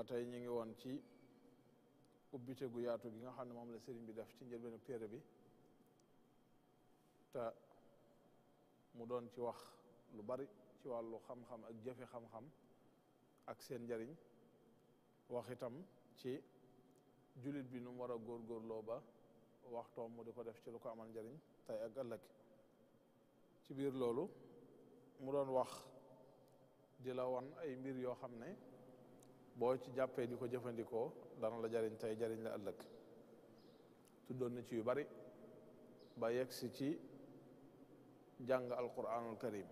ba tey ñu ngi woon ci ubbite gu yaatu gi nga xam ne moom la sëriñ bi def ci njëlbeenu téere bi te mu doon ci wax lu bari ci wàllu xam-xam ak jëfe xam-xam ak seen njariñ waxitam ci julit bi nu mu war a góorgóorloo ba waxtoom mu di def ci lu ko amal njariñ tey ak ëllëg ci biir loolu mu doon wax di won ay mbir yoo xam ne boo ci jàppee di ko jëfandikoo dana la jariñ tay jariñ la ëllëg tuddoon na ci yu bari ba yegg si ci jàng alquranul karim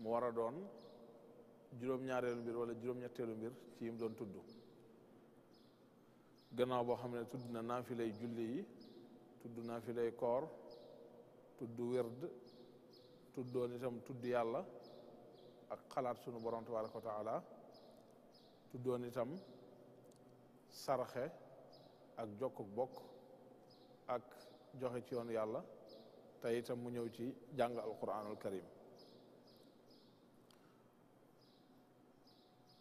mu war a doon juróom-ñaareelu mbir wala juróom-ñetteelu mbir ci yim doon tudd gannaaw boo xam ne tudd na naafilay julli yi tudd naafilay koor tudd wird tuddoon itam tudd yàlla ak xalaat sunu borom tabaraka wa taala tuddoon itam sarxe ak jokkuk bokk ak joxe ci yoonu yàlla te mu ñëw ci jàng alquranul karim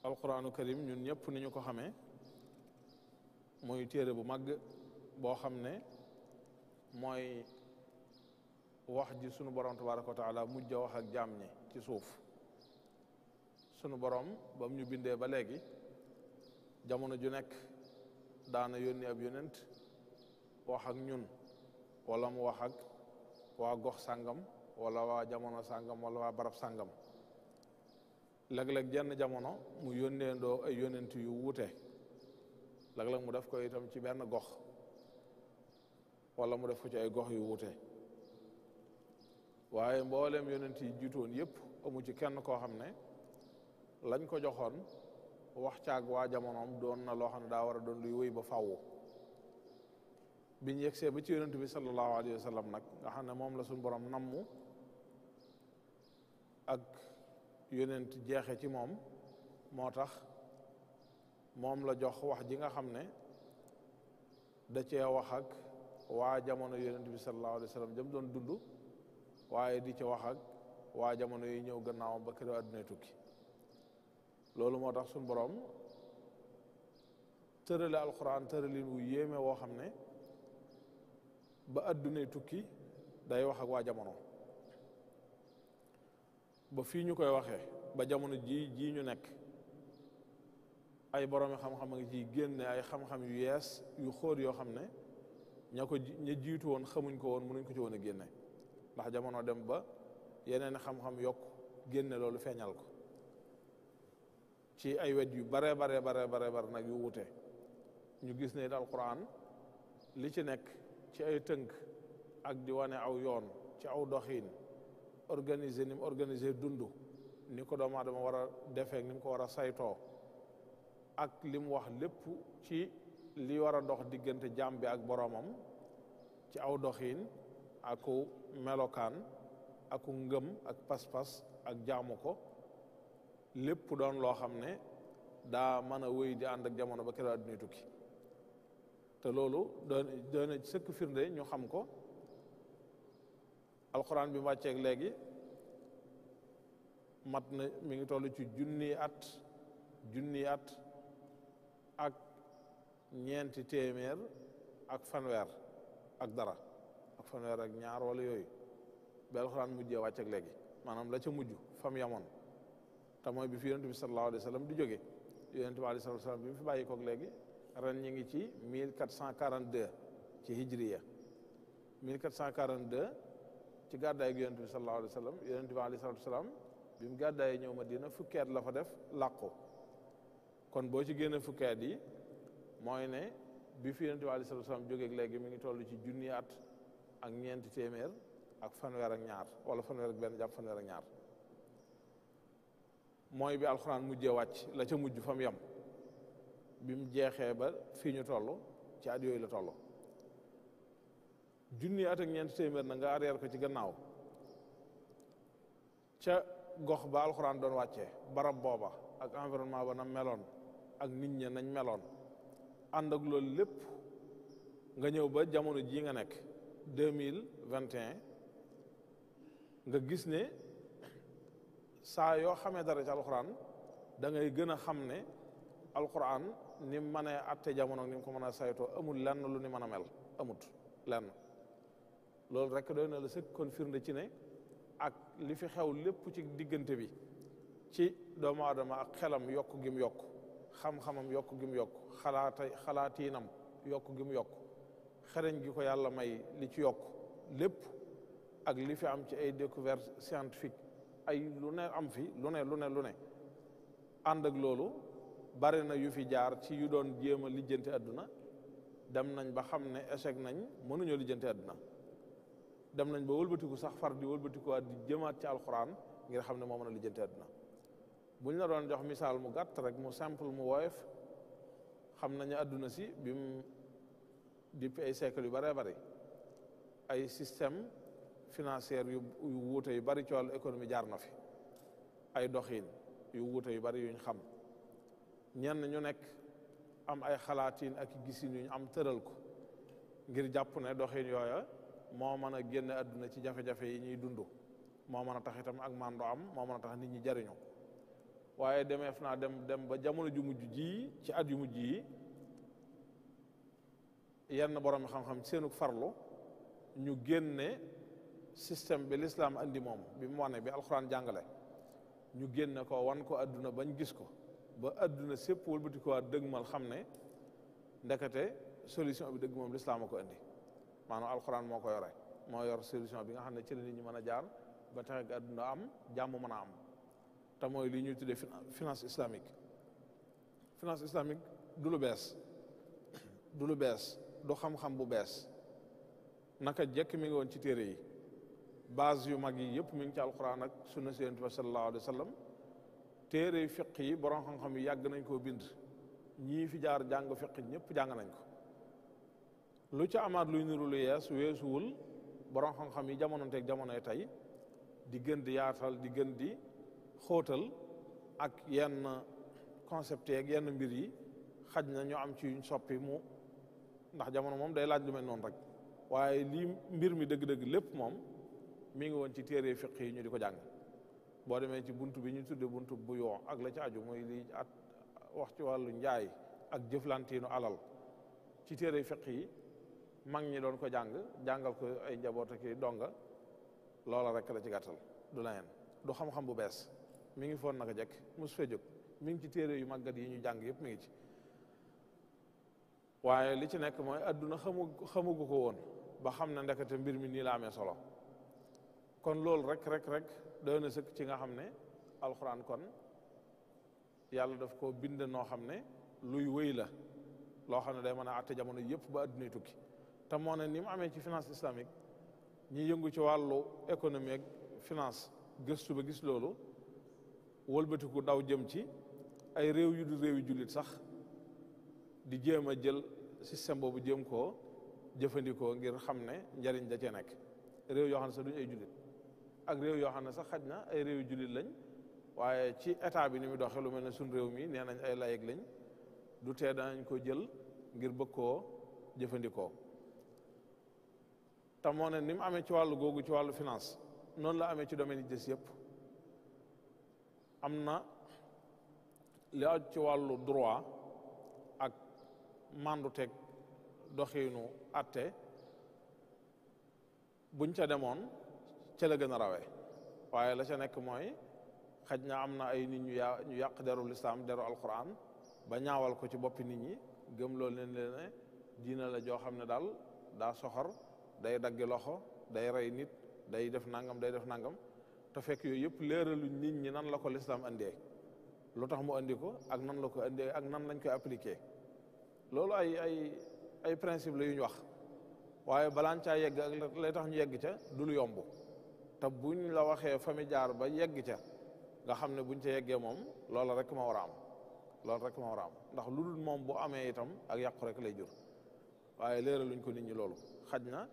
alquranul karim ñun ñëpp ni ñu ko xamee muy téere bu màgg boo xam ne mooy waxji sunu borom tabaraka wa taala mujj a wax ak jaam ñi ci suuf sunu borom ba mu ñu bindee ba léegi jamono ju nekk daana yónni ab yonent wax ak ñun wala mu wax ak waa gox sàngam wala waa jamono sàngam wala waa barab sàngam léeg-léeg jenn jamono mu yónneendoo ay yonent yu wute léeg-léeg mu def ko itam ci benn gox wala mu def ko ci ay gox yu wute waaye mboolem yonent yi jiituwoon yëpp amu ci kenn koo xam ne lañ ko joxoon wax caag waa jamonoom doon na loo xam ne daa war a doon luy wéy ba fàww biñ yegsee ba ci yonent bi sallallahu alayhi wa nag nga xam ne moom la suñu borom nammu ak yonent jeexe ci moom moo tax moom la jox wax ji nga xam ne da cee wax ak waa jamono yonent bi sallallahu alayhi wa sallam jëm doon dund waaye di ci wax ak waa jamono yi ñëw gannaawam ba kër adduna tukki loolu moo tax suñ boroom tërale alxuraan tëralin wu yéeme woo xam ne ba addunay tukki day wax waa jamono ba fii ñu koy waxee ba jamono ji jii ñu nekk ay boroomi xam-xam a ngi ciy génne ay xam-xam yu yees yu xóot yoo xam ne ña ko ña jiitu woon xamuñ ko woon mënuñ ko ci woon a génne ndax jamono dem ba yeneen xam-xam yokk génne loolu feeñal ko ci ay wet yu bare bare bare bare bare nag yu wute ñu gis ne alquran li ci nekk ci ay tënk ak di wane aw yoon ci aw doxin organiser ni mu organiser dund ni ko doomu aadama war a defee ni ko war a saytoo ak li wax lépp ci li war a dox diggante jaam bi ak boroomam ci aw doxin aku melokaan aku ngëm ak pas-pas ak jaamu ko lépp doon loo xam ne daa mën a wéy di ànd ak jamono ba keroog àdduna tukki te loolu doon doon sëkk firnde ñu xam ko alxuraan bi mu wàcceeg léegi mat na mi ngi toll ci junni at junni at ak ñeenti téeméer ak fanweer ak dara ak fanweer ak ñaar wala yooyu bi alxuraan mujjee wàcceeg léegi maanaam la ca mujj fam yamoon te bi fi yonent bi sallallahu alayhi wa sallam di jóge yonent bi alayhi salatu salaam bi mu fi bàyyi koog léegi ren ñu ngi ci mille quatre cent quarante deux ci hijriya mille quatre cent quarante deux ci gàddaay gi yonent bi sallallahu alayhi wa sallam yonent bi alayhi salatu salaam bi mu gàddaay ñëw Madina fukki at la fa def làqu kon boo ci génne fukki at yi mooy ne bi fi yonent bi alayhi salatu salaam jógeeg léegi mi ngi toll ci junni ak ñeenti téeméer ak fanweer ak ñaar wala fanweer ak benn jàpp fanweer ak ñaar mooy bi alxuraan mujjee wàcc la ca mujj fa mu yem bi mu jeexee ba fii ñu toll ci at yooyu la toll junni at ak ñeenti téeméer na nga arrière ko ci gannaaw ca gox ba alxuraan doon wàccee barab booba ak environnement ba na meloon ak nit ña nañ meloon ànd ak loolu lépp nga ñëw ba jamono jii nga nekk deux mille nga gis ne saa yoo xamee dara ci alxuraan da ngay gën a xam ne alxuraan ni mu mënee atte jamono ni mu ko mën a saytoo amul lenn lu ni mën a mel amut lenn loolu rek doy na la sëkk kon firnde ci ne ak li fi xew lépp ci diggante bi ci doomu aadama ak xelam yokk gim yokk xam-xamam yokk gim yokk xalaatay xalaatiinam yokk gim yokk xereñ gi ko yàlla may li ci yokk lépp ak li fi am ci ay découverte scientifique ay lu ne am fi lu ne lu ne lu ne ànd ak loolu bari na yu fi jaar ci yu doon jéem a lijjanti àdduna dem nañ ba xam ne echeck nañ mënuñoo lijjanti àdduna dem nañ ba wëlbatiku sax far di wëlbatikuwaat di jëmaat ci alxuraan ngir xam ne moom mën a lijjanti àdduna buñ la doon jox misaal mu gàtt rek mu simple mu woyof xam nañu àdduna si bi mu depuis ay siècle yu baree bari ay système financière yu yu wuute yu bari ci wàllu jaar na fi ay doxiin yu wuute yu bari yuñ xam ñenn ñu nekk am ay xalaatiin ak gisin yuñ am tëral ko ngir jàpp na doxiin yooya moo mën a génne àdduna ci jafe-jafe yi ñuy dund moo mën a tax itam ak mando am moo mën a tax nit ñi jariñu waaye demeef naa dem ba jamono ju mujj ji ci at yu mujj yi yenn borom xam-xam seenu farlu ñu génne système bi lislaam andi moom bi mu wanee bi alxuraan jàngale ñu génn ko wan ko adduna bañ gis ko ba adduna sépp wëlbati dëgg waa xam ne ndekete solution bi dëgg moom lislaam ko andi maanaam alxuraan moo ko yore moo yor solution bi nga xam ne ci la nit ñi mën a jaar ba tax ak adduna am jàmm mën a am te mooy li ñu tuddee finance islamique finance islamique du lu bees du bees du xam-xam bu bees naka jekk mi ngi woon ci téere yi base yu mag yii yëpp mi ngi ci alquran ak sunna si yonent bi sallallahu alayhi wa sallam téere fiq yi borom xam-xam yi yàgg nañ koo bind ñii fi jaar jàng fiq ñëpp jàng nañ ko lu ca amaat luy niru lu yees weesuwul borom xam-xam yi jamononteeg jamonoy tey di gën di yaatal di gën di xóotal ak yenn concept yeeg yenn mbir yi xaj na ñu am ci yuñ soppi mu ndax jamono moom day laaj lu mel noon rek waaye lii mbir mi dëgg-dëgg lépp moom mi ngi woon ci téere fiq yi ñu di ko jàng boo demee ci buntu bi ñu tudde buntu bu yoo ak la ci aju muy li at wax ci wàllu njaay ak jëflantiinu alal ci téere fiq yi mag ñi doon ko jàng jàngal ko ay njaboot ak donga loola rekk la ci gàttal du la neen du xam-xam bu bees mi ngi foon naka jekk mos fee jóg mi ngi ci téere yu màggat yi ñu jàng yëpp mi ngi ci waaye li ci nekk mooy adduna xamu xamugu ko woon ba xam na ndekete mbir mi nii la amee solo kon loolu rek rek rek doy na sëkk ci nga xam ne alxuraan kon yàlla def koo bind noo xam ne luy wéy la loo xam ne day mën a àtte jamono yëpp ba addunay tukki te moo ne ni mu amee ci finance islamique ñi yëngu ci wàllu économie ak finance gëstu ba gis loolu wëlbatiku daw jëm ci ay réew yu du réew yu jullit sax di jéem a jël système boobu jëm koo jëfandikoo ngir xam ne njariñ da cee nekk réew yoo xam ne sax duñu ay jullit ak réew yoo xam ne sax xaj na ay réew jullit lañ waaye ci état bi ni mu doxee lu mel ne suñ réew mi nee nañ ay layeg lañ du tee danañ ko jël ngir bëgg koo jëfandikoo te moo ne ni mu amee ci wàllu googu ci wàllu finance noonu la amee ci domaine yi des yëpp am na li aj ci wàllu droit ak mandu teg doxiinu atte buñ ca demoon ca la gën a rawee waaye la ca nekk mooy xaj na am na ay nit ñu yaa ñu yàq deru lislaam deru alquran ba ñaawal ko ci boppi nit ñi gëm loolu leen leen ne diina la joo xam ne daal daa soxor day daggi loxo day rey nit day def nangam day def nangam te fekk yooyu yëpp leeraluñ nit ñi nan la ko lislaam andee lu tax mu andi ko ak nan la ko andee ak nan lañ koy appliqué loolu ay ay ay principe la yu ñu wax waaye balaan caa lay tax ñu yegg ca du yomb te buñ la waxee fa mi ba yegg ca nga xam ne buñ ca yeggee moom loola rek ma war a am loolu rek ma war ndax lu dul moom bu amee itam ak yàqu rek lay jur waaye luñ ko nit ñi loolu xaj na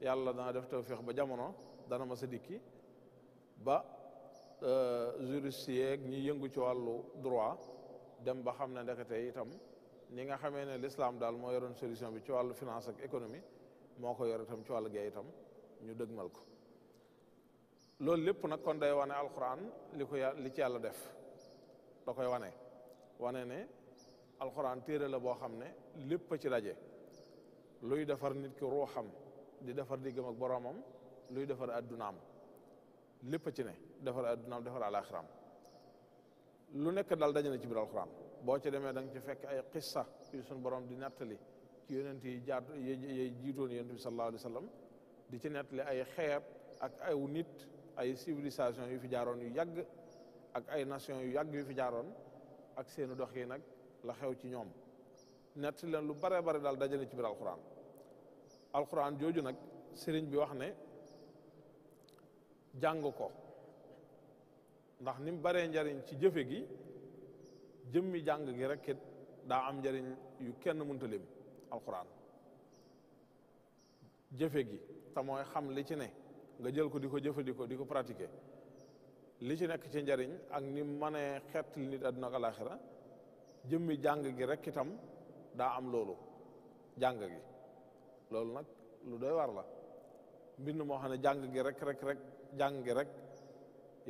yàlla dana def tawféex ba jamono dana ma sa dikki ba euh, juriste yeeg ñi yëngu ci wàllu droit dem ba xam ne ndekete itam ni nga xamee ne l'islam daal moo yoroon solution bi ci wàllu finance ak moo ko yor itam ci wàllu gee itam ñu dëgmal ko loolu lépp nag kon day wane alxuraan li ko li ci yàlla def da koy wane wane ne alxuraan téere la boo xam ne lépp a ci daje luy defar nit ki ruuxam di defar diggam ak boroomam luy defar addunaam lépp a ci ne defar addunaam defar alaxiraam lu nekk dal daja na ci biir boo ci demee da ci fekk ay qissa yu suñu borom di nettali ci yonent yi jaat yi jiitoon yonent bi sallallahu di ci nettali ay xeet ak aw nit ay civilisation yu fi jaaroon yu yàgg ak ay nation yu yàgg yu fi jaaroon ak seenu dox yi nag la xew ci ñoom nett leen lu bare bare daal dajale ci biir alxuraan alxuraan jooju nag sëriñ bi wax ne jàng ko ndax ni mu baree njariñ ci jëfe gi jëmmi jàng gi rek daa am njariñ yu kenn mënta lim alxuraan jëfe gi te xam li ci ne nga jël ko di ko jëfandikoo di ko pratiquer li ci nekk ci njariñ ak ni mënee xett li nit àdduna ak alaxira jëmmi jàng gi rek itam daa am loolu jàng gi loolu nag lu doy war la mbind moo xam ne jàng gi rek rek rek jàng gi rek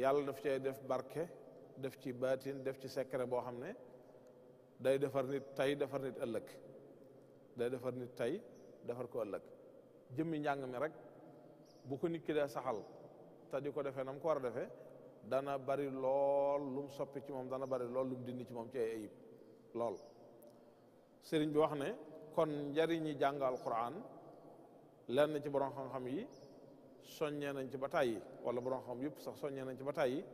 yàlla daf cay def barke def ci baatin def ci secret boo xam ne day defar nit tey defar ëllëg day defar nit tey defar ko ëllëg jëmmi njàng mi rek bu ko nit ki dee saxal te di ko defee ko war a dana bari lol lum soppi ci moom dana bari lol lum dindi ci moom ci ay ayib lool sëriñ bi wax ne kon njariñi jàng alquran lenn ci borom xam-xam yi soññee nañ ci ba tàyyi wala borom xam yëpp sax soññee nañ ci ba tàyyi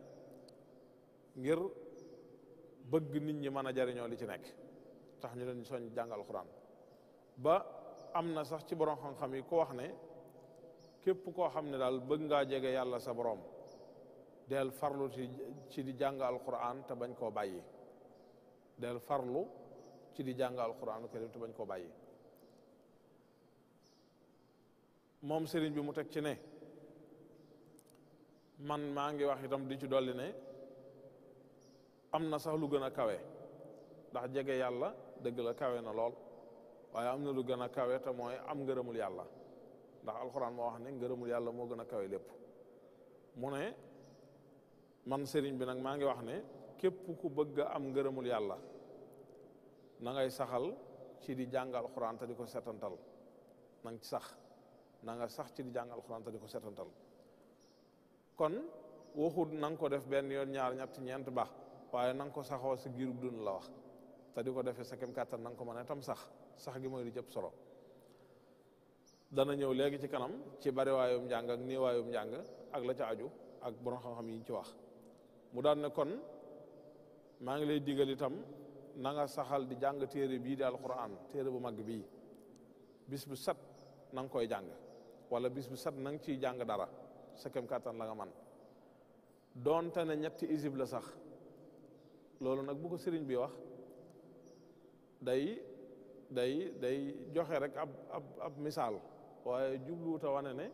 ngir bëgg nit ñi mën a jariñoo li ci nekk tax ñu leen soñ jàng alquran ba am na sax ci borom xam-xam yi ko wax ne képp koo xam ne daal bëgg ngaa jege yàlla sa del farlu ci di jàng alquran te bañ koo bàyyi del farlu ci di jàng alquran karim te bañ koo bàyyi moom sëriñ bi mu teg ci ne man maa ngi wax itam di ci dolli ne am na sax lu gën a kawe ndax jege yàlla dëgg la kawe na lool waaye am na lu gën a kawe ta mooy am ngërëmul yàlla ndax alxuraan moo wax ne ngërëmul yàlla moo gën a kawe lépp mu ne man sëriñ bi nag maa ngi wax ne képp ku bëgg am ngërëmul yàlla na ngay saxal ci di jàng alxuraan te di ko setantal na nga ci sax na nga sax ci di jàng alxuraan di ko setantal kon waxut na nga ko def benn yoon ñaar ñett ñeent ba waaye na nga ko saxoo sa giirub dund la wax te di ko defee sa kem kàttan na nga ko mën a tam sax sax gi mooy di jëpp solo dana ñëw léegi ci kanam ci bariwaayum njàng ak néewaayum njàng ak la ca aju ak borom xam-xam yi ñu ci wax mu daan ne kon maa ngi lay digal itam na nga saxal di jàng téere bii di alquran téere bu mag bii bis bu set na nga koy jàng wala bis bu set na nga ciy jàng dara sa kem kàttan la nga man doonte ne ñetti isib la sax loolu nag bu ko sëriñ bi wax day day day joxe rek ab ab ab misaal waaye jubluwut a wane ne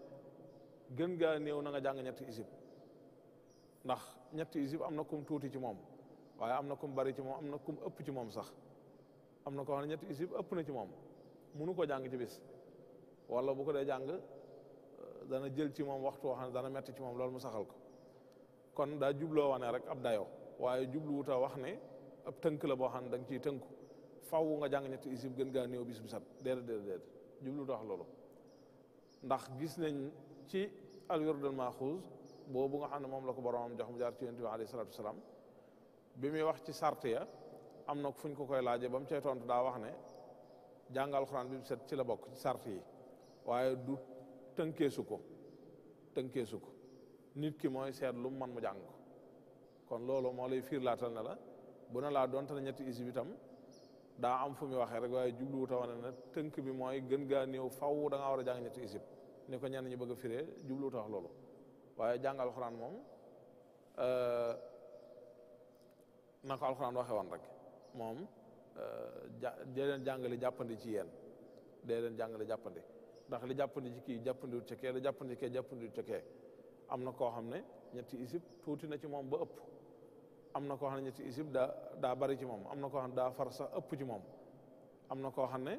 gën gaa néew na nga jàng ñetti isib ndax ñetti isib am na kum tuuti ci moom waaye am na kum bari ci moom am na kum ëpp ci moom sax am na ko xam ne ñetti isib ëpp na ci moom munu ko jàng ci bis wala bu ko dee jàng euh, dana jël ci moom waxtu xam ne dana metti ci moom loolu mu saxal ko kon daa jubloo wane rek ab dayoo waaye jubluwut wax ne a tënk la boo xam ne da nga ciy tënku faw nga jàng ñetti isib gën gaa néew bis bu sat déedéet déedéet jubluwut a wax loolu ndax gis nañ ci al yurdul maxuus boobu nga xam ne moom la ko boromam jox mu jaar ci yonent bi alayhi salaatu wasalaam bi muy wax ci sart ya am na fu ñu ko koy laaje ba mu cay tontu daa wax ne jàngal alxuraan bi set ci la bokk ci sart waaye du tënkeesu ko tënkeesu ko nit ki mooy seet lu man mu jàng kon loolu moo lay fiir laatal ne la bu ne laa doonte na ñetti isib itam daa am fu muy waxee rek waaye jubluwuta wa ne tënk bi mooy gën gaa néew faw da war a jàng ñetti isib ni ñaan ñenn ñu bëgg a firee jublu tax loolu waaye jàng alxuraan moom euh, na ko alxuraan waxe woon rek moom euh, dee leen jàngale jàppandi ci yéen dee leen jàngale jàppandi ndax li jàppandi ci kii jàppandiwut ca kee li jàppandi kee kee am na koo xam ne ñetti isib tuuti na ci moom ba ëpp am na koo xam ne ñetti isib daa bari ci moom am na koo xam sax ëpp ci moom am na koo xam ne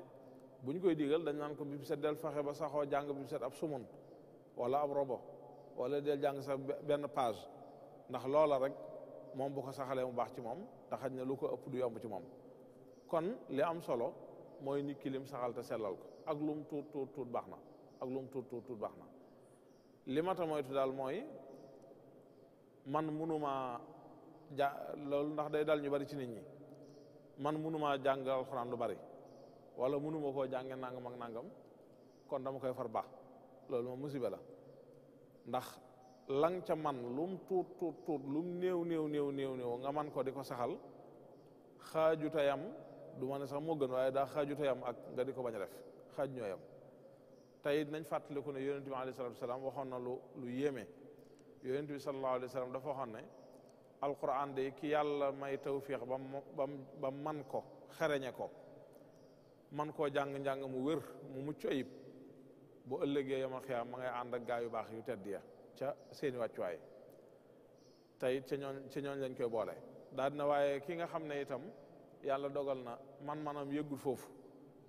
bu ñu koy digal dañ naan ko bi set del faxe ba saxoo jàng bi set ab sumun wala ab robo wala del jàng sa benn page ndax loola rek moom bu ko saxalee mu baax ci moom te xaj na lu ko ëpp du yomb ci moom kon li am solo mooy nit ki lim saxal ta sellal ko ak lum tuut tuut baax na ak lum tuut tuut tuut li ma ta moytu daal mooy man munumaa ja loolu ndax day dal ñu bari ci nit ñi man munumaa jàngal alxuraan lu bari wala mënuma koo jànge nangam ak nangam kon dama koy far baax loolu moom musiba la ndax lang ca man lum tuut tuut lum néew néew néew néew new nga man ko di ko saxal xaajutayam du ma ne sax moo gën waaye daa xaajutayam ak nga di ko bañ a def xaaj ñooyam tey nañ fàttaliku ne yonent bi alayhi salatu wasalaam waxoon na lu lu yéeme yonent bi sallallahu alayhi wa sallam dafa waxoon ne alquran de ki yàlla may tawfiq ba mu ba mu man ko xereñe ko man koo jàng-njàng mu wér mu mucc ayib bu ëllëgee yama xiyaam ma ngay ànd ak gaa yu baax yu tedd ya ca seeni wàccuwaay tey ca ñooñ ca lañ koy boole daal na waaye ki nga xam ne itam yàlla dogal na man manam yëggul foofu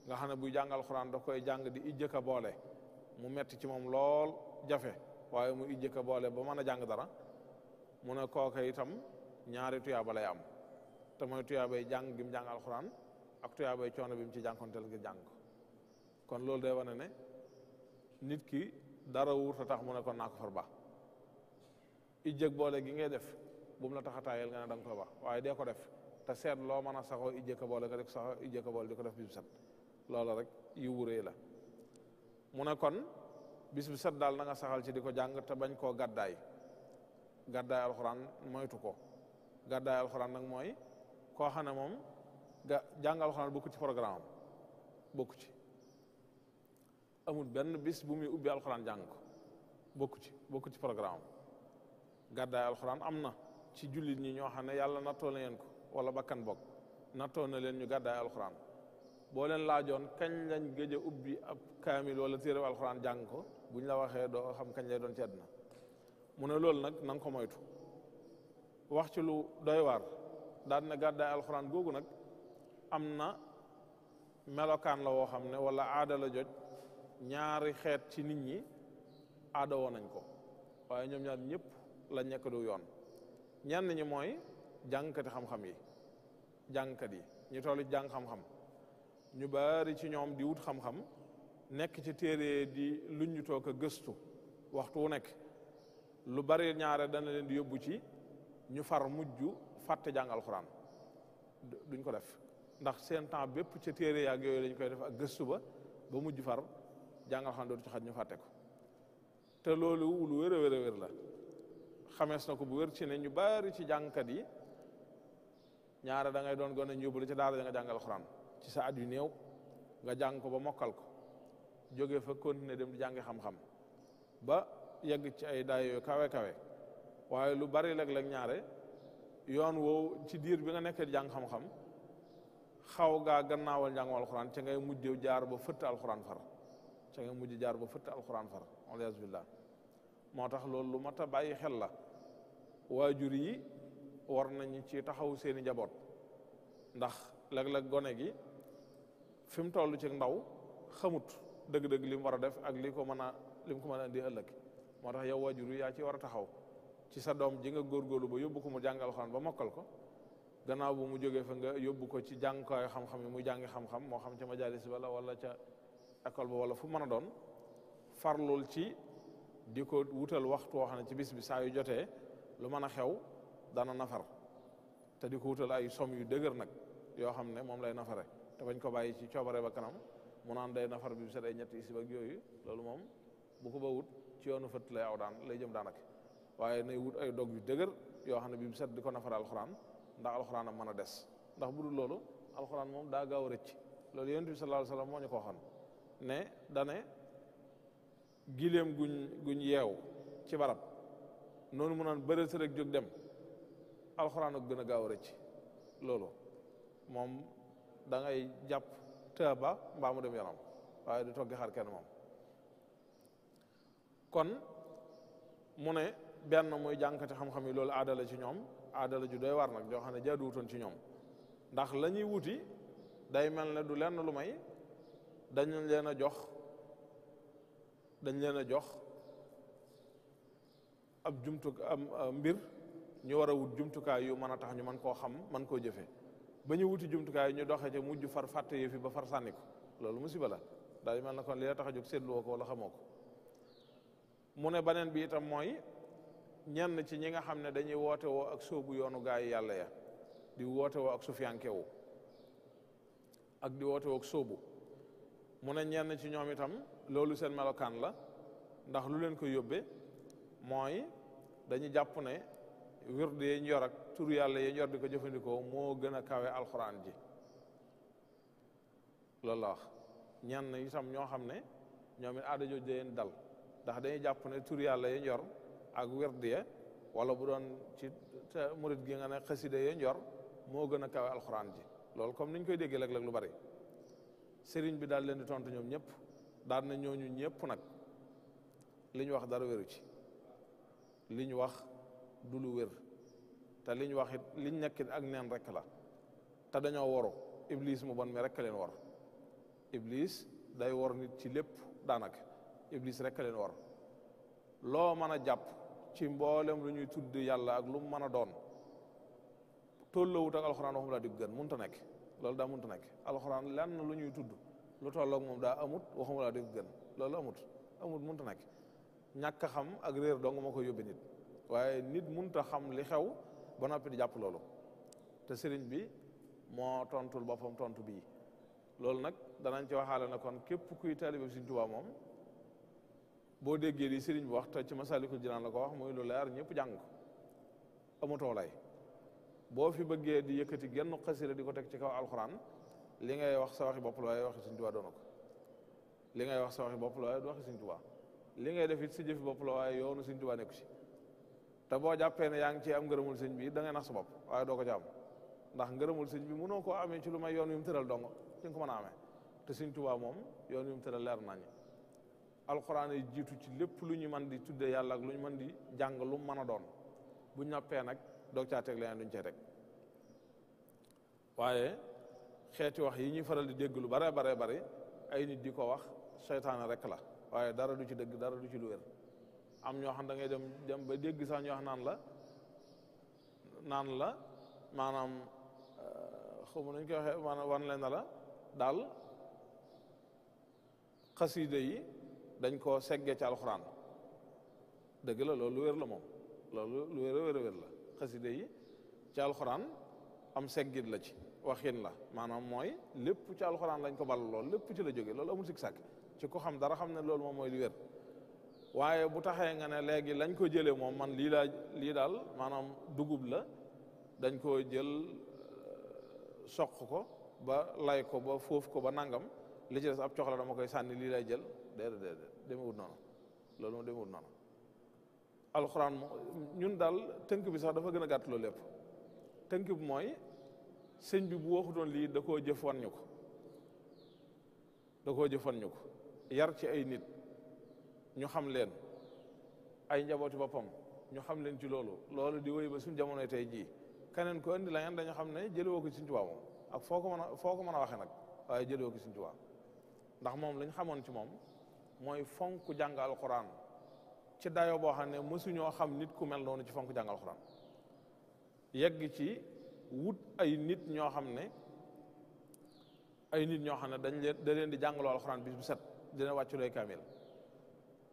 nga xam ne buy jàngal xuraan daf koy jàng di ijjëkk a boole mu metti ci moom lool jafe waaye mu ijjëkk a boole ba mën a jàng dara mun ne kooka itam ñaari tuyaaba lay am te mooy tuyaabay jàng gi mu jàng ak tuyaabay coono bi mu ci jànkonteel ngir jàng kon loolu day wane ne nit ki dara wuur ta tax mu ne kon naa ko far ba ijjëg boole gi ngay def bu mu la tax a taayal nga ne da nga koy ba waaye dee ko def te seet loo mën a saxoo ijjëg ka boole nga def saxoo ijjëg ka boole di ko def bis set loolu rek yu wuree la mu ne kon bis bu set daal na nga saxal ci di ko jàng te bañ koo gàddaay gàddaay alxuraan moytu ko gàddaay alxuraan nag mooy koo xam ne moom nga jàng alxuraan bokku ci programme bokku ci amul benn bis bu muy ubbi alxuraan jàng ko bokku ci bokku ci programme gàddaay alxuraan am na ci jullit ñi ñoo xam ne yàlla nattoo na leen ko wala bakkan bokk nattoo na leen ñu gàddaay alxuraan boo leen laajoon kañ lañ gëj ubbi ab kaamil wala téere alxuraan jàng ko buñ la waxee doo xam kañ lay doon ci mu ne loolu nag na nga ko moytu wax ci lu doy waar daan na gàddaay alxuraan googu nag am na melokaan la woo xam ne wala aada la joj ñaari xeet ci nit ñi aada woo nañ ko waaye ñoom ñaar ñëpp la nekk du yoon ñenn ñi mooy jàngkati xam-xam yi jàngkat yi ñu toll jàng xam-xam ñu bari ci ñoom di wut xam-xam nekk ci téere di luñ ñu toog a gëstu waxtu wu nekk lu bari ñaare dana leen di yóbbu ci ñu far mujj fàtte duñ ko def ndax seen temps bépp ca téere yaag yooyu lañ koy def ak gëstu ba ba mujj far jàngal xam dootu ci xaj ñu fàtte ko te loolu lu wér a wér a wér la xamees na ko bu wër ci ne ñu bari ci jàngkat yi ñaare dangay doon gone ñu yóbbu la ca daara da nga jàngal xuraan ci sa at yu néew nga jàng ko ba mokkal ko jógee fa continuer dem di jàngi xam-xam ba yegg ci ay daay kawe kawe waaye lu bari léeg-léeg ñaare yoon woowu ci diir bi nga nekk di jàng xam-xam xaw gaa gannaawal njàngum alquran ca ngay mujj jaar ba fëtt alquran far ca ngay mujj jaar ba fëtt alquran far alias billah moo tax loolu lu mat a bàyyi xel la waajur yi war nañu ci taxaw seeni njaboot ndax léeg-léeg gone gi fi mu toll ci ndaw xamut dëgg-dëgg li mu war a def ak li ko mën a li ko mën a indi ëllëg moo tax yow waajur yi yaa ci war taxaw ci sa doom ji nga góorgóorlu ba yóbbu ko mu jàng alquran ba mokkal ko gannaaw bu mu jógee fa nga yóbbu ko ci jàngukaayu xam-xam yi muy jàngi xam-xam moo xam ca majalis ba la wala ca école ba wala fu mën a doon farlul ci di ko wutal waxtu woo xam ne ci bis bi saa yu jotee lu mën a xew dana nafar te di ko wutal ay somme yu dëgër nag yoo xam ne moom lay nafare te bañ ko bàyyi ci coobare ba kanam mu naan day nafar bi set ay ñetti isib ak yooyu loolu moom bu ko ba wut ci yoonu fët lay aw daan lay jëm daanaka waaye nay wut ay dog yu dëgër yoo xam ne bi set di ko nafaral alxuraan ndax alxuraan am mën a des ndax bu loolu alxuraan moom daa gaaw a rëcc loolu yonent bi sallallahu alayhi wasallam moo ñu ko waxoon ne dane giléem guñ guñ yeew ci barab noonu mu naan bëral sa rek jóg dem alxuraan ak gën a gaaw a rëcc loolu moom dangay jàpp tëba ba mu dem yaram waaye du toggi xar kenn moom kon mu ne benn muy jànkati xam-xam yi loolu aada ci ñoom adala ju doy war nak jo xamne jaadu wuton ci ñom ndax lañuy wuti day mel ne du lenn lu may dañ leen jox dañ leena jox ab jumtu am mbir ñu wara wut jumtu kay yu mëna tax ñu man ko xam man ko jëfé bañu wuti wuti kay ñu doxé ci mujj far fàtte yefi ba far sànni lolu musiba la mel kon li tax ko wala xamoko mune banen bi itam moy ñenn ci ñi nga xam ne dañuy woote woo ak soobu yoonu gaa yi yàlla ya di woote woo ak sufiyanke wu ak di woote woo ak soobu mu ne ñenn ci ñoom itam loolu seen melokaan la ndax lu leen ko yóbbe mooy dañu jàpp ne wird yeñ yor ak tur yàlla yeñ yor di ko jëfandikoo moo gën a kawe alxuraan ji loolu la wax ñu itam ñoo xam ne ñoom it aada jooju leen dal ndax dañuy jàpp ne tur yàlla yeñ yor ak werd ya wala bu doon ci murid gi nga ne xasida ya njor moo gën a kawe alxuraan ji loolu comme niñ koy déggee léeg-léeg lu bari sëriñ bi daal leen di tontu ñoom ñëpp daan na ñooñu ñëpp nag li ñu wax dara wéru ci li ñu wax du lu wér te li ñu nekkit ak neen rek la te dañoo waru iblis mu bon mi rek leen war iblis day war nit ci lépp daanaka iblis rek leen war loo mën a jàpp ci mboolem lu ñuy tudd yàlla ak lu mu mën a doon tolloowut ak alxuraan waxum laa di gën nekk loolu da mënut a nekk alxuraan lenn lu ñuy tudd lu tolloog moom daa amut waxum laa di gën loolu amut amut mënut nekk ñàkk xam ak réer dong moo koy yóbbee nit waaye nit mënut xam li xew ba noppi di jàpp loolu te sëriñ bi moo tontul boppam tontu bii loolu nag danañ ci waxaale ne kon képp kuy taalibe Sëriñ Tuubaa moom. boo déggee li sëriñ bu wax te ci Masaalikul Jinaan la ko wax muy lu leer ñëpp jàng ko amutoo lay boo fi bëggee di yëkkati genn xasida di ko teg ci kaw alxuraan li ngay wax sa waxi waaye waxi Sëriñ Tuubaa doona ngay wax sa waxi bopp la waaye du waxi Sëriñ li ngay def it si bopp la waaye yoonu Sëriñ Tuubaa nekku ci te boo jàppee ne yaa ngi ci am ngërëmul sëñ bi da ngay nax sa bopp waaye doo ko ci ndax ngërëmul sëñ bi mënoo ko amee ci lu may yoon wi mu tëral dong ci nga ko mën a amee te Sëriñ Tuubaa moom yoon wi mu tëral leer alxuraan yi jiitu ci lépp lu ñu mën di tudde yàlla ak lu ñu mën di jàng lu mën a doon bu ñàppee nag doog caa teg leneen duñ cee waaye xeeti wax yi ñuy faral di dégg lu bare bare bari ay nit di ko wax seytaane rek la waaye dara du ci dëgg dara du ci lu wér am ñoo xam da ngay dem dem ba dégg sax ñoo naan la naan la maanaam euh, xawma nañ koy waxee maanaam wan leen na la daal xasiida yi dañ koo segge ci alxuraan dëgg la loolu lu wér la moom loolu lu wér a wér a la xaside yi alxuraan am seggit la ci waxin la maanaam mooy lépp ci alxuraan lañ ko ball lool lépp ci la jóge loolu amul sik sàkk ci ko xam dara xam ne loolu moom mooy lu wér waaye bu taxee nga ne léegi lañ ko jëlee moom man lii laa lii daal maanaam dugub la dañ ko jël euh, soq ko ba lay ko ba foof ko ba nangam li ci des ab coxla dama koy sànni lii lay jël déedéet demewut noonu loolu moom demewut noonu alxuraan ñun daal tënk bi sax dafa gën a gàtt loolu lépp tënk bi mooy sëñ bi bu waxutoon lii da koo jëfoon ñu ko da koo jëfoon yar ci ay nit ñu xam leen ay njabooti boppam ñu xam leen ci loolu loolu di wéy ba suñu jamonoy tey jii keneen ko indi la dañu xam ne jëliwoo ko Sëñ Tuubaa moom ak foo ko mën a foo ko mën a waxee nag waaye jëliwoo ko Sëñ ndax moom lañ xamoon ci moom mooy fonk jàng alquran ci dayo boo xam ne mësuñoo xam nit ku mel noonu ci fonk jàng alquran yegg ci wut ay nit ñoo xam ne ay nit ñoo xam ne dañ leen da leen di jàngaloo alquran bis bu set dina wàcculooy kaamil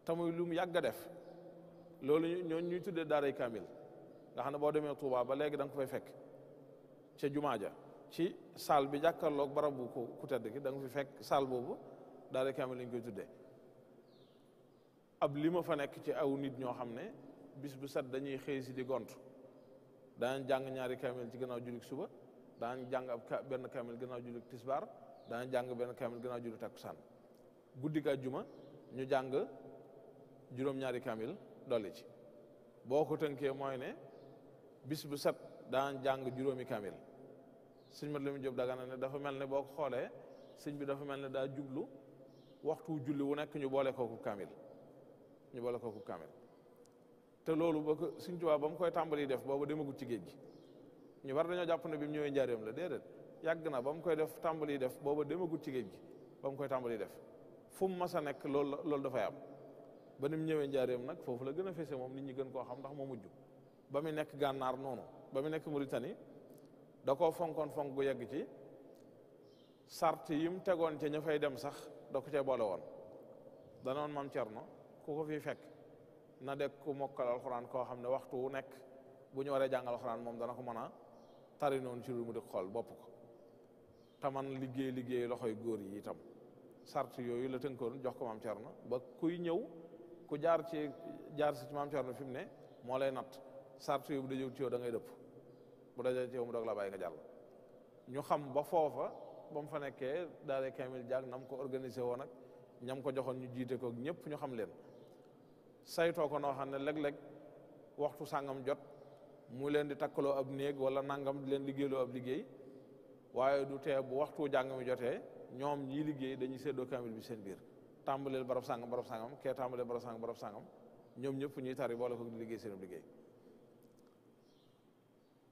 te muy lu mu yàgg a def loolu ñoo ñuy tuddee daaray kaamil nga xam ne boo demee Touba ba léegi danga nga ko fekk ca jumaa ja ci saal bi jàkkaarloog barabu ku tedd ki da nga fi fekk saal boobu daaray kaamil lañ koy tuddee ab li fa nekk ci aw nit ñoo xam ne bis bu set dañuy xëy si di gont daan jàng ñaari kaamil ci gannaaw jullit suba daan jàng ab benn kaamil gannaaw jullit tisbaar daan jàng benn kaamil gannaaw jullit takkusaan guddi ga juma ñu jàng juróom-ñaari kaamil dolli ci boo ko tënkee mooy ne bis bu set daan jàng juróomi kaamil sëñ ma la mu jóg daga na ne dafa mel ne boo ko xoolee sëñ bi dafa mel ne daa jublu waxtu julli wu nekk ñu boole kooku kaamil ñu boole kooku kaamil te loolu ba ko Sëñ ba mu koy tàmbali def boobu demagut ci géej gi ñu war dañoo jàpp ne bi mu ñëwee njaareem la déedéet yàgg na ba mu koy def tàmbali def boobu demagut ci géej gi ba mu koy tàmbali def fu mu mas a nekk loolu loolu dafay am ba ni mu ñëwee njaareem nag foofu la gën a fese moom nit ñi gën koo xam ndax moo mujj ba mu nekk gànnaar noonu ba mu nekk Mauritanie da ko fonkoon fonk gu yegg ci sart yi mu tegoon ca ña fay dem sax da ko cee boole woon danoon maam Cerno ku fi fekk na deg ku mokkal alxuraan koo xam ne waxtu wu nekk bu ñu waree jàngal alxuraan moom dana ko mën a tari noonu ci lu mu di xool bopp ko te man liggéey liggéey loxoy góor yi itam sart yooyu la tënkoon jox ko maam na ba kuy ñëw ku jaar ci jaar si ci maam fi mu ne moo lay natt sart yooyu bu dajewut ci yow da ngay dëpp bu dajee ci yow mu doog la bàyyi nga jàll ñu xam ba foofa ba mu fa nekkee daal di kaamil jàng ko organisé woon ak ñam ko joxoon ñu jiite ko ñëpp ñu xam leen saytoo ko noo xam ne léeg-léeg waxtu sàngam jot mu leen di takkaloo ab néeg wala nangam di leen liggéeyloo ab liggéey waaye du tee bu waxtu jàng mi jotee ñoom ñii liggéey dañuy séddoo kaamil bi seen biir tàmbaleel barab sàngam barab sàngam kee tàmbaleel barab sàngam barab sàngam ñoom ñëpp ñuy tari boole ko di liggéey seen liggéey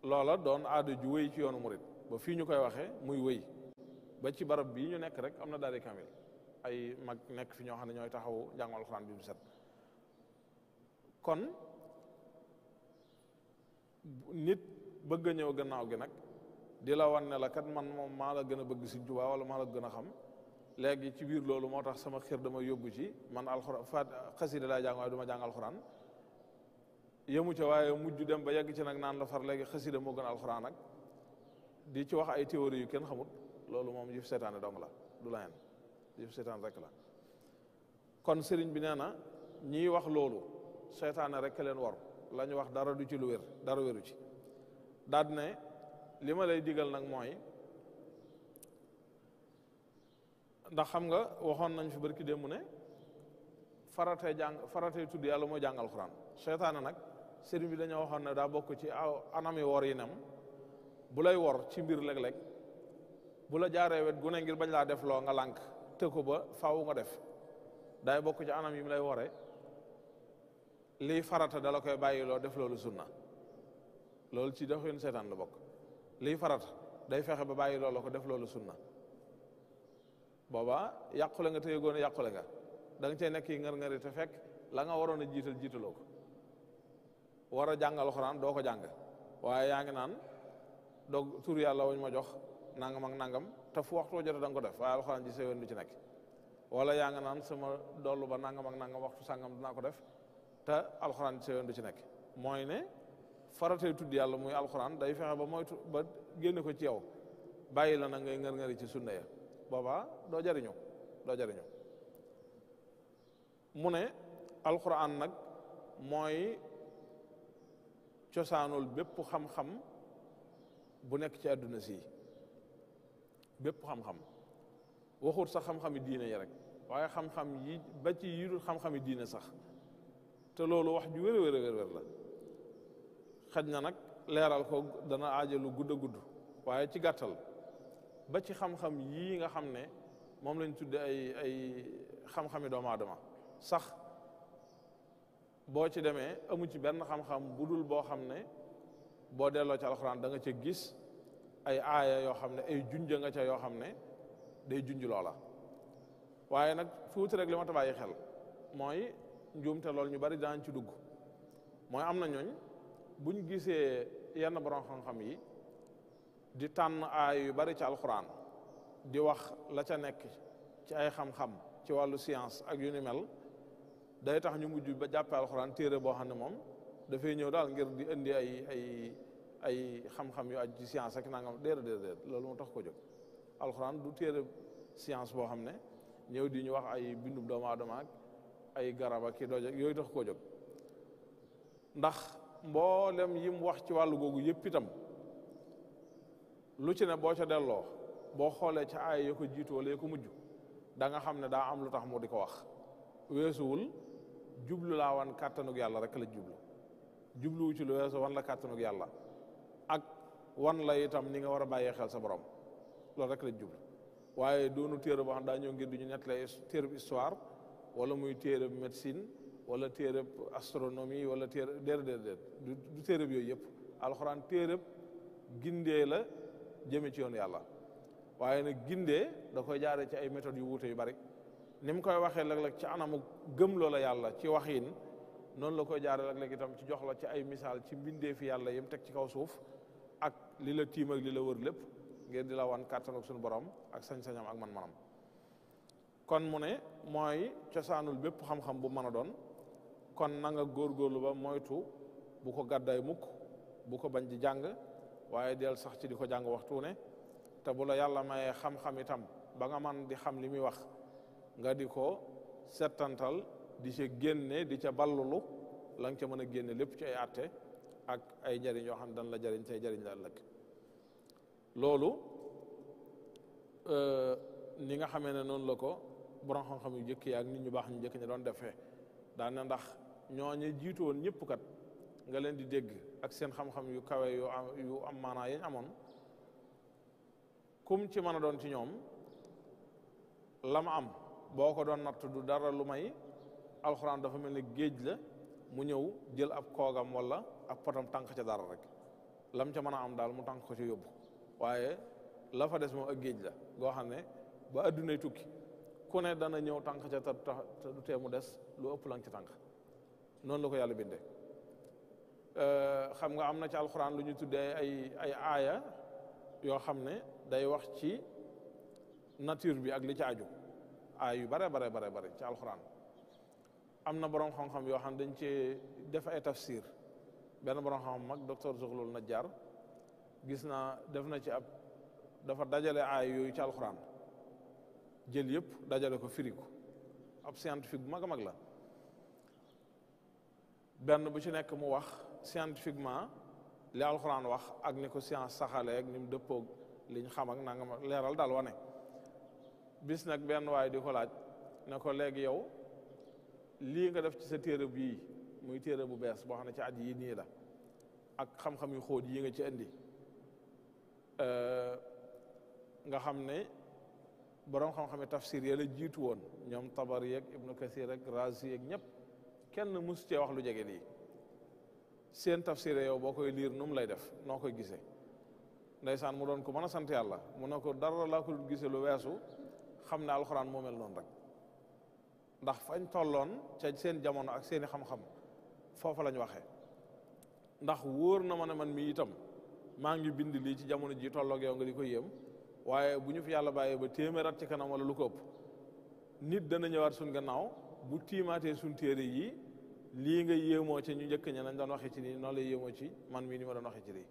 loola doon aada ju wéy ci yoonu murit ba fii ñu koy waxee muy wéy ba ci barab bii ñu nekk rek am na daari kaamil ay mag nekk fi ñoo xam ne ñooy taxawu jàngal alxuraan bi mu set kon nit bëgg ñëw gannaaw gi nag di la wan ne la kat man moom maa la gën a bëgg Sëñ Tuubaa wala maa la gën a xam léegi ci biir loolu moo sama xir dama yóbbu ci man alxuraan fa xasida laa jàng waaye du ma jàng alxuraan yemu ca waaye mujj dem ba yegg ci nag naan la far léegi xasida moo gën alxuraan nag di ci wax ay théorie yu kenn xamut loolu moom yëf seetaane dong la du la yëf seetaan rek la kon sëriñ bi nee na ñiy wax loolu setan rek rekelen waru la ñu wax dara du ci lu wer dara weru ci daad ne lima lay digal nak moy ndax xam nga waxon nañ fi barki démb ne faratee jàng faratee tudd yàlla mooy jàng alxuraan seytaane nag sëriñ bi dañu waxon na da bokk ci aw anam yi wor yi nam bu lay wor ci mbir leg leg bu la jare wet gune ngir bañ la def lo nga lank te ba faaw nga def day ci anam yi lay woré lii farata dala koy bàyyi loo def loolu sunna loolu ci doxin seetaan la bokk lii farata day fexe ba bàyyi loo la ko def loolu sunna booba yàqule nga te yëgoon yàqule nga da nga cey nekk yi ngar-ngari te fekk la nga waroon a jiital jiitaloo ko war a jàng alxuraan doo ko jàng waaye yaa ngi naan doog tur yàlla wuñ ma jox nangam ak nangam te fu waxtu jot da ko def waaye alxuraan ji sa yoon ci nekk wala yaa ngi naan sama doolu ba nangam ak nangam waxtu sàngam dinaa ko def te alxuraan ci yoon ci nekk mooy ne faratee tudd yàlla muy alxuraan day fexe ba moytu ba génne ko ci yow bàyyi la na ngay ngari ci sunna ya boobaa doo jariñu doo jariñu mu ne alxuraan nag mooy cosaanul bépp xam-xam bu nekk ci àdduna si bépp xam-xam waxut sax xam-xami diine yi rek waaye xam-xam yi ba ci yidul xam-xami diine sax te loolu wax ju wér wér wér la xaj na nag leeral ko dana aajalu gudd a gudd waaye ci gàttal ba ci xam-xam yii nga xam ne moom lañ tudde ay ay xam-xami doomu aadama sax boo ci demee amu ci benn xam-xam bu boo xam ne boo delloo ci alxuraan danga nga gis ay aaya yoo xam ne ay junja nga ca yoo xam ne day junj loola waaye nag fuuti rek ma ta xel mooy njuumte loolu ñu bari daan ci dugg mooy am na ñooñ buñ gisee yenn borom xam-xam yi di tànn aay yu bari ci alxuraan di wax la ca nekk ci ay xam-xam ci wàllu science ak yu ni mel day tax ñu mujj ba jàppee téere boo xam ne moom dafay ñëw daal ngir di indi ay ay ay xam-xam ak nangam déedéet déedéet loolu moo tax ko jog alxuraan du téere science boo xam ne ñëw di ñu wax ay bindub doomu aadama ay garab ak i yooyu tax koo jóg ndax mboolem yim wax ci wàllu googu yëpp itam lu ci ne boo ca delloo boo xoolee ca aay ko jiitu wala ya mujj danga xam ne daa am lu tax mu di ko wax weesuwul jublu laa wan kàttanug yàlla rek la jublu jubluwu ci lu weesu wan la kàttanug yàlla ak wan la itam ni nga war a bàyyee xel sa borom loolu rek la jublu waaye doonu téere boo xam daa ñoo ngir du ñu nettali téere histoire wala muy téereb médecine wala téereb astronomie wala téereb déer déer du du téereb yooyu yëpp alxuraan téereb gindee la jëme ci yoon yàlla waaye nag gindee da koy jaare ci ay méthodes yu wuute yu bari ni mu koy waxee léeg-léeg ci anamu gëm loola yàlla ci waxin noonu la koy jaare léeg-léeg itam ci jox la ci ay misaal ci mbindee fi yàlla yim teg ci kaw suuf ak li la tiim ak li la wër lépp ngeen di la wan kàttan ak borom ak sañ-sañam ak man-manam kon mu ne mooy cosaanul bépp xam-xam bu mën a doon kon nanga nga góorgóorlu ba moytu bu ko gàddaay mukk bu ko bañ di jàng waaye del sax ci di ko jàng waxtu ne te bu la yàlla mayee xam-xam itam ba nga man di xam li muy wax nga di ko settantal di ca génne di ca ballulu la nga ca mën a génne lépp ci ay atte ak ay njëriñ yoo xam ne dan la jariñ tey jëriñ la ëllëg loolu euh, ni nga xamee ne noonu la ko borom xam-xam yu jëkk yaak nit ñu baax ñu jëkk ñi doon defee daal na ndax ñooñu jiitu woon ñëpp kat nga leen di dégg ak seen xam-xam yu kawe yu am yu am maanaa yañ amoon kum ci mën a doon ci ñoom la am boo ko doon natt du dara lu may alxuraan dafa mel ni géej la mu ñëw jël ab koogam walla ak potam tànk ca dara rek lam ca mën a am daal mu tànk ko ci yóbbu waaye lafa fa des moom ak géej la goo xam ne ba addunay tukki ku ne dana ñëw tànk ca ta te du tee mu des lu ëpp la nga ci tànk noonu la ko yàlla bindee euh, xam nga am na ci alxuraan lu ñu tuddee ay ay aaya yoo xam ne day wax ci nature bi ak li ci aju aaya yu bare bare bare bare ci alxuraan am na borom xam-xam yoo xam dañ ci def ay tafsir benn borom xam-xam mag docteur Zuxlul Najjar gis naa def na ci ab dafa dajale aaya yooyu ci alxuraan jël yëpp dajale ko firi ab scientifique bu mag mag la benn bu ci nekk mu wax scientifiquement li alxuraan wax ak ni ko science saxalee ak ni mu dëppoog liñ ñu xam ak nangam leeral daal wane bis nag benn waay di ko laaj ne ko léegi yow lii nga def ci sa téere bii muy téere bu bees boo xam ne ci at yii nii la ak xam-xam yu xóot yi nga ci indi euh, nga xam ne boroom xam-xame tafsir ya la jiitu woon ñoom tabar yeeg ibnu kasir ak razi yeeg ñëpp kenn mus cee wax lu jege lii seen tafsir yow boo koy liir nu lay def noo koy gisee ndeysaan mu doon ko mën a sant yàlla mun ne ko dara laa ko gise lu weesu xam ne alxuraan moo mel noonu rek ndax fañ tolloon ca seen jamono ak seeni xam-xam foofa lañ waxe ndax wóor na ma ne man mi itam maa ngi bind lii ci jamono ji tolloog yow nga di koy yem waaye bu ñu fi yàlla bàyyee ba téeméer ci kanam wala lu ko ëpp nit dana ñëwaat suñ gannaaw bu tiimaatee suñ téere yi lii nga yéemoo ci ñu njëkk ña nañ doon waxee ci nii noonu la yéemoo ci man mii ni ma doon waxee ci lii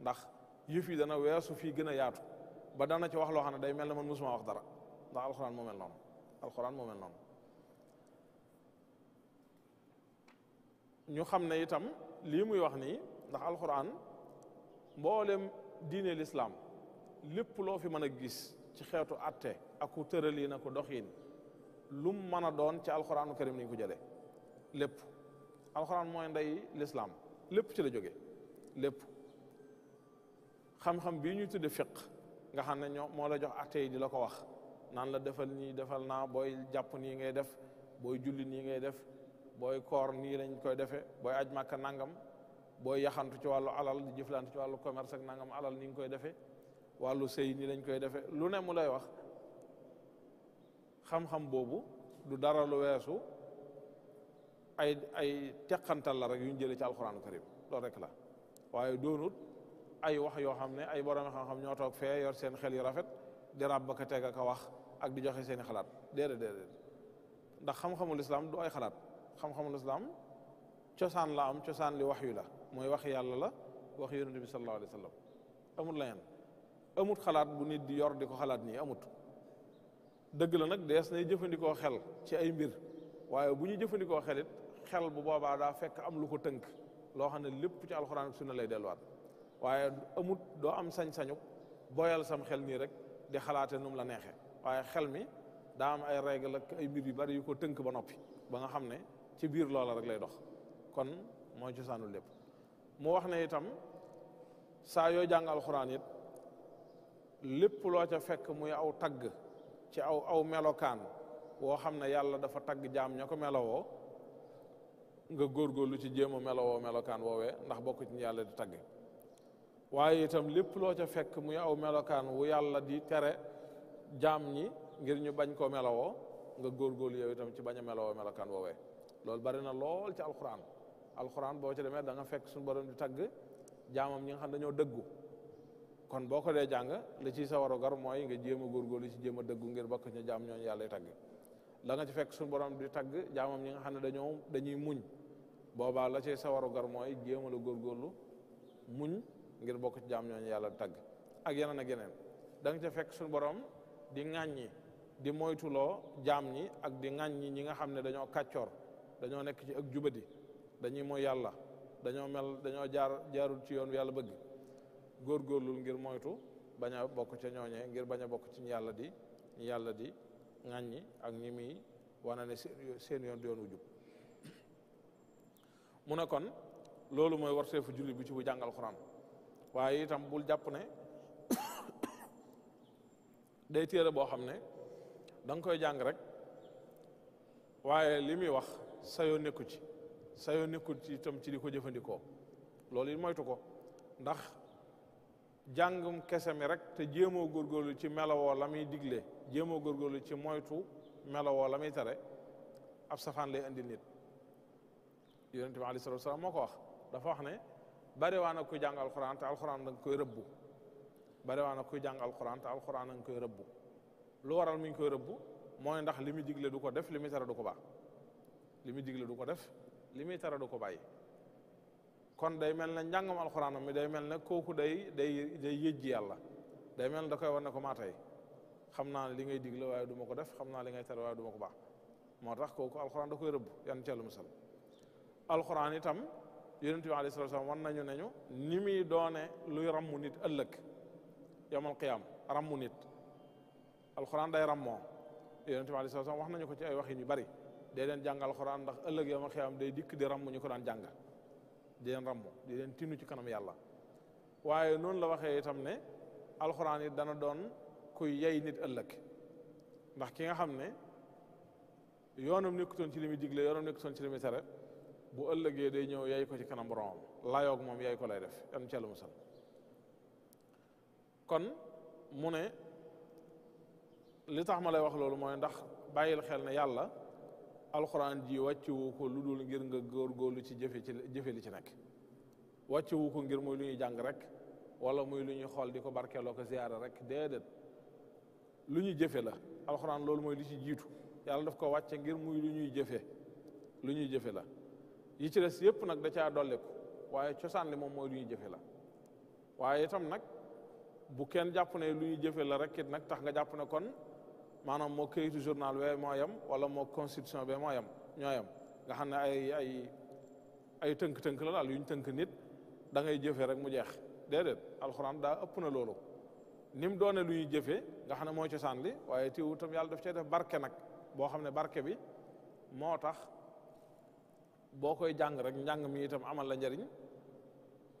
ndax yëf yi dana weesu fii gën a yaatu ba dana ci wax loo xam ne day mel ne man mosuma wax dara ndax alxuraan moo mel noonu alxuraan moo mel noonu ñu xam na itam lii muy wax nii ndax alxuraan mboolem diine lislaam lépp loo fi mën a gis ci xeetu atte aku tëraliin aku doxin lum mën a doon ci alxuraanu karim niñ ko jëlee lépp alxuraan mooy ndey lislaam lépp ci la jóge lépp xam-xam bii ñuy tudde fiq nga xam ne ñoo moo la jox atte yi di la ko wax nan la defal nii defal naa booy jàpp nii ngay def booy julli nii ngay def booy koor nii lañ koy defee booy aj màkka nangam booy yaxantu ci wàllu alal di jëflante ci wàllu commerce nangam alal ni nga koy defee walu sëy ni lañ koy defé lu ne mu lay wax xam-xam bobu du dara lu wessu ay ay teqantal la rek yu jël ci alcorane karim lo rek la waaye doonut ay wax yo xamne ay borom xam-xam ñoo tok fe yor seen xel yu rafet di rab ka tega ka wax ak di joxe seeni xalat dede dede ndax xam-xamul islam du ay xalat xam-xamul islam ciosan la am ciosan li wahyu la moy wax yàlla la wax yonente sallallahu alayhi wasallam amul la yenn amut xalaat bu nit di yor di ko xalaat nii amut dëgg la nag dees nay jëfandikoo xel ci ay mbir waaye bu ñu jëfandikoo xel xel bu boobaa daa fekk am lu ko tënk loo xam ne lépp ci alxuraan ak sunna lay delluwaat waaye amut doo am sañ-sañu boyal sam xel nii rek di xalaate nu la neexee waaye xel mi daa am ay règle ak ay mbir yu bari yu ko tënk ba noppi ba nga xam ne ci biir loola rek lay dox kon mooy cosaanul lépp mu wax na itam saa yooy jàng alxuraan yit lépp loo ca fekk muy aw tagg ci aw aw melokaan woo xam ne yàlla dafa tagg jaam ña ko melowoo nga góorgóorlu ci jéem a melowoo melokaan woowe ndax bokk ci yàlla di tagg waaye itam lépp loo ca fekk muy aw melokaan wu yàlla di tere jaam ñi ngir ñu bañ koo melowoo nga góorgóorlu yow itam ci bañ a melowoo melokaan woowee loolu bari na lool ci alxuraan alxuraan boo ci demee da fekk suñu borom di tagg jaamam ñi nga xam dañoo dëggu kon boko de jang leci la ci sa war gar moy nga jema gor góorgóorlu ci jema a ngir bak ñu jam ñoon yalla tagg la nga ci fekk borom di tagg jaamam ñi nga xamne dañoo dañuy muñ boba la ci sa war a gar mooy jéem a gor góorgóorlu muñ ngir bok ci jam ñoon yalla tagg ak yenen ak yenen da nga ci fekk borom di ŋàññi di lo jam ñi ak di ŋàññi ñi nga xamne dañoo kacior dañoo nek ci ak jubadi dañuy moy yalla dañoo mel dañoo jaar jaarul ci yoon yalla bëgg góorgóorlul ngir moytu bañ a bokk ngir bañ a bokk ci yàlla di ñu yàlla di ŋàññi ak ñi muy wana ne seen yoon di yoon wu jub mu ne kon loolu mooy warteefu jullit bi ci bu jàngal xuraan waaye itam bul jàpp ne day téere boo xam ne da koy jàng rek waaye li muy wax sa yoo nekku ci sa yoo nekkul ci itam ci di ko jëfandikoo loolu moytu ko ndax jàngum kese mi rek te jéemoo lu ci melawoo la muy digle jéemoo lu ci moytu melawoo la muy tare ab safaan lay indi nit yonente bi aleyhi salaatu salaam moo ko wax dafa wax ne bari waa na kuy jàng alxuraan te alxuraan da nga koy rëbbu bari waa na kuy jàng alxuraan te alxuraan da nga koy rëbbu lu waral mu koy rëbbu mooy ndax li muy digle du ko def li muy tere du ko baax li muy digle du ko def li muy tere du ko bàyyi kon day mel ne njàngam alxuraanam mi day mel ne kooku day day day yëjji yàlla day mel ne da koy wane ko maa xam naa li ngay digle waaye du ma ko def xam naa li ngay tere waaye du ma ko baax moo tax kooku alxuraan da koy rëbb yan ca lu musal alxuraan itam yonent bi alayhi salaatu wa salaam nañu neñu muy doone luy rammu nit ëllëg yawmal qiyaam rammu nit alxuraan day rammoo yonent bi alayhi wax nañu ko ci ay waxin bari day leen jàng alxuraan ndax ëllëg yawmal qiyaam day dikk di rammu ñu ko daan jàng di leen rammu di leen tinu ci kanam yàlla waaye noonu la waxee itam ne alxuraan yit dana doon kuy yey nit ëllëg ndax ki nga xam ne yoonam nekkutoon ci li muy digle yoonam nekkutoon ci li muy tere bu ëllëgee day ñëw yey ko ci kanam boromam layoog moom yey ko lay def yan ci yàlla musal kon mu ne li tax ma lay wax loolu mooy ndax bàyyil xel ne yàlla alxuraan ji wàccewu ko lu dul ngir nga góorgóorlu ci jëfe ci jëfe li ci nekk wàccewu ko ngir muy lu ñuy jàng rek wala muy lu ñuy xool di ko barkeeloo ko ziyaara rek déedéet lu ñuy jëfe la alxuraan loolu mooy lu ci jiitu yàlla daf ko wàcce ngir muy lu ñuy jëfe lu ñuy jëfe la yi ci des yëpp nag da caa dolleku waaye cosaan li moom mooy lu ñuy jëfe la waaye itam nag bu kenn jàpp ne lu ñuy jëfe la rek it nag tax nga jàpp na kon maanaam moo këyitu journal bee moo yem wala moo constition bee moo yem ñoo yam nga xam ne ay tënk-tënk la daal tënk nit dangay ngay jëfee rek mu jeex déedéet alxuraan daa ëpp na loolu ni mu doone lu jëfe nga xam ne mooy cosaan li waaye teewu tam yàlla daf cee def barke nag boo xam ne barke bi moo tax boo koy jàng rek njàng mi itam amal la njariñ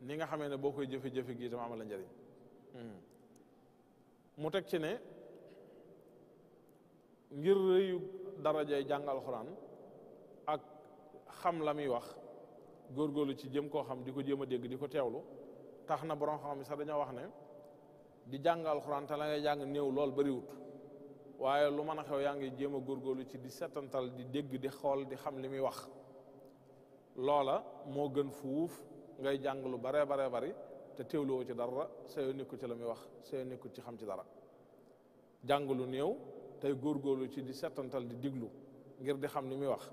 ni nga xamee ne boo koy jëfe-jëfe gi itam amal la njariñ hmm. mu teg ci ne ngir rëyu darajay jang alquran ak xam lamuy wax gor golu ci jëm ko xam di jema deg diko tewlu di borom xam mi sax wax ne di jang alquran ta la ngay new lol bari wut waye lu mana xew yaangi jema gor golu ci di setantal di deg di xol di xam li Fufu wax lola mo gën fuuf ngay jang lu bare bare bare te tewlu ci dara sey yoo ci lamuy wax sey yoo ci xam ci dara lu góor góorlu ci di settantal di diglu ngir di xam ni muy wax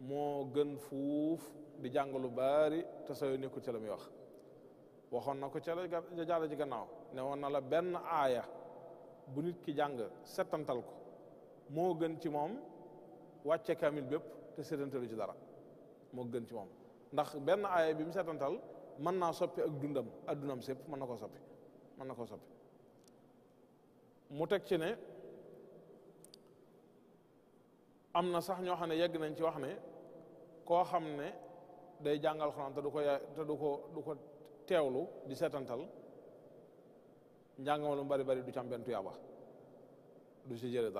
moo gën fuuf di jàng lu baari te sayo nekku ci la muy wax waxoon na ko ca la jàll ci gannaaw ne woon na la benn aaya bu nit ki jàng settantal ko moo gën ci moom wàcce kaamil bépp te settantalu ci dara moo gën ci moom ndax benn aaya bi mu settantal mën naa soppi ak dundam addunam sépp mën na koo soppi mën na koo soppi mu teg ci ne am na sax ñoo xam ne yegg nañ ci wax ne koo xam ne day jàngal xuraan te du ko du ko du ko teewlu di seetantal njàngam lu mu bari bari du ci am benn tuyaaba du ci jëre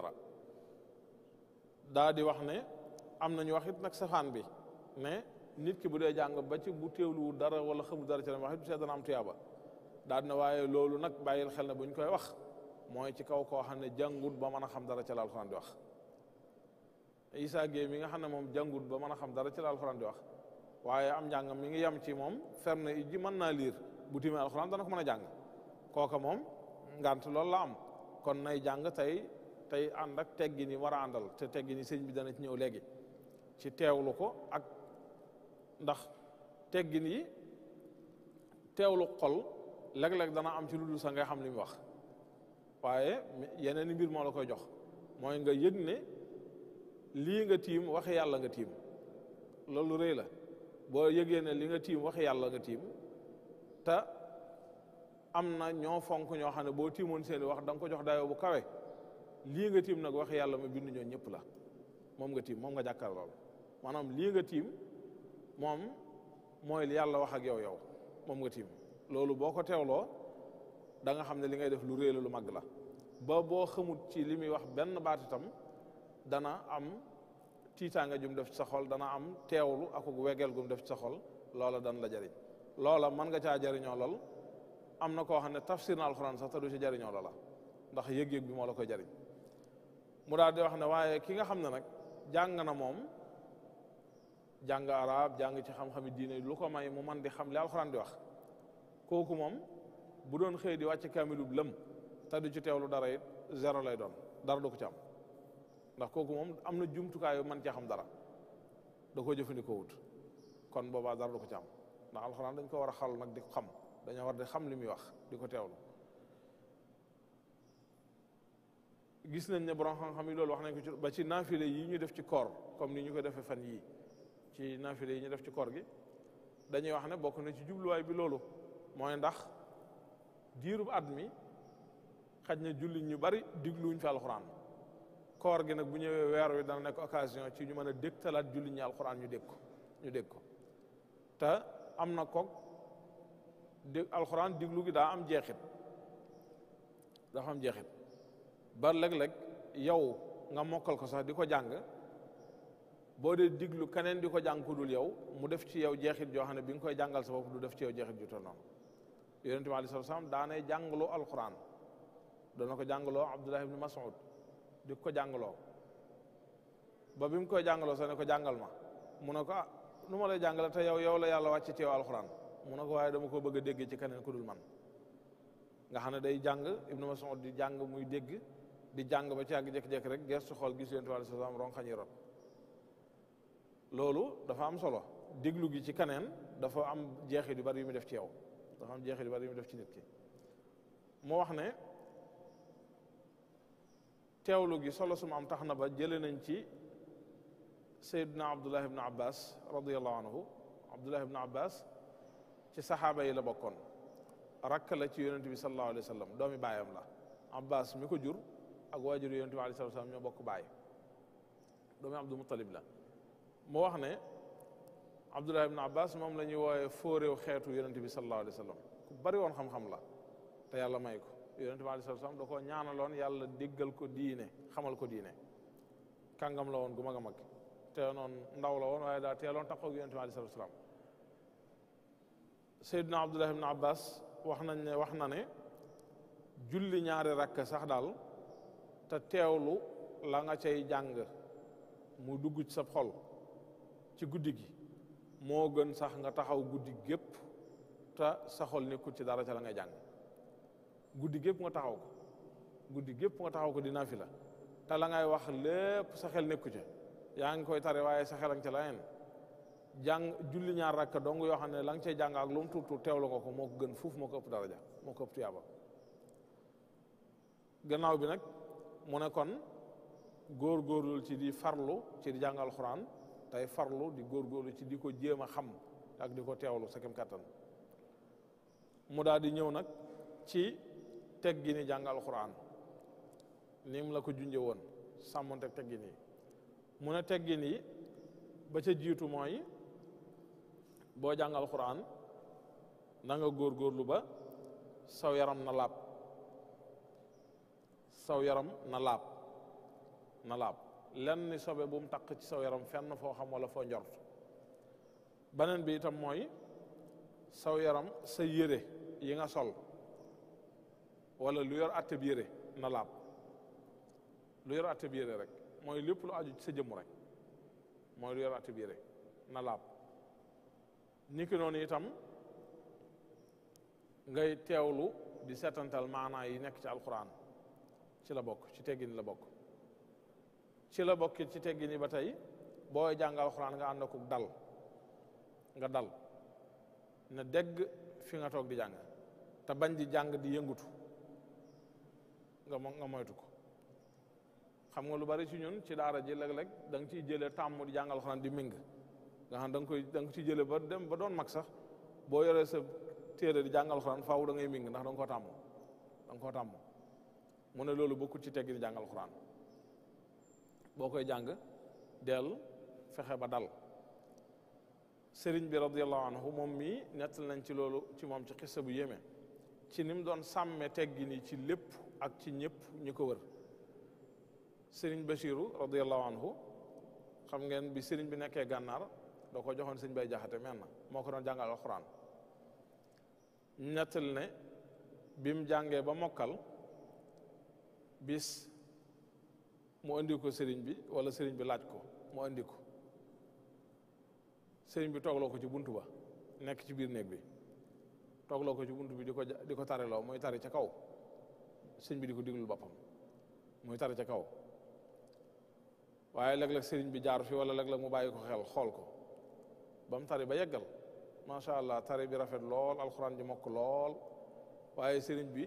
daa di wax ne am nañu wax it nag safaan bi ne nit bu dee jàng ba ci bu teewlu dara wala xamul dara ci la du see dana am tuyaaba daa dina waaye loolu nag bàyyil xel ne bu ñu koy wax mooy ci kaw koo xam ne jàngut ba mën a xam dara ca la di wax Issa Gueye mi nga xam ne moom jàngut ba mën a xam dara ci la alxuraan di wax waaye am njàngam mi ngi yem ci moom ferme ji man naa liir bu tiimee alxuraan dana ko mën jàng kooka moom ngant loolu la am kon nay jàng tey tey ànd ak teggin yi war a àndal te teggin ni sëñ bi dana ci ñëw léegi ci teewlu ko ak ndax teggin yi teewlu xol léeg-léeg dana am ci lu dul sax ngay xam li wax waaye yeneen i mbir moo la koy jox mooy nga yëg ne lii nga tiim wax yàlla nga tiim loolu rëy la boo yëgee ne lii nga tiim wax yàlla nga tiim ta am na ñoo fonk ñoo xam ne boo tiimoon seeni wax da ko jox dayoo bu kawe lii nga tiim nag wax yàlla ma bindu ñoo ñëpp la moom nga tiim moom nga jàkkaar lool maanaam lii nga tiim moom mooy yàlla wax ak yow yow moom nga tiim loolu boo ko teewloo da nga xam ne li ngay def lu rëy la lu mag la ba boo xamut ci li muy wax benn baat itam dana am tiitaanga jum def ci sa xol dana am teewlu akuk wegel gum def ci sa xol loola dan la jariñ loola mën nga caa jariñoo lool am na koo xam ne tafsir na alxuraan sax te du ci loola ndax yëg-yëg bi moo la koy jariñ mu daal di wax ne waaye ki nga xam ne nag jàng na moom jàng arab jàng ci xam-xami diine lu ko may mu man di xam li alxuraan di wax kooku moom bu doon xëy di wàcc kaamilub lëm te du ci teewlu dara it zéro lay doon dara du ko ci am ndax kooku moom am na jumtukaay yu mën cee xam dara da koo jëfandikoo wut kon boobaa dara du ko ci am ndax alxuraan dañ ko war a xal nag di ko xam dañoo war di xam li muy wax di ko teewlu gis nañ ne borom xam-xam loolu wax nañ ko ci ba ci naafile yi ñu def ci koor comme ni ñu ko defee fan yii ci naafile yi ñu def ci koor gi dañuy wax ne bokk na ci jubluwaay bi loolu mooy ndax diirub at mi xaj na jullit ñu bari digluwuñ fi alxuraan koor gi nag bu ñëwee weer wi dana nekk occasion ci ñu mën a dégtalaat julli ñi alxuraan ñu dégg ko ñu dégg ko te am na koog di alxuraan diglu gi daa am jeexit dafa am jeexit ba léeg-léeg yow nga mokkal ko sax di ko jàng boo dee diglu keneen di ko jàng ku dul yow mu def ci yow jeexit joo xam ne bi nga koy jàngal sa bopp du def ci yow jeexit ju toll noonu yonente bi aleyhi salaam daanay jàngaloo alxuraan doon na ko jàngaloo Abdullah ibn Mas'ud di ko jàngaloo ba bi mu koy jàngaloo sax ne ko jàngal ma mu ne ko ah nu ma lay jàngale ta yow yow la yàlla wàcc ci yow alxuraan mu ne ko waaye dama ko bëgg a dégg ci keneen ku dul man nga xam ne day jàng ibnu Mas'ud di jàng muy dégg di jàng ba ci àgg jékki-jékki rek gestu xool gis yonent bi alayhi salaam ron xañi rot loolu dafa am solo déglu gi ci keneen dafa am jeexit yu bari yu def ci yow dafa am jeexit yu bari yu mu def ci nit ki mu wax ne teewlu gi solo su mu am tax na ba jële nañ ci sayduna abdullah ibnu abbas radiallahu anhu abdullah ibnu abbas ci saxaaba yi la bokkoon rakk la ci yonente bi salallahu alayhi wa sallam doomi baayam la abbas mi ko jur ak waajur yonente bi alayhi salatu salaam ñoo bokk baay doomi abdul mutalib la mu wax ne abdullah ibnu abbas moom la ñuy wooye fóoréew xeetu yonente bi salallahu alayhi wa sallam ku bari woon xam-xam la te yàlla may ko yonent bi aleyhi salaam da koo ñaanaloon yàlla déggal ko diine xamal ko diine kàngam la woon gu mag a mag tee ndaw la woon waaye daal teeloon taxaw ak yonent bi aleyhi salaam Seydina Abdullah ibn Abbas wax nañ ne wax na ne julli ñaari rakk sax daal te teewlu la nga cay jàng mu dugg ci sa xol ci guddi gi moo gën sax nga taxaw guddi gépp te sa xol nekkul ci dara ca la ngay jàng guddi gépp nga taxaw ko guddi gépp nga taxaw ko di nafila te la ngay wax lépp sa xel nekku ca yaa ngi koy tare waaye sa xel a ngi ca leneen jàng julli ñaar rakk dong yoo xam ne la nga cay jàng ak lu mu tuut teewlu ko ko moo gën fuuf moo ëpp moo ko ëpp tuyaaba gannaaw bi nag mu ne kon ci di farlu ci di jàng alxuraan tey farlu di góorgóorlu ci di ko jéem a xam ak di ko teewlu sa kem kàttan mu daal di ñëw nag ci teggini jang alquran ni la ko junjé won samonté teggini muna teggini ba ca jitu moy bo jang alquran na nga lu ba saw yaram na laab saw yaram na laab na laab ni sobe bu mu ci saw yaram fenn fo xam wala fo njort banen bi tam moy saw yaram sa yere yi nga sol wala lu yor atte bi yére na laab lu yor rek mooy lépp lu ci sa jëmm rek mooy lu yor na laab ni ki itam ngay teewlu di setantal maanaa yi nekk ci alquran ci la bokk ci teggin la bokk ci la bokk ci teggin yi ba tey boo jàng alquran nga ànd ko dal nga dal na dégg fi nga toog di jàng te bañ di jàng di yëngutu nga nga moytu ko xam nga lu bari ci ñun ci daara ji léeg-léeg da nga ciy jëlee tàmm di jàngal xanaan di ming nga xam da nga koy da nga ciy jëlee ba dem ba doon mag sax boo yoree sa téere di jàngal xuraan faaw da ngay ming ndax da nga koo tàmm da nga ne loolu bokkul ci teggi di jàngal xuraan boo koy jàng dell fexe ba dal sëriñ bi radiallahu anhu moom mii nettal nañ ci loolu ci moom ci xissa bu yéeme ci ni mu doon sàmme teggi nii ci lépp ak ci ñëpp ñu ko wër sëriñ ba Bachiru radiallahu anhu xam ngeen bi Serigne bi nekkee gànnaar da ko joxoon sëñ bay jaxate men na moo ko doon jàngal alxuraan ñettal ne bim jàngee ba mokkal bis mu indi ko sëriñ bi wala sëriñ bi laaj ko mu indi ko sëriñ bi toogloo ko ci bunt ba nekk ci biir néeg bi toogloo ko ci bunt bi di ko di ko tareloo mooy tari ca kaw sëñ bi di ko diglul boppam muy tara ca kaw waaye léeg-léeg sëriñ bi jaar fi wala léeg-léeg mu bàyyi ko xel xool ko ba mu tari ba yeggal macha allah tari bi rafet lool alxuraan ji mokk lool waaye sëriñ bi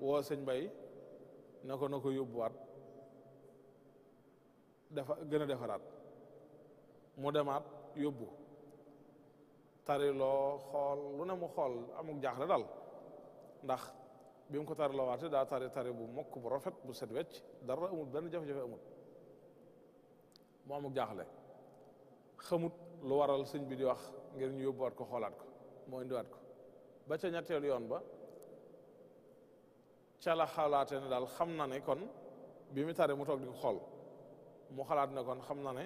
woo sëñ bay na ko na ko yóbbuwaat dafa gën a defaraat mu demaat yóbbu tari loo xool lu ne mu xool amuk jaaxle daal ndax bi mu ko tar la waate daa tare tare bu mokk bu rafet bu set wecc dara amul benn jafe-jafe amul mu amuk jaaxle xamut lu waral sëñ bi di wax ngir ñu yóbbuwaat ko xoolaat ko moo indiwaat ko ba ca ñetteelu yoon ba ca la xalaate ne daal xam na ne kon bi mu mu toog di xool mu xalaat ne kon xam na ne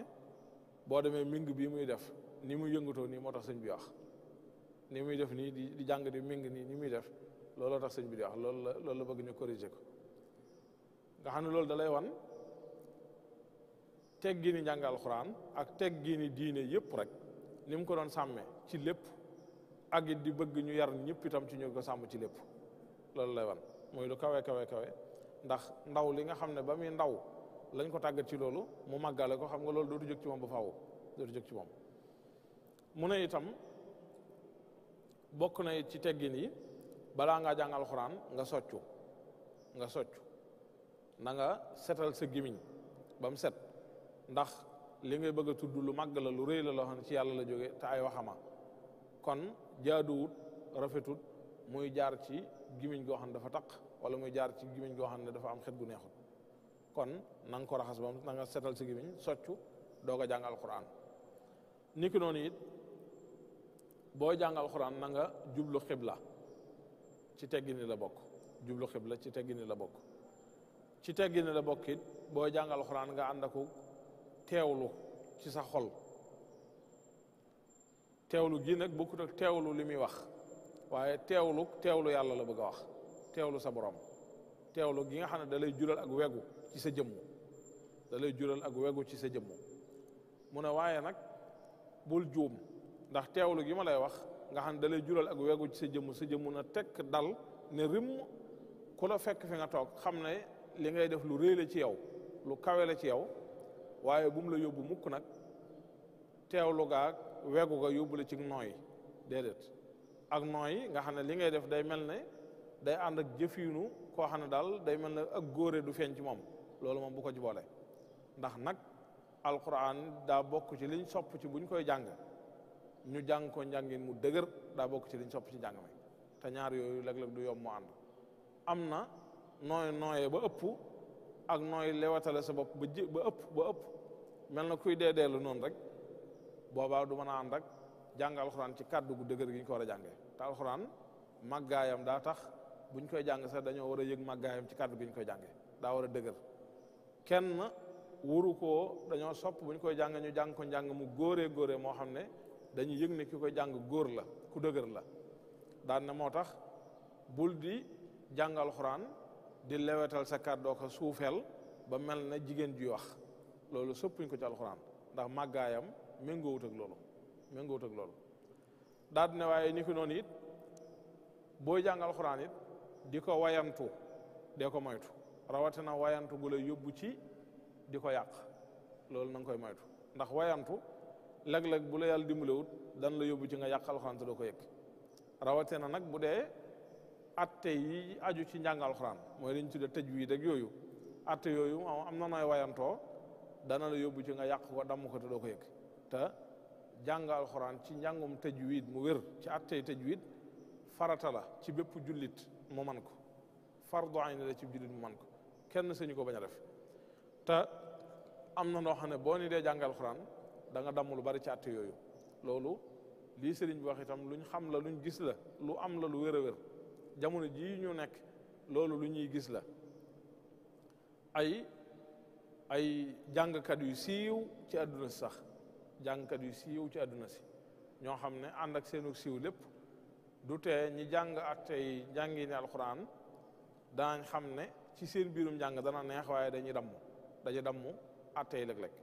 boo demee ming bi muy def ni muy yëngatoo nii moo tax sëñ bi wax ni muy def nii di jàng di ming nii ni muy def looloo tax sëñ bi di wax loolu la loolu la bëgg ñu corriger ko nga xam ne loolu da lay wan teggini njàng alxuraan ak teggini diine yëpp rek ni mu ko doon sàmmee ci lépp ak di bëgg ñu yar ñëpp itam ci ñu ko sàmm ci lépp loolu lay wan mooy lu kawe kawe kawe ndax ndaw li nga xam ne ba muy ndaw lañ ko tàggat ci loolu mu màggale ko xam nga loolu dootu jóg ci moom ba faaw dootu jóg ci moom mu ne itam bokk na ci teggin yi bala nga jang alquran nga soccu nga soccu na nga setal sa gimiñ bam set ndax li ngay bëgg tuddu lu mag la lu reey la loo xam ci yàlla la jóge te ay waxama kon jaaduwut rafetut muy jaar ci gimiñ goo xam dafa taq wala muy jaar ci gimiñ goo xam ne dafa am xet gu neexut kon na nga ko raxas bam na nga setal sa gimiñ soccu doog a jàng alquran niki noonu it boo jàng alquran nga jublu xibla ci teggini la bokk jublu xibla ci teggini la bokk ci teggini la bokk it boo jàng alxuraan nga ànd ak teewlu ci sa xol teewlu gi nag bokkut ak teewlu li muy wax waaye teewlu teewlu yàlla la bëgg a wax teewlu sa borom teewlu gi nga xam ne da lay jural ak wegu ci sa jëmm da lay jural ak wegu ci sa jëmm mu ne waaye nag bul juum ndax teewlu gi ma lay wax nga xam ne da lay jural ak wegu ci sa jëmm sa jëmm na tekk dal ne rim ku la fekk fi nga toog xam ne li ngay def lu réy la ci yow lu kawe la ci yow waaye bu mu la yóbbu mukk nag teewlu gaa wegu ga yóbbu la ci nooy déedéet ak nooy nga xam ne li ngay def day mel ne day ànd ak jëfiinu koo xam ne daal day mel ne ak góore du feeñ ci moom loolu moom bu ko ci boole ndax nag alquran da bokk ci liñ sopp ci buñ koy jàng ñu jàng ko njàngin mu dëgër daa bokk ci liñ sopp ci njàng mi te ñaar yooyu léeg-léeg du yomb mu ànd am na nooy nooyee ba ëpp ak nooy lewatale sa bopp ba ba ëpp ba ëpp mel na kuy deedeelu noonu rek boobaa du mën a ànd rek jàng alxuraan ci kàddu gu dëgër gi ñu ko war a jànge te alxuraan màggaayam daa tax buñ koy jàng sax dañoo war a yëg màggaayam ci kàddu gi ñu koy jàngee daa war a dëgër kenn wuru koo dañoo sopp buñ koy jàng ñu jàng ko njàng mu góoree góoree moo xam ne dañuy yëg ne ki ko jàng góor la ku dëgër la daan na moo tax bul di jàng alxuraan di lewetal sa kàddoo ko suufeel ba mel na jigéen juy wax loolu sëppuñ ko ci alxuraan ndax màggaayam wut ak loolu wut ak loolu daal ne waaye ni ko noonu it booy jàng alxuraan it di ko wayantu dee ko moytu rawatina wayantu gu la yóbbu ci di ko yàq loolu na nga koy moytu ndax wayantu léeg-léeg bu la yàlla dimbalewut dan la yóbbu ci nga yàq alxuraan te doo ko yëg rawatee na nag bu dee atte yi aju ci njàng alxuraan mooy li ñu tëj wii rek yooyu atte yooyu am na nooy wayantoo dana la yóbbu ci nga yàq ko damm ko te doo ko yëg te jàng alxuraan ci njàngum tajwid mu wér ci attey tajwid farata faratala ci bépp jullit mu man ko fardu ayn la ci jullit mu man ko kenn sañu ko bañ a def te am na noo xam ne boo ni dee jàng alxuraan danga damu lu bari ci àtte yooyu loolu lii sëriñ bi wax itam luñ xam la luñ gis la lu am la lu wér a wér jamono jii ñu nekk loolu lu ñuy gis la ay ay jàngkat yu siiw ci àdduna si sax jàngkat yu siiw ci àdduna si ñoo xam ne ànd ak seenu siiw lépp du te ñi jàng attey jàngi ne alxuraan danañ xam ne ci seen biirum jàng dana neex waaye damm dañuy dammu attey léeg lekk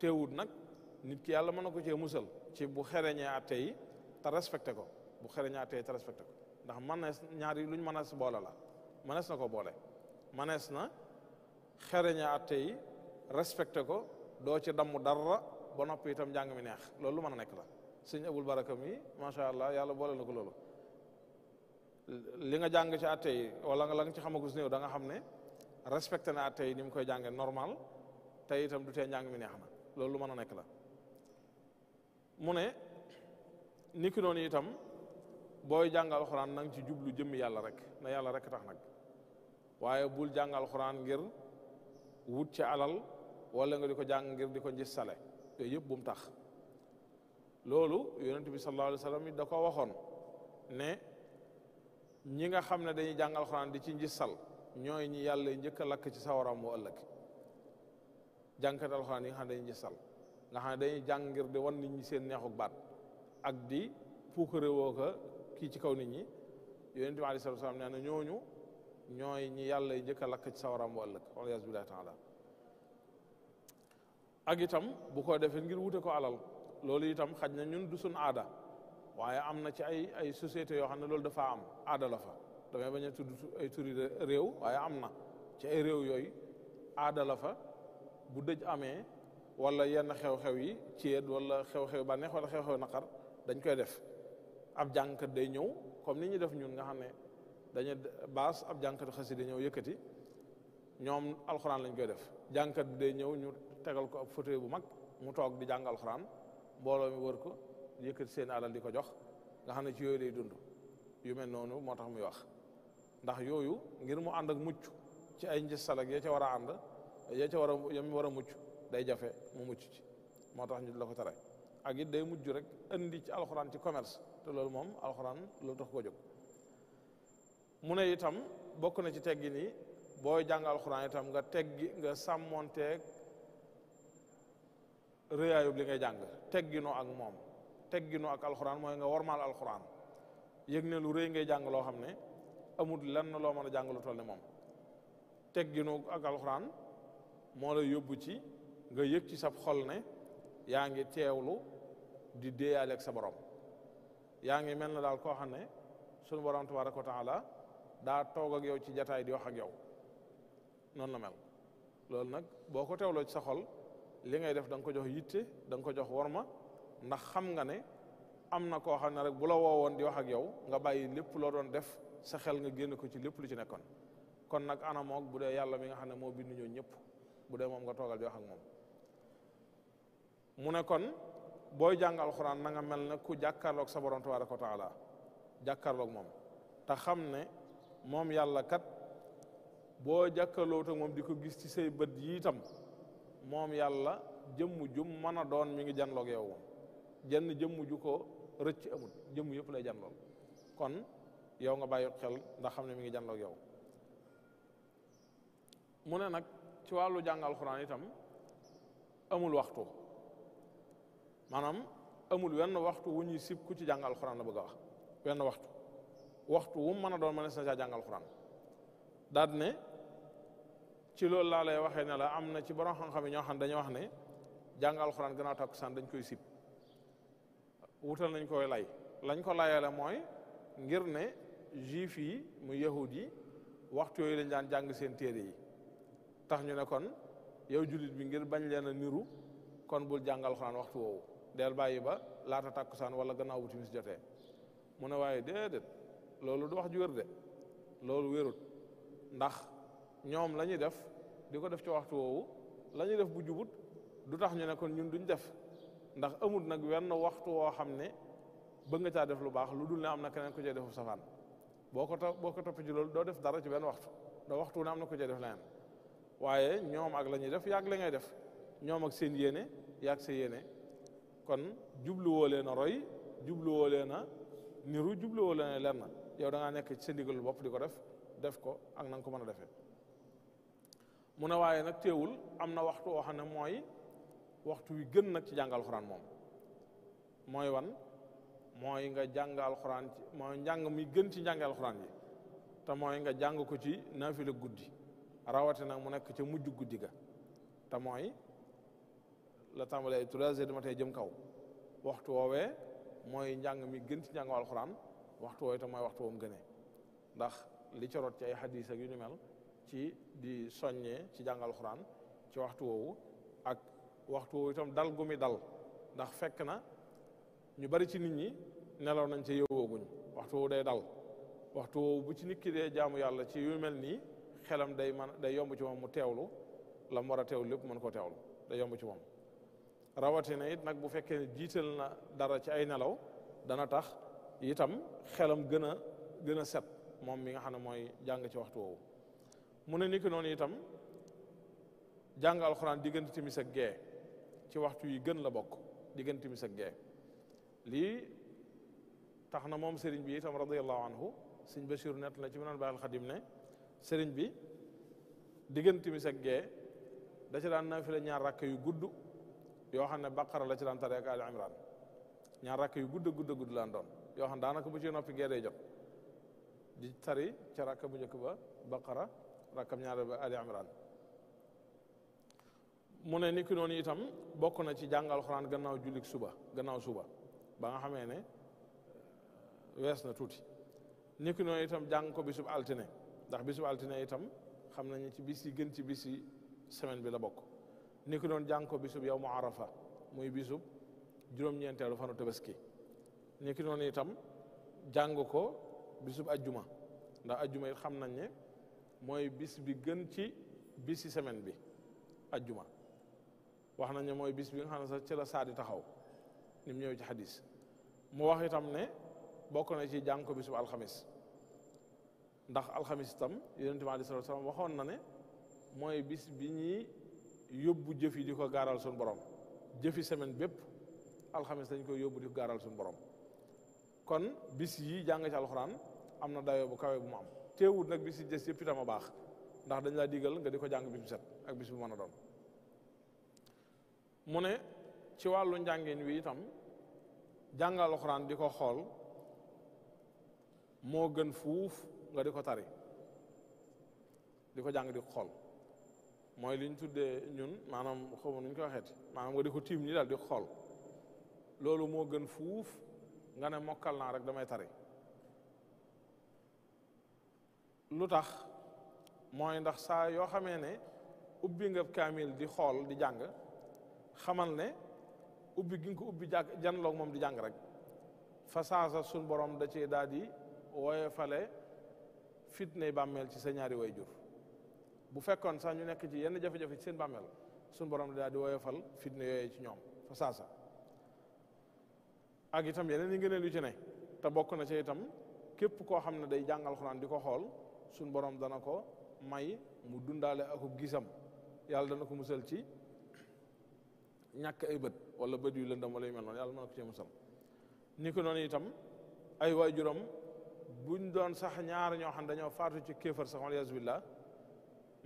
teewut nak, nit ki yàlla mën na ko cee musal ci bu xereñee atte yi te respecté ko bu xereñee atte yi te respecté ko ndax mënees ñaar yi luñ mënees boole la mënees na ko boole na xereñee atte yi respecté ko doo ci damm dara ba noppi itam njàng mi neex loolu lu mën a nekk la sëñ abul baraka mi macha allah yàlla boole na ko loolu li nga jàng ci atte yi wala la nga ci xamagus néew da nga xam respecté na atte yi ni koy normal te itam du tee njàng mi neex na loolu lu mën a nekk la mu ne ni ki itam booy jàngal alxuraan na ci jublu jëmmi yàlla rek na yàlla rek tax nag waaye bul jàngal alxuraan ngir wut ci alal wala nga di ko jàng ngir di ko njis sale yëpp bu mu tax loolu yonent bi sallallahu alayhi wa sallam da ko waxoon ne ñi nga xam ne dañuy jàngal xuraan di ci njis sal ñooy ñi yàlla njëkk a lakk ci sawaram moo ëllëg jàngkat alxuraan yi nga xam ne dañuy gisal nga xam ne dañuy jàng wan nit ñi seen neexuk baat ak di puukare woo kii ci kaw nit ñi yonent bi aleyhi salaatu wa salaam nee na ñooñu ñooy ñi yàlla njëkk a lakk ci sawaram bu ëllëg waliyaazu billaahi taala ak itam bu ko defee ngir wute ko alal loolu itam xaj na ñun du suñu aada waaye am na ci ay ay société yoo xam ne loolu dafa am aada la fa damay bañ a tudd ay turi réew waaye am na ci ay réew yooyu aada fa bu dëj amee wala yenn xew-xew yi céet wala xew-xew ba wala xew-xew naqar dañ koy def ab jàngkat day ñëw comme ni ñu def ñun nga xam ne dañu baas ab jàngkat xasida ñëw yëkkati ñoom alxuraan lañ koy def jàngkat bi day ñëw ñu tegal ko ab fauteuil bu mag mu toog di jàng alxuraan mbooloo mi wër ko yëkkati seen alal di ko jox nga xam ne ci yooyu lay dund yu mel noonu moo tax muy wax ndax yooyu ngir mu ànd ak mucc ci ay njëstal ak ya ca war a ànd ya ca war a yam war a mucc day jafe mu mucc ci moo tax ñu la ko day mujj rek andi ci alxuraan ci commerce te loolu moom alxuraan loolu tox ko jog mu ne itam bokk na ci teggi ni booy jàng alxuraan itam nga teggi nga sàmmonteeg rëyaayub li ngay jàng tegginoo ak moom tegginoo ak alxuraan nga wormaal alxuraan yëg ne lu rëy ngay jàng xam ne amul lenn loo mën a jàng lu moom tegginoo ak alxuraan moo la yóbbu ci nga yëg ci sa xol ne yaa ngi teewlu di déeyaale ak sa borom yaa ngi mel na daal koo xam ne sunu borom tabaraka taala daa toog ak yow ci jataay di wax ak yow noonu la mel loolu nag boo ko teewloo ci sa xol li ngay def da nga ko jox yitte da nga ko jox worma ndax xam nga ne am na koo xam ne rek bu la woowoon di wax ak yow nga bàyyi lépp loo doon def sa xel nga génn ko ci lépp lu ci nekkoon kon nag anamoog bu dee yàlla mi nga xam ne moo bind ñoo ñëpp bu dee moom nga toogal di wax ak moom mu ne kon booy jàng alxuraan na nga mel ne ku jàkkaarloog sa borom tabaraka wa taala jàkkaarloog moom te xam ne moom yàlla kat boo jàkkaarloowut te moom di ko gis ci say bët yi moom yàlla jëmm jum mën a doon mi ngi janloog yow moom jenn jëmm ju ko rëcc amul jëmm yëpp lay janloog kon yow nga bàyyi xel ndax xam ne mi ngi janloog yow mu ne nag ci walu jang alxuraan itam amul waxtu Manam amul wenn waxtu wuñu sip ku ci jang alxuraan la bëgg wax wenn waxtu waxtu wu mëna doon mëna sa jang jàng alxuraan daal ne ci lool la lay waxé ne la amna ci borom xam-xam ñoo xam dañu wax ne gëna san dañ koy sib wutal nañ koy lay lañ ko layale moy ngir ne jifi mu yahudi yi waxtu lañ daan jang seen téré yi tax ñu ne kon yow julit bi ngir bañ leen niru kon bul jàngal xuraan waxtu woowu del bàyyi ba laata takusan wala gannaaw bu timis jotee mu ne waaye déedéet loolu du wax ju wér de loolu ndax ñoom la ñuy def di ko def ci waxtu woowu la ñuy def bu jubut du tax ñu ne kon ñun duñ def ndax amul nag wenn waxtu woo xam ne nga caa def lu baax lu dul ne am na keneen ko cay defu safaan boo ko boo ko topp ci loolu doo def dara ci benn waxtu doo waxtu ne am na def leneen waaye ñoom ak la ñuy def yàgg la ngay def ñoom ak seen yéene yàgg sa yéene kon jubluwoo leen roy jubluwoo leen a niru jubluwoo leen a leer na yow da nekk ci sa ndigalu bopp di ko def def ko ak na nga ko mën a defee mu ne waaye nag teewul am na waxtu woo xam ne mooy waxtu wi gën nag ci jàngal alxuraan moom mooy wan mooy nga jàng alxuraan mooy njàng mi gën ci njàng yi te mooy nga jàng ko ci naafila guddi rawatina mu nek ci mujju guddiga ta moy la tàmbalee ay trois heures du matin jëm kaw waxtu wowe moy njang mi gën ci njàng alquran waxtu wowe ta moy waxtu woom gëne ndax li ci rot ci ay hadith ak yu mel ci di sonye ci jang alquran, ci waxtu woowu ak waxtu woowu itam dal gumi dal ndax fekk na ñu bari ci nit ñi nelaw nañ ci yewoguñ waxtu day dal waxtu woowu bu ci nit ki dé jaamu yalla ci yu mel ni xelam day man day yomb ci moom mu teewlu la mu war a teewlu lépp mën koo teewlu day yomb ci moom rawatina it nag bu fekkee ne jiital na dara ci ay nelaw dana tax itam xelam gën a gën a set moom mi nga xam ne mooy jàng ci waxtu woowu mu ne ni ki itam jàng alxuraan diggante timis ak gee ci waxtu yi gën la bokk diggante timis ak lii tax na moom sëriñ bi itam radiallahu anhu sëñ Bachir nett na ci mu naan baaxal xadim ne sëriñ bi diggante mi ak gee da ci daan naafila ñaar rakk yu gudd yoo xam ne baqara la ci daan ak al imran ñaar rakk yu gudd gudd gudd laan doon yoo xam ne daanaka bu ci noppi gee day jot di tari ca rakk bu njëkk ba baqara rakkam ñaar ba ali imran mu ne ni itam bokk na ci jàngal alxuraan gannaaw jullik suba gannaaw suba ba nga xamee ne wees na tuuti ni itam jàng ko bisub altine ndax bisu altine itam xam nañu ci bis yi gën ci bis yi semaine bi la bokk ni ko doon jàng ko bisub yow mu arafa muy bisub juróom-ñeenteelu fanu tabaski ni ki noonu itam jàng ko bisub ajjuma ndax ajjuma it xam nañ ne mooy bis bi gën ci bisi semaine bi ajjuma wax nañ ne mooy bis bi nga xam ne sax ci la saadi taxaw ni mu ñëw ci xadis mu wax itam ne bokk na ci jàng ko bisub alxamis ndax alxamis itam yonent bi aleyhi waxoon na ne mooy bis bi ñuy yóbbu jëf ko gaaral suñu borom jëfi semaine bépp alxamis dañ koy yóbbu di gaaral suñu borom kon bis yi jàng ci alxuraan am na dayoo bu kawee bu mu am teewut nag bis yi des yëpp itam a baax ndax dañ laa digal nga di ko jàng bis mu set ak bis bu mën a doon mu ne ci wàllu njàngeen wi itam jàng alxuraan di ko xool moo gën fuuf nga di ko tari di ko jàng di xool mooy li tuddee ñun maanaam xamu nu ñu koy waxeeti maanaam nga di ko tiim ñi daal di xool loolu moo gën fuuf nga ne mokkal naa rek damay tari lu tax mooy ndax saa yoo xamee ne ubbi nga kaamil di xool di jàng xamal ne ubbi gi ko ubbi jàng janloog moom di jàng rek fa saasa suñ borom da cee daal di wooye fale fitnay bàmmeel ci sa ñaari way jur bu fekkoon sax ñu nekk ci yenn jafe-jafe ci seen bàmmeel suñu borom daal di woyofal fitna ci ñoom fa saasa yeneen yi ngëneel yu te bokk na ci itam képp koo xam ne day jàngal xuraan di ko xool suñu borom dana ko may mu dundaale akub gisam yàlla dana ko musal ci ñàkk ay bët wala bët yu lëndam wala yu mel noonu yàlla mën na ko cee musal ni noonu itam ay waajuram buñ doon sax ñaar ñoo xam dañoo faatu ci kéefar sax wala yasubillah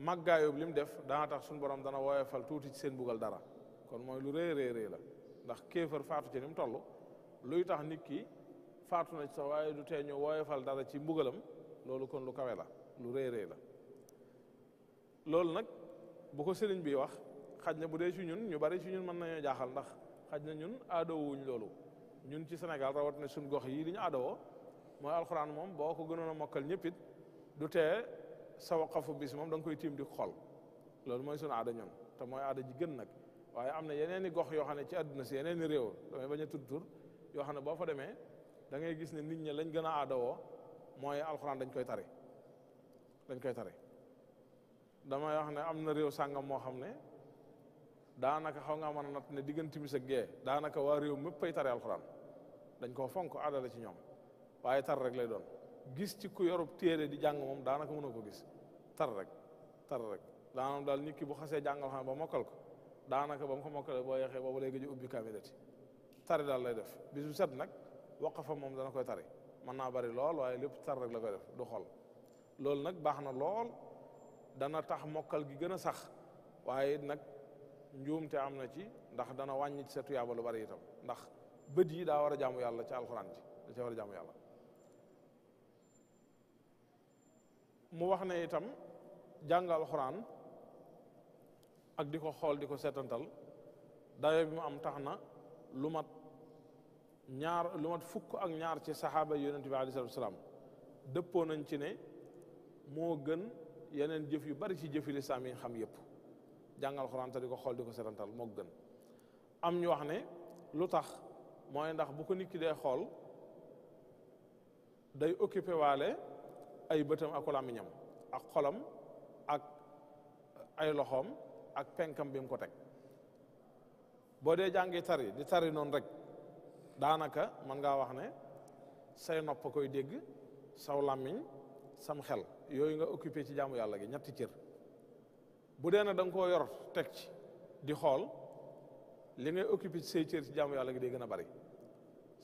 màggaayub li mu def dana tax suñu borom dana woyofal tuuti ci seen bugal dara kon mooy lu rëy rëy rëy la ndax kéefar faatu ci ni mu luy tax nit ki faatu na sax waaye du tee ñu woyofal dara ci mbugalam loolu kon lu kawe la lu rëy rëy la loolu nag bu ko sëriñ bi wax xaj na bu dee ci ñun ñu bari ci ñun mën nañoo jaaxal ndax xaj na ñun aadowuñ loolu ñun ci senegal rawat na suñ gox yi di ñu mooy alxuraan moom boo ko gënoon a mokkal ñëpp it du tee sa waqafu bis moom da koy tiim di xool loolu mooy sunu ada ñoom te mooy aada ji gën nag waaye am na yeneen i gox yoo xam ne ci àdduna si yeneen réew damay bañ yoo xam ne boo fa demee da ngay gis ne nit ñi lañ gën a aada mooy alxuraan dañ koy tare dañ koy tare damay wax ne am na réew sàngam moo xam ne daanaka xaw ngaa mën a natt ne diggante timis ak gee daanaka waa réew mépp ay alxuraan dañ ko fonk aada ci ñoom waaye tar rek lay doon gis ci ku yorub téere di jàng moom daanaka mënoo ko gis tar rek tar rek daanam daal nit ki bu xasee jàngal xam ba mokkal ko daanaka ba mu ko mokkale boo yeexee boobu léegi ji ubbi kaamilati tari daal lay def bis bu set nag waqafa moom dana koy tari mën naa bari lool waaye lépp tar rek la koy def du xol loolu nag baax na lool dana tax mokkal gi gën a sax waaye nag njuumte am na ci ndax dana wàññi ci setu tuyaaba lu bari itam ndax bët yi daa war a jaamu yàlla ci alxuraan ci da ca war a jaamu yàlla mu wax ne itam jàng alxuraan ak di ko xool di ko seetantal dayo bi mu am tax na lu mat ñaar lu mat fukk ak ñaar ci saxaaba yonent bi aleyhi salaatu wa salaam dëppoo nañ ci ne moo gën yeneen jëf yu bari ci jëfi lislaam sami xam yëpp jàngal alxuraan te di ko xool di ko seetantal moo gën am ñu wax ne lu tax mooy ndax bu ko nit ki dee xool day occupé ay bëtam ak làmmiñam ak xolam ak ay loxoom ak penkam bi ko teg boo dee jàngi tari di tari noonu rek daanaka mën ngaa wax ne say nopp koy dégg saw làmmiñ sam xel yooyu nga occupé ci jaamu yàlla gi ñetti cër bu dee na da nga koo yor teg ci di xool li ngay occupé ci say cër ci jaamu yàlla gi day gën a bari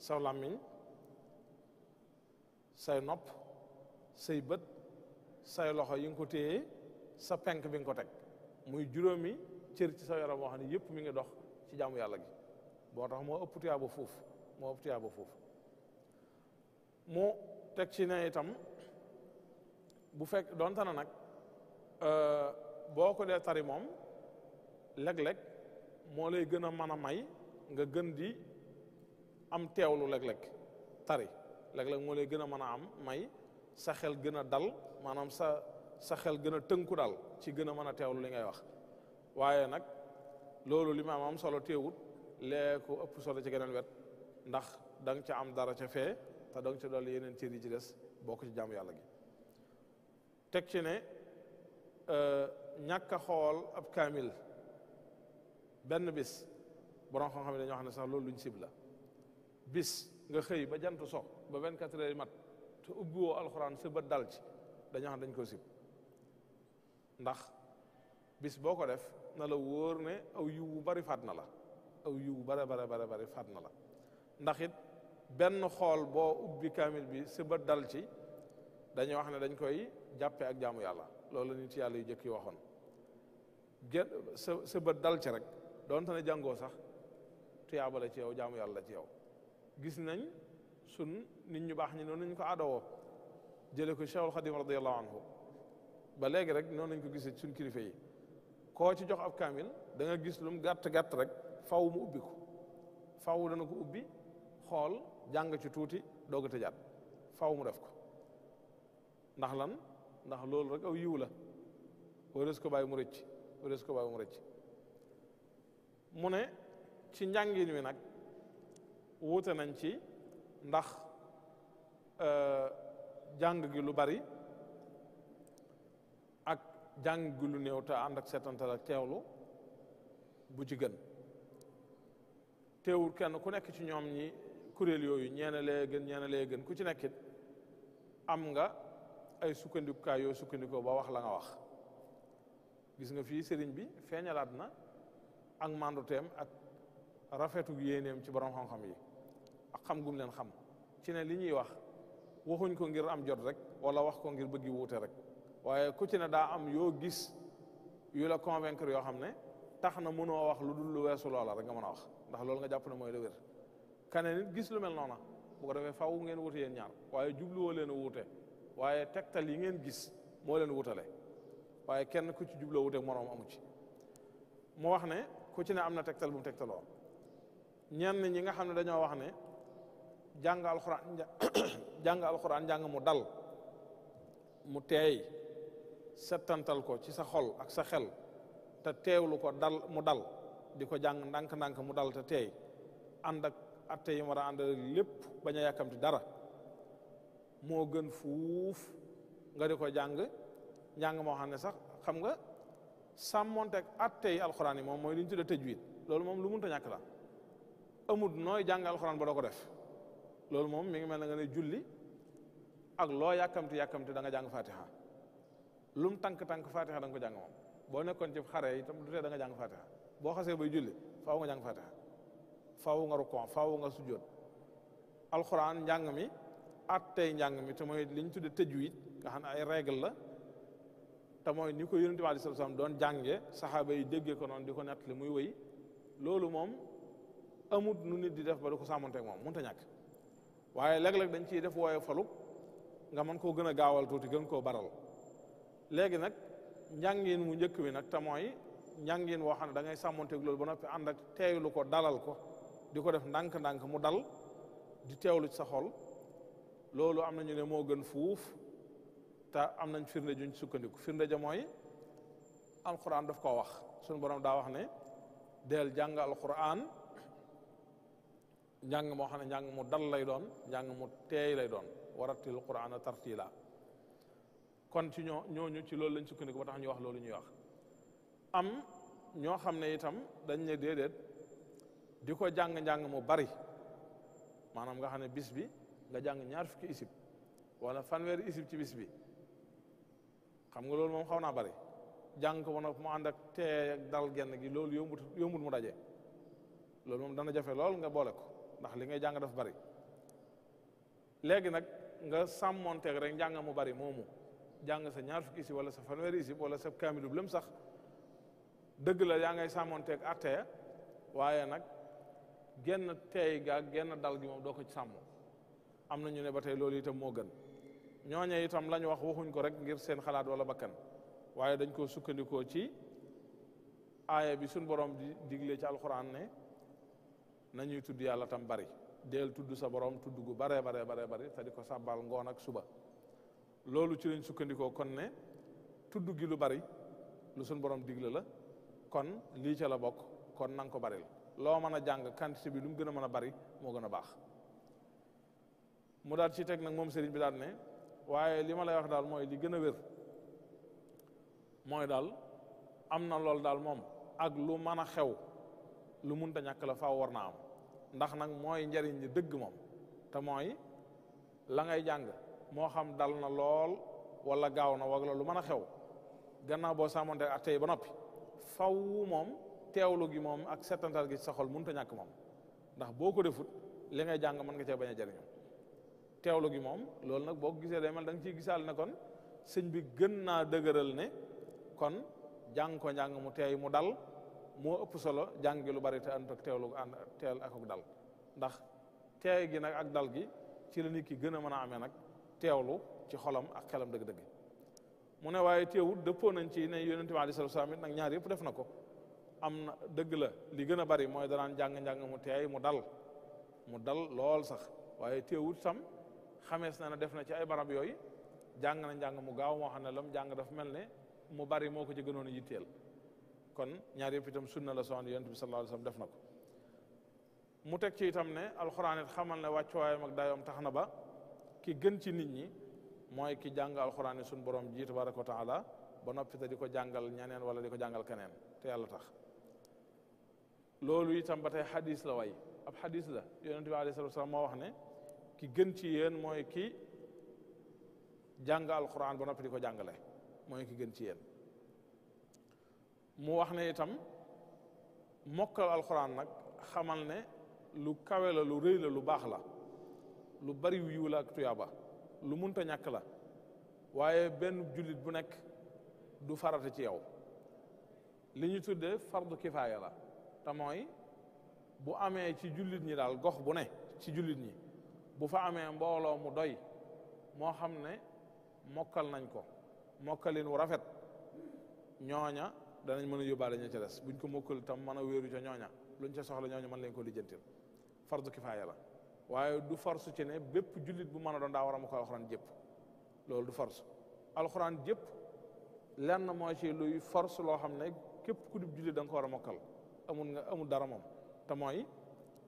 saw làmmiñ say nopp say bët say loxo yi nga ko téye sa penk bi nga ko teg muy juróomi cër ci sa yaram boo xam ne yëpp mi ngi dox ci jaamu yàlla gi boo tax moo ëpp tuyaaba foofu moo ëpp tuyaaba foofu mu teg ci ne itam bu fekk donte na nag euh, boo ko dee tari moom léeg lekk moo lay gën a mën a may nga gën di am teewlu léeg-léeg tari léeg-léeg moo lay gën a mën a am may sa xel gën a dal maanaam sa sa xel gën a tënku daal ci gën a mën a teewlu li ngay wax waaye nag loolu li maam am solo teewut lee ko ëpp solo ci geneen wet ndax da ca am dara ca fee te da nga ca dolli yeneen cër yi ci des bokk ci jaamu yàlla gi teg ci ne euh, ñàkk xool ab kaamil benn bis borom xam-xam ne dañoo xam ne sax loolu luñ sibla bis nga xëy ba jant soo ba 24 heures mat te ubbi woo alxuraan sa bët dal ci dañoo xam dañ ko sib ndax bis boo ko def na la wóor ne aw yiw bu bari faat na la aw yiw bu bare bare bare bari faat na la ndax it benn xool boo ubbi kaamil bi sa dal ci dañoo wax ne dañ koy jàppe ak jaamu yàlla loolu ci yàlla yu jëkk waxoon gén sa dal ci rek doonte ne jàngoo sax tuyaaba la ci yow jaamu yàlla ci yow gis nañ sun nit ñu baax ñi noonu nañ ko aadowoo jële ko Cheikhul Khadim radiallahu anhu ba léegi rek noonu nañ ko gisee suñ kilifa yi koo ci jox ab kaamil da nga gis lum gàtt-gàtt rek faw mu ubbi faw dana ko ubbi xool jàng ci tuuti doog a faw mu def ko ndax lan ndax loolu rek aw yiw la warees ko bàyyi mu rëcc warees ko bàyyi mu rëcc mu ne ci njàngin wi nag wuute nañ ci ndax Euh, jàng gi lu bari ak jàng gi lu néew te ànd ak setantal teewlu bu ci gën teewul kenn ku nekk ci ñoom ñi kuréel yooyu ñeena lee gën ñeena lee gën ku ci nekkit am nga ay sukkandikukaay yoo sukkandikoo ba wax la nga wax gis nga fii sëriñ bi feeñalaat na ak mànduteem ak rafetu yéeneem ci borom xam-xam yi ak xam gum leen xam ci ne li ñuy wax waxuñ ko ngir am jot rek wala wax ko ngir gi wuute rek waaye ku ci ne daa am yoo gis yu la convaincre yoo xam ne tax na mënoo wax lu dul lu weesu loola rek nga mën a wax ndax loolu nga jàpp ne mooy la wér kane nit gis lu mel noona faw ngeen wuute yéen ñaar waaye jubluwoo leen wuute waaye tegtal yi ngeen gis moo leen wutale waaye kenn ku ci jubloo wuute moroom amu ci mu wax ne ku am na tegtal bu mu tegtaloo ñenn ñi nga xam ne dañoo wax ne jàng alquran jàng alquran jàng mu dal mu tey setantal ko ci sa xol ak sa xel te teewlu ko dal mu dal di ko ndank ndank mu dal te tey and ak atte yi wara and lepp baña yakamti dara mo gën fuuf nga di jang jang mo xamne sax xam nga sàmmonteeg atte yi alquran mom moy liñ tudde tëjwid lolou mom lu ta ñak la amud noy jang alquran ba do ko def loolu moom mi ngi mel na nga ne julli ak loo yàkkamti yàkkamti da jàng fatiha lu mu tànk-tànk fatiha danga ko jàng moom boo nekkoon ci xaree itam du tee da jàng fatiha boo xasee bay julli faaw nga jàng fatiha faaw nga rukon faaw nga sujjoot alxuraan njàng mi at tey njàng mi te mooy li ñu tudde tajwid nga xam ay règle la te mooy ni ko yonent bi aleyhi salaam doon jànge saxaaba yi déggee ko noonu di ko nettali muy wéy loolu moom amut nu nit di def ba du ko sàmmonteeg moom mënut ñàkk waaye léeg-léeg dañ ciy def wooye falu nga mën koo gën a gaawal tuuti gën koo baral léegi nag njàngin mu njëkk bi nag te mooy njàngin woo xam ne da ngay sàmmonteeg loolu ba noppi ànd ak teeylu ko dalal ko di ko def ndànk-ndànk mu dal di teewlu ci sa xol loolu am nañu ne moo gën fuuf te am nañ firnde juñ sukkandiku firnde ja mooy alquran daf ko wax suñu borom daa wax ne del jàng alquran jang mo xamne jang mu dal lay doon jang mu tey lay doon waratil qur'an tartila kon ci ñoo ci loolu lañ kene ko tax ñu wax loolu ñuy wax am ño xamne itam dañ ne dedet di jang jang mu bari Manam nga xamne bis bi nga jang ñaar fukki isib wala fanweeri isib ci bis bi xam nga loolu mom xawna bari jang ko wona mu ànd ak teey ak dal genn gi loolu yomul yomul mu daje loolu mom dana jafe lool nga bolé ko ndax li ngay jàng daf bari léegi nag nga sàmmonteeg rek njàng mu bari moomu jàng sa ñaar fukki isib wala sa fanweeri isib wala sa kaamilub lëm sax dëgg la yaa ngay sàmmonteeg attee waaye nag genn teey gaa genn dal gi moom doo ko ci sàmm am na ñu ne ba tey loolu itam moo gën ñooñe itam la wax waxuñ ko rek ngir seen xalaat wala bakkan waaye dañ koo sukkandikoo ci aaya bi suñ borom di digle ci alxuraan ne nañuy tudd yàlla tam bari del tudd sa borom tudd gu bare bare bare bare te di ko sàbbal ngoon ak suba loolu ci lañ sukkandikoo kon ne tudd gi lu bari lu sun borom digle la kon lii ca la bokk kon nang ko bari la loo mën a jàng quantité bi lu mu gën a mën a bari moo gën a baax mu daal ci teg nag moom sëriñ bi daal ne waaye li ma lay wax daal mooy li gën a wér daal am na daal moom ak lu mën xew lu munta ñàkk la faaw war am ndax nag mooy njariñ li dëgg moom te mooy la ngay jàng moo xam dal na lool walla gaaw na wala lu mën a xew gannaaw boo sàmmonte ak tey ba noppi faw moom teewlu gi moom ak settantal gi sa xol mënut a moom ndax boo ko defut li ngay jàng mën nga cee bañ a jariñu teewlu gi moom loolu nag boo gisee day mel da nga gisaal ne kon sëñ bi gën naa dëgëral ne kon jàng ko njàng mu teey mu dal moo ëpp solo jàng lu bari te ànd ak teewlu ànd teel ak dal ndax teey gi nag ak dal gi ci la nit ki gën a mën a amee nag teewlu ci xolam ak xelam dëgg-dëgg mu ne waaye teewut dëppoo nañ ci ne yonente bi alayhi salaam it nag ñaar yëpp def na ko am na dëgg la li gën a bari mooy danaan jàng-njàng mu teey mu dal mu dal lool sax waaye teewut tam xamees na def na ci ay barab yooyu jàng na njàng mu gaaw moo xam lam jàng daf mel mu bari moo ko ci gënoon kon ñaar yëpp itam sunna la soxna yonent bi sallallahu alayhi wa def na ko mu teg ci itam ne alxuraan it xamal ne wàccuwaayam ak daayoom tax ba ki gën ci nit ñi mooy ki jàng alxuraan sun borom ji tabaraka taala ba noppi te di ko jàngal ñeneen wala di ko jàngal keneen te yàlla tax loolu itam ba tey la way ab hadis la yonent bi alayhi salatu wasalam moo wax ne ki gën ci yéen mooy ki jàng alquran ba noppi di ko jàngale ki gën ci yéen mu wax ne itam mokkal alxuraan nag xamal ne lu kawe la lu rëy la lu baax la lu bari yiw la ak tuyaaba lu munta ñàkk la waaye benn jullit bu nekk du farata ci yow li ñu tuddee fardu kifaaya la te mooy bu amee ci jullit ñi daal gox bu ne ci jullit ñi bu fa amee mbooloo mu doy moo xam ne mokkal nañ ko mokkalin wu rafet ñooña danañ mën a yóbbaale ña ca des buñ ko mokkul tam mën a wéeru ca ñooña luñ ca soxla ñooña mën leen ko lijjantil fardu kifaaya la waaye du force ci ne bépp jullit bu mën a doon daa war a ma ko alxuraan jëpp loolu du force alxuraan jëpp lenn moo ci luy force loo xam ne képp ku dib jullit da nga ko war a mokkal amul nga amul dara moom te mooy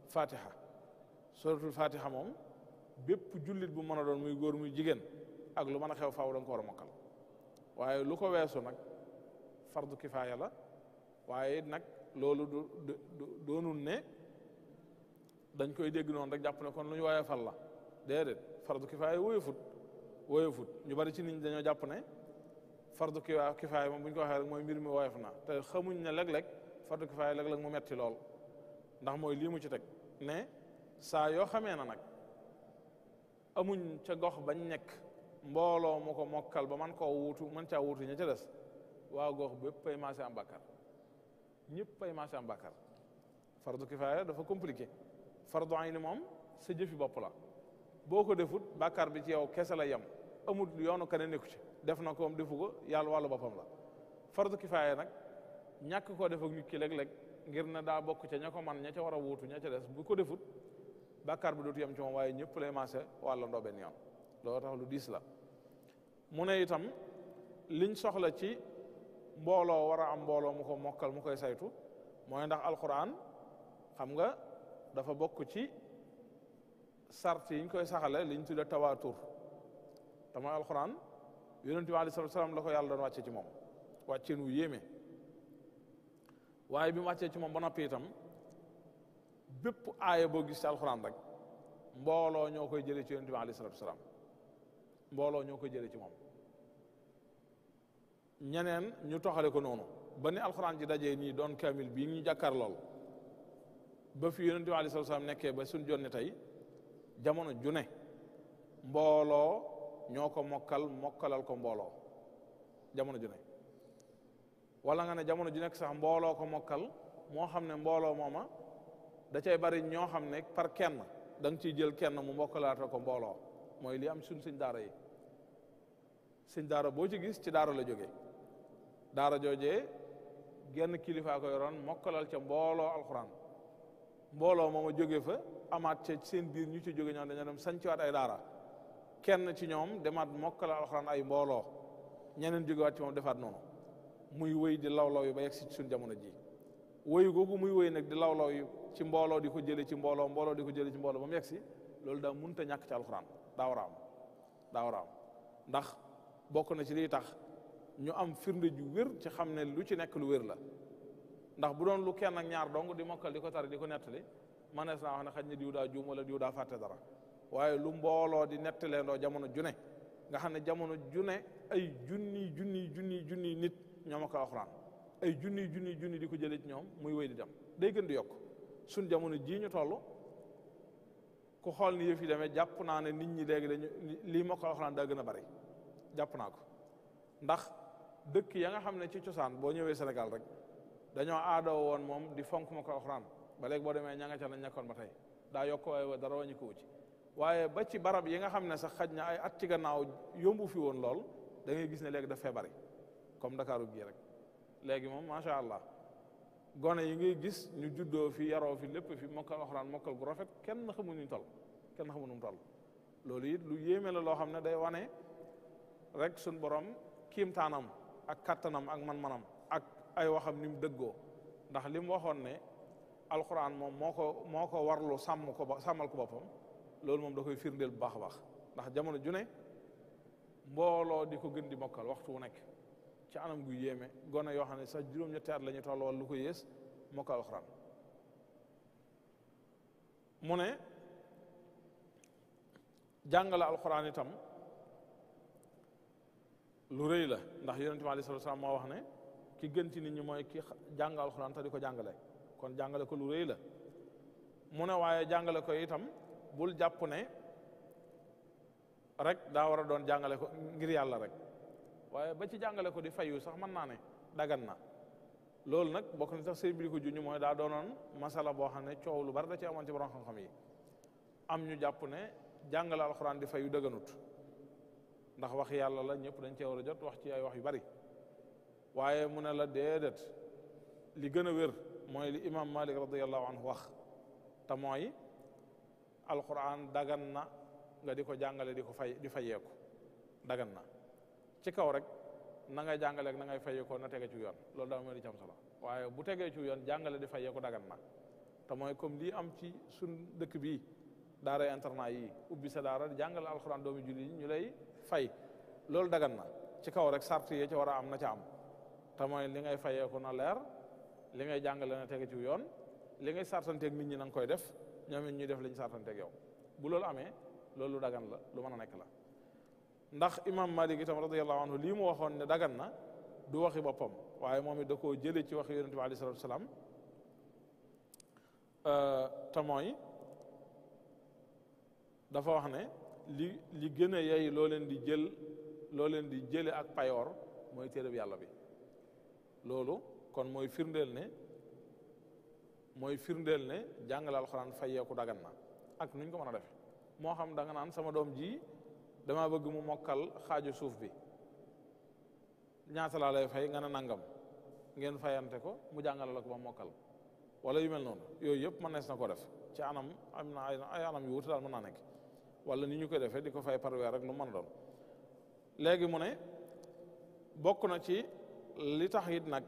fatiha suratul fatiha moom bépp jullit bu mën a doon muy góor muy jigéen ak lu mën a xew faaw da nga ko war a mokkal waaye lu ko weesu nag fardu kifaaya la waaye nag loolu du du doonul ne dañ koy dégg noon rek jàpp ne kon lu ñu woyee fal la déedéet fardu kifaaya woyofut woyofut ñu bari ci nit dañoo jàpp ne fardu kifaaya moom bu ko waxee rek mooy mbir mi woyof na te xamuñ ne léeg-léeg fardu kifaaya léeg-léeg mu metti lool ndax mooy lii mu ci teg ne saa yoo xamee na nag amuñ ca gox bañ nekk mbooloo mu ko mokkal ba man koo wutu man caa wuutu ña ca des waa gox bépp ay maase am bàkkar ñëpp ay maase am bàkkar fardu kifaaya dafa compliqué fardu ayn li moom sa jëfi bopp la boo ko defut bàkkar bi ci yow kese la yem amul yoonu keneen nekku ci def na koom defu ko yàlla wàllu boppam la fardu kifaaya nag ñàkk koo def ak nit ki léeg-léeg ngir na daa bokk ca ña ko man ña ca war a wuutu ña ca des bu ko defut bàkkaar bi dootu yem ci moom waaye ñëpp la maase wàlla ndoo benn yoon loolu tax lu diis la mu ne itam liñ soxla ci mbooloo war a am mbooloo mu ko mokkal mu koy saytu mooy ndax alxuraan xam nga dafa bokk ci sart yi ñu koy saxale liñ ñu tudde tawaatur te mooy alquran yonent bi alei salatu yàlla doon wàcce ci moom wàcceen wu yéeme waaye bi mu wàccee ci moom ba noppi itam bépp aaye boo gis ci alquran rek mbooloo ñoo koy jëlee ci yonent bi alei salatu mbooloo ñoo koy jëlee ci moom ñeneen ñu toxale ko noonu ba ni alquran ji dajee nii doon kamil bii ñu jàkkaar lool ba fi yonente bi alei satu salam nekkee ba suñ jonni tey jamono ju ne mbooloo ñoo ko mokkal mokkalal ko mbooloo jamono ju ne wala nga ne jamono ju nekk sax mbooloo ko mokkal moo xam ne mbooloo mooma da cay bari ñoo xam ne par kenn da nga ciy jël kenn mu mbokkalaata ko mbooloo mooy li am suñ suñ daara yi suñ daara boo ci gis ci daara la jógee daara joojee genn kilifaa ko yoroon mokkalal ca mbooloo alxuraan mbooloo mooma jóge fa amaat ca seen biir ñu ci jóge ñoom dañoo dem waat ay daara kenn ci ñoom demaat mokkal alxuraan ay mbooloo ñeneen jógewaat ci moom defaat noonu muy wéy di lawlaw yi ba yegg si suñ jamono ji wéyu googu muy wéy nag di lawlaw yi ci mbooloo di ko jëlee ci mbooloo mbooloo di ko jëlee ci mbooloo ba mu yegg si loolu daa munta ñàkk ci alxuraan daa war a bokk na ci liy tax ñu am firnde ju wér ci xam ne lu ci nekk lu wér la ndax bu doon lu kenn ak ñaar dong di mokkal di ko tari di ko nettali manees naa wax ne xaj ne diw daa juum wala diw daa fàtte dara waaye lu mbooloo di nettaleendoo jamono june nga xam ne jamono june ay junni junni junni junni nit ñoo mokkal alxuraan ay junni junni junni di ko jëlee ci ñoom muy wéy di dem day gën di yokk suñ jamono jii ñu toll ku xool ni yëf yi demee jàpp naa ne nit ñi léegi dañu lii mokkal alxuraan daa gën a bari jàpp naa ko dëkk ya nga xam ne ci cosaan boo ñëwee Sénégal rek dañoo aadoo woon moom di fonk ma ko alxuraan ba léegi boo demee ña nga ca nañ nekkoon ba tey daa yokk waaye dara ñu ko ci waaye ba ci barab yi nga xam ne sax xaj na ay at ci gannaaw yombu fi woon lool da ngay gis ne léegi daf fee comme Dakaaru gii rek léegi moom macha allah gone yi ngay gis ñu juddoo fi yaroo fi lépp fi mokkal alxuraan mokkal gu rafet kenn xamul ñu toll kenn xamul nu mu toll loolu it lu yéeme la loo xam ne day wane rek sun borom kiimtaanam ak kattanam ak man-manam ak ay waxam ni mu ndax li mu waxoon ne alxuraan moom moo ko moo ko warlu sàmm ko ba sàmmal ko boppam loolu moom da koy firndeel bu baax a baax ndax jamono ju ne mbooloo di ko gën di mokkal waxtu wu nekk ci anam gu yéeme gone yoo xam ne sax juróom la ñu toll wala lu ko yées mokkal alxuraan mu ne jàngale alxuraan itam lu rëy la ndax yonente bi alei salatu salaam moo wax ne ki gën ci nit ñi mooy ki jàng alxuraan te di ko jàngale kon jàngale ko lu rëy la mu ne waaye jàngale ko itam bul jàpp ne rek daa war a doon jàngale ko ngir yàlla rek waaye ba ci jàngale ko di fayu sax mën naa ne dagan na loolu nag bokk na sax sëriñ bi di ko daa doonoon masala boo xam ne coow lu bari da ci amoon ci borom xam-xam yi am ñu jàpp ne jàngale alxuraan di fayu dëgganut ndax wax yàlla la ñëpp dañ cee war a jot wax ci ay wax yu bari waaye mu ne la déedéet li gën a wér li imam malik radiallahu anhu wax te mooy alquran dagan na nga di ko jàngale di ko fay di fayeeku dagan na ci kaw rek na nga jàngale ak na ngay fayeekoo na tege ci yoon loolu daa mooy ci am solo waaye bu tegee ci yoon jàngale di fayeeku dagan na te mooy comme lii am ci sun dëkk bii daara internat yi ubbi sa daara jàngale alquran doomi julli ñu lay fay loolu dagan na ci kaw rek sart yee ci war a am na ca am te mooy li ngay fayeeku na leer li ngay jàngale a tege ci yoon li ngay sartanteeg nit ñi na nga koy def ñoom ñuy def li ñu sartanteeg yow bu loolu amee loolu lu dagan la lu mën a nekk la ndax imam malik itam radiallahu anhu lii mu waxoon ne dagan na du waxi boppam waaye moom it da koo jëlee ci waxi yonente bi alei salatu salaam euh, dafa wax ne li li gëna yey lo leen di jël lo leen di jële ak payor moy téereb yalla bi lolu kon moy firndel ne moy firndel ne jàngale alxuraan fayeeku dagan na ak nuñ ko mëna def mo xam da nga naan sama dom ji dama bëgg mu mokkal xaju suuf bi ñaata laa lay fay nga na nangam ngeen fayante ko mu jangal la ko ba mokkal wala yu mel non yoy yep man na ko def ci anam ay anam yu wutal man na nek wala ni ñu koy defee di fay par weer rek lu mën a doon léegi mu ne bokk na ci li tax it nag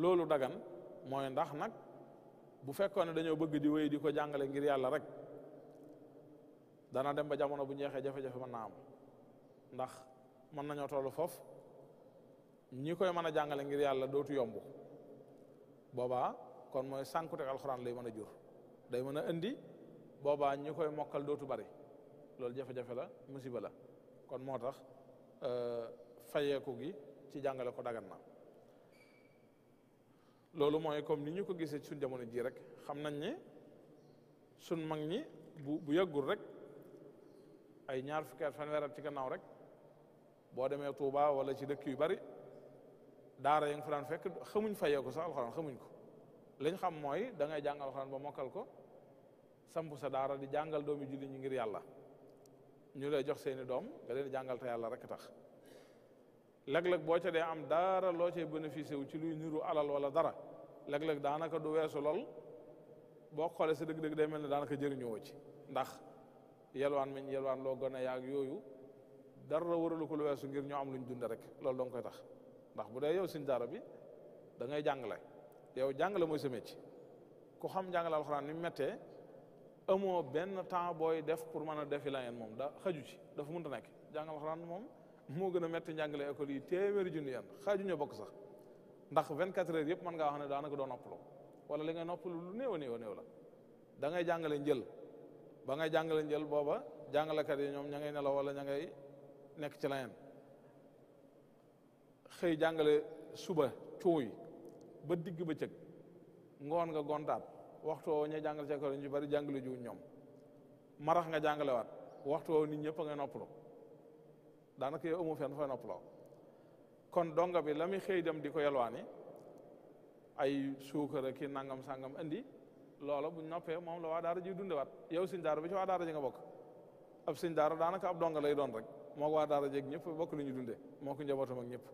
loolu dagan mooy ndax nag bu fekkoon ne dañoo bëgg di wéy di ko jàngale ngir yàlla rek dana dem ba jamono bu njeexee jafe-jafe mën naa am ndax mën nañoo tollu foofu ñi koy mën a jàngale ngir yàlla dootu yombu boobaa kon mooy sànkute alxuraan lay mën a jur day mën a boobaa ñu koy mokkal dootu bari loolu jafe-jafe la musiba la kon moo tax euh, fayeeku gi ci jàngale ko dagan loolu mooy comme ni ñu ko gisee suñ jamono ji rek xam nañ ne suñ mag ñi bu bu rek ay ñaar fukki at ci gannaaw rek boo demee Touba wala ci dëkk yu bari daara yi nga fa fekk xamuñ fayeeku sax alxuraan xamuñ ko liñ xam mooy da ngay jàng alxuraan ba mokkal ko samp sa daara di jàngal doomi julli ñu ngir yàlla ñu lay jox seeni doom nga leen jàngal te yàlla rek tax léeg-léeg boo ca dee am dara loo cay bénéficié wu ci luy niru alal wala dara léeg-léeg daanaka du weesu lool boo xoolee sa dëgg-dëgg day mel ne daanaka jëriñoo ci ndax yelwaan meñ yelwaan loo gën yaag yooyu dara waralu ko lu weesu ngir ñoo am luñ dund rek loolu dong koy tax ndax bu dee yow suñ daara bi da ngay yow jàngale amoo benn temps booy def pour mën a defi la moom da xaju ci dafa mënta nekk jàngam alxuraan moom moo gën a metti njàngale école yi téeméeri junni yan xaju ñu bokk sax ndax 24 heures yépp man ngaa wax ne daanaka doo noppaloo wala li ngay noppalu lu néew a néew la dangay jàngale njël ba ngay jàngale njël booba jàngalekat yi ñoom ña ngay nelaw wala ña ngay nekk ci la yeen xëy jàngale suba cuuy ba digg ba cëg ngoon nga gontaat waxtu woo ña jàngal ca ñu bari jàngale jiwuñ ñoom marax nga jàngale waat waxtu woo nit ñëpp a ngay noppalu daanaka yow amu fenn fay kon donga bi la muy xëy dem di ko yalwaani ay suukara ki nangam sangam andi loola buñ noppee moom la waa daara ji dundewaat yow siñ daara bi ci waa daara ji nga bokk ab sëñ daara daanaka ab donga lay doon rek moo waa daara jeeg ñëpp bokk lu ñu dundee mook ko mook ak ñëpp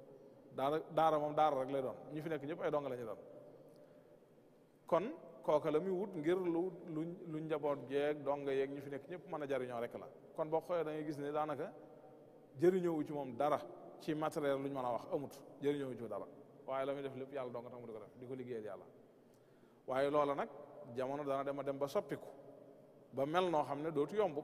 daara daara moom daara rek lay doon ñi fi nekk ñëpp ay donga la ñu doon kooka la wut ngir lu lu njabot jeek donga yeek ñu fi nek ñëpp mëna jariño rek la kon bo xoy da ngay gis ne jariño wu ci mom dara ci matériel lu ñu mën wax amut wu ci dara waye la def lepp yalla donga tamu di ko def diko ko liggéeyal yàlla waaye jamono dana dem dem ba soppiku ba mel no xamne ne dootu yomb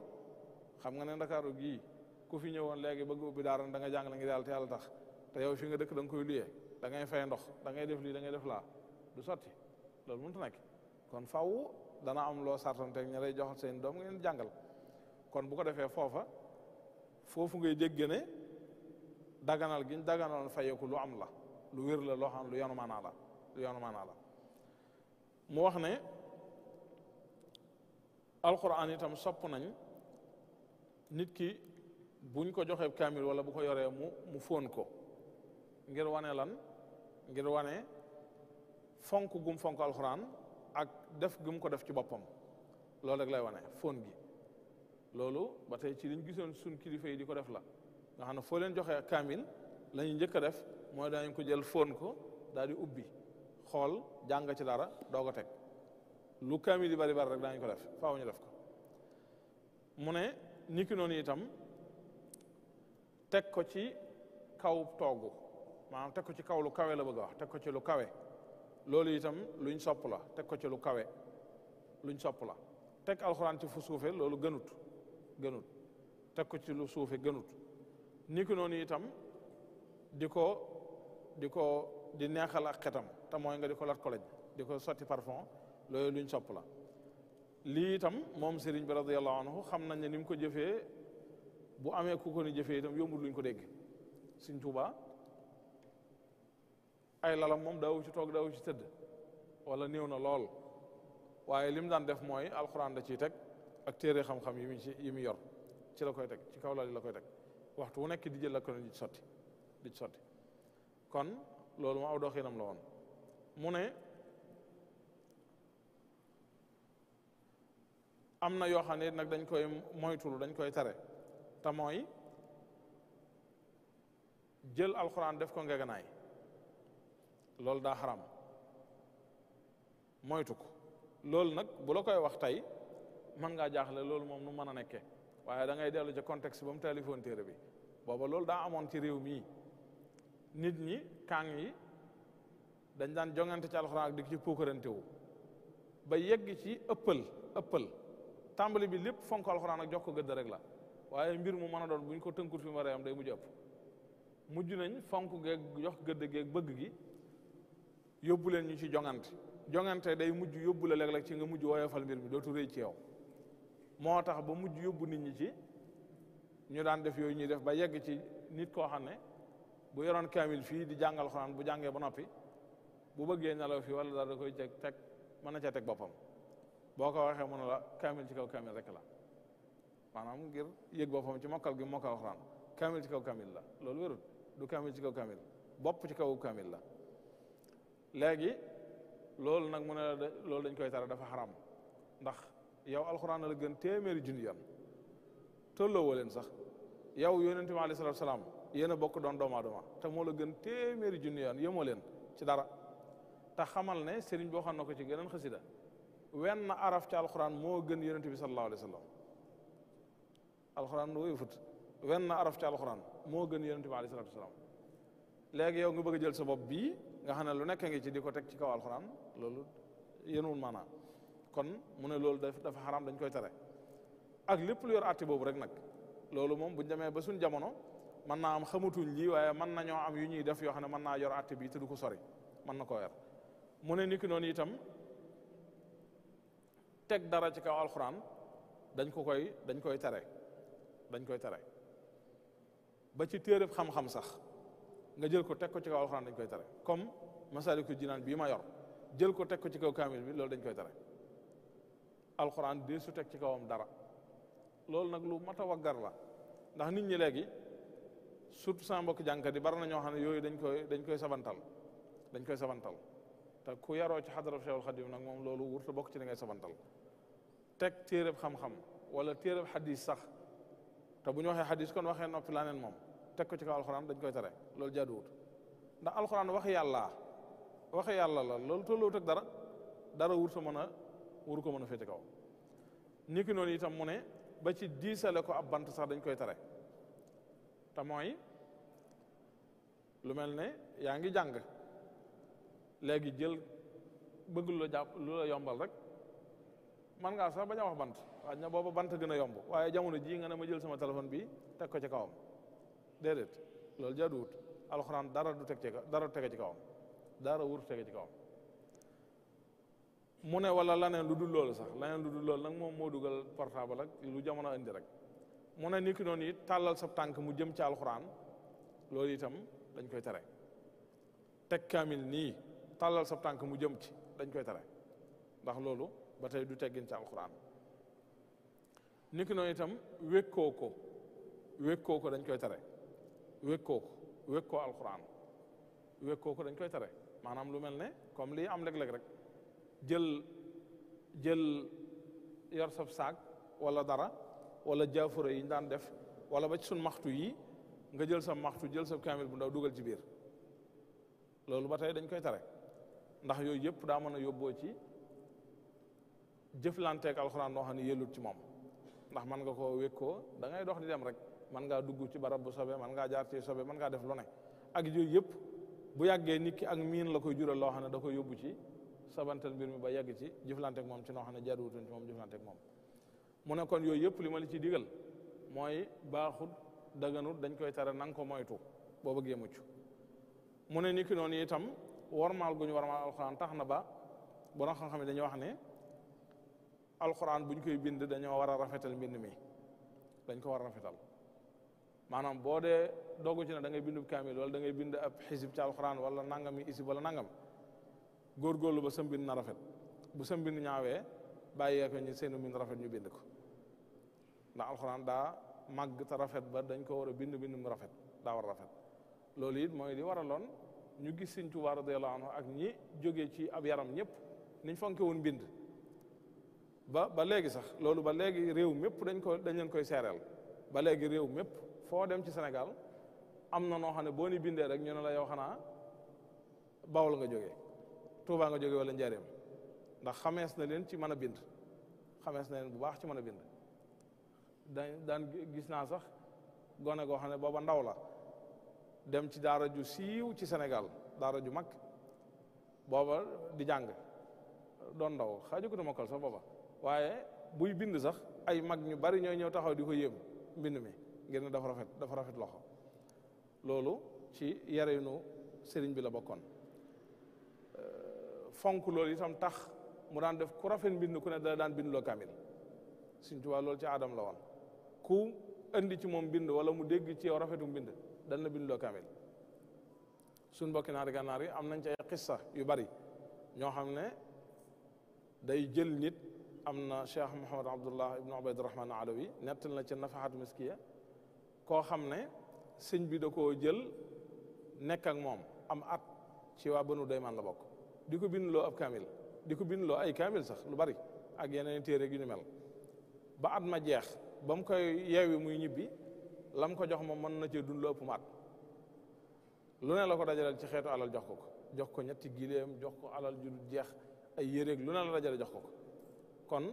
xam nga ne ndakaaru gi ku fi ñewon legi bëgg ubbi daara da nga jàngale ngir dal te yalla tax te yow fi nga dëkk da nga koy luyee da ngay fay ndox da ngay def li da ngay def la du soti lolou nak kon faw dana am lo sartante ña lay joxal seen dom ngeen jangal kon bu ko defee foofa foofu ngay dégg ne daganal giñ daganal fayeku lu am la lu wér la loo xam lu yanu maanaa la lu yanu maanaa la mu wax ne alquran itam sopp nañ nit ki buñ ko joxe kamil wala bu ko yoree mu mu fóon ko ngir wane lan ngir wane fonk gum fonk alquran def gi mu ko def ci boppam loolu rek lay wane fóon gi loolu ba tey ci liñ gisoon suñ kilifa yi di ko def la nga xam ne foo leen joxee kaamil la njëkk a def mooy daañu ko jël fóon ko daal di ubbi xool jàng ci dara doog a teg lu kaamil yi bari bari rek daañu ko def faaw ñu def ko mu ne niki noonu itam teg ko ci kaw toogu maanaam teg ko ci kaw lu kawe la bëgg wax teg ko ci lu kawe loolu itam luñ sopp la teg ko ci lu kawe luñ sopp la teg alxuraan ci fu suufe loolu gënut gënut teg ko ci lu suufe gënut nikinoon ki noonu itam di ko di ko di neexal ak xetam te mooy nga di ko lat kolej di ko sotti parfum loolu luñ sopp la lii itam moom sëriñ bi radiallahu anhu xam nañ ne ni ko jëfee bu amee ku ko ni jëfee itam yombul luñ ko dégg Sëriñ Tuubaa ay lalam moom daawu ci toog daawu ci tëdd wala néew na lool waaye li daan def mooy alxuraan da ciy teg ak téere xam-xam yi ci yi mu yor ci la koy teg ci kaw lal la koy teg waxtu wu nekk di jël la ko di ci sotti di ci sotti kon loolu moo aw doxinam la woon mu ne am na yoo xam ne nag dañ koy moytul dañ koy tare te mooy jël alxuraan def ko ngeganaay loolu daa xaram moytu ko loolu nag bu la koy wax tey mën ngaa jaaxle loolu moom nu mën a nekke waaye da ngay dellu ci contexte ba mu téléphone téere bi booba loolu daa amoon ci réew mii nit ñi kàng yi dañ daan jongante ci alxuraan ak di ci puukarante wu ba yegg ci ëppal ëppël tàmbali bi lépp fonk alxuraan ak jox ko gëdd rek la waaye mbir mu mën a doon bu ko tënkul fi ma reyam day mujj ëpp mujj nañ fonk geeg jox gëdd geeg bëgg gi yóbbu leen ñu ci jongante jongante day mujj yóbbu la léeg-léeg ci nga mujj woyofal mbir mi dootu rëy ci yow moo tax ba mujj yóbbu nit ñi ci ñu daan def yooyu ñuy def ba yegg ci nit koo xam ne bu yoroon kaamil fii di jàngal xoraan bu jàngee ba noppi bu bëggee nelaw fii wala dara koy jeg teg mën na cee teg boppam boo ko waxee mën la ci kaw kaamil rek la maanaam ngir yëg boppam ci mokkal gi mokkal xoraan ci kaw kaamil la loolu wérut du kamil ci kaw kaamil bopp ci kaw kaamil la léegi loolu nag mu ne la loolu dañ koy tere dafa xaram ndax yow alxuraan la gën téeméeri junni yoon tëlloo leen sax yow yonente bi alayhi salaatu salaam yéen bokk doon doomu aadama te moo la gën téeméeri junni yoon yemoo leen ci dara te xamal ne sëriñ boo xam na ko ci geneen xasida wenn araf ci alxuraan moo gën yonente bi sallallahu alayhi wa sallam alxuraan wooyu fut wenn araf ci alxuraan moo gën yonente bi alayhi salaatu salaam léegi yow nga bëgg a jël sa bopp bii nga xam ne lu nekk ngi ci di ko teg ci kaw alxuraan loolu yéenuwul mana kon mu ne loolu dafa xaram dañ koy tere ak lépp lu yor àtte boobu rek nag loolu moom buñ demee ba suñ jamono mën naa am xamatuñ ji waaye mën nañoo am yu ñuy def yoo xam ne mën naa yor àtte bi te du ko sori mën na koo yor mu ne niki noonu itam teg dara ci kaw alxuraan dañ ko koy dañ koy tere dañ koy tere ba ci téereb xam-xam sax nga jël ko teg ko ci kaw alxuraan dañ koy tere comme Masaalikul Jinaan bii ma yor jël ko teg ko ci kaw kaamil bi loolu dañ koy tere alxuraan su teg ci kawam dara loolu nag lu mat a waggar la ndax nit ñi léegi surtout sama mbokk jànkat yi bari na ñoo xam ne yooyu dañ koy dañ koy sabantal dañ koy sabantal te ku yaroo ci xadarab Cheikhul Xadim nag moom loolu wurta bokk ci li ngay sabantal teg téeréb xam-xam wala téeréb xadis sax te bu ñu waxee xadis kon waxee noppi laa neen moom teg ko ci kaw alxuraan dañ koy tere loolu jaaduwut ndax alxuraan wax yàlla wax yàlla la loolu tolluwut ak dara dara wur sama na wur ko mën a féete kaw ni ki noonu mu ne ba ci diisale ko ab bant sax dañ koy tere te mooy lu mel ne yaa ngi jàng léegi jël bëgg lu la jàpp lu la yombal rek man ngaa sax bañ a wax bant waaj na booba bant gën a yomb waaye jamono jii nga ne ma jël sama téléphone bi teg ko ci kawam déedéet loolu jaaduwut alquran dara du tek ci dara du tege ci kaw dara wur tege ci kaw mune wala lanen lu dul lol sax lanen lu dul lol nak mom mo dugal portable ak lu jamono andi rek mune niki non yi talal sa tank mu jëm ci alquran lol itam dañ koy tere tek kamil ni talal sa tank mu jëm ci dañ koy tere ndax lolou batay du teggin ci alquran niki non itam wékkoo ko ko dañ koy tere wékkoo ko alxuraan alquran wékkoo ko dañ koy tere maanaam lu mel ne comme lii am léeg-léeg rek jël jël yor sab saag wala dara wala jaafura yi ñu daan def wala ba ci sun maxtu yi nga jël sa maxtu jël sa kamil bu ndaw dugal ci biir loolu ba tey dañ koy tere ndax yooyu yëpp daa mën a yóbboo ci jëflanteeg alxuraan noo xam ne yellut ci moom ndax man nga ko wékkoo da ngay dox di dem rek man nga dugg ci barab bu sobe man nga jaar ci sobe man nga def lu ne ak yooyu yep bu yàggee nit ki ak miin la koy jural loo xam ne da koy yóbbu ci sabantal mbir mi ba yàgg ci jëflanteeg moom ci noo xam ne jaaduwutoon ci moom jëflanteeg moom mu ne kon yooyu yëpp li ma li ci digal mooy baaxut daganut dañ koy tere nang ko moytu boo bëggee mucc mu ne ni ki noonu itam warmaal guñu ñu warmaal alxuraan tax na ba borom xam-xam yi dañuy wax ne alquran bu koy bind dañoo war a rafetal mbind mi dañ ko war rafetal maanaam boo dee doogu ci ne da ngay bindu kaamil wala dangay ngay bind ab xisib ci alxuraan wala nangam yi isib wala nangam góorgóorlu ba sa na rafet bu sa mbind ñaawee bàyyee ko ñu seenu mbind rafet ñu bind ko ndax alxuraan daa màgg te rafet ba dañ ko war a bind bind mu rafet daa war a rafet loolu it mooy li waraloon ñu gis Sëñ Tuubaa radiyallaahu anhu ak ñi jógee ci ab yaram ñëpp niñ fonke woon bind ba ba léegi sax loolu ba léegi réew mépp dañ ko dañ leen koy seereel ba léegi réew mépp foo dem ci Sénégal am na noo xam ne boo bindee rek ñu ne la yow xanaa bawol nga jóge Touba nga jógee wala Njaaréem ndax xamees na leen ci mën a bind xamees na leen bu baax ci mën a bind daan daan naa sax gone goo xam ne booba ndaw la dem ci daara ju siiw ci Sénégal daara ju mag booba di jàng doon ndaw xaaju ko mokkal sax booba waaye buy bind sax ay mag ñu bari ñooy ñëw taxaw di ko yéem mbind mi ngir ne dafa rafet dafa rafet loxo loolu ci yarinu sëriñ bi la bokkoon fonk loolu itam tax mu daan def ku rafet mbind ku ne dala daan bind loo kaamil Sëriñ Tuubaa loolu ci aadam la woon ku indi ci moom bind wala mu dégg ci yow rafetu mbind dan la bind loo kaamil suñ mbokki naari gànnaar yi am nañ ci ay xissa yu bari ñoo xam ne day jël nit am na cheikh mohamad abdullah ibnu ubayd rahman alawi nettal na ci nafahat miskiya koo xam ne sëñ bi da koo jël nekk moom am at ci waa banu daymaan la bokk di ko bind loo ab kaamil di ko bind loo ay kaamil sax lu bari ak yeneen téere yu ni mel ba at ma jeex ba mu koy yeewi muy ñibbi lam ko jox moom mën na cee dund lu ëpp at lu ne la ko dajaleel ci xeetu alal jox ko ko jox ko ñetti gileem jox ko alal ju jeex ay yéreeg lu ne la jox ko ko kon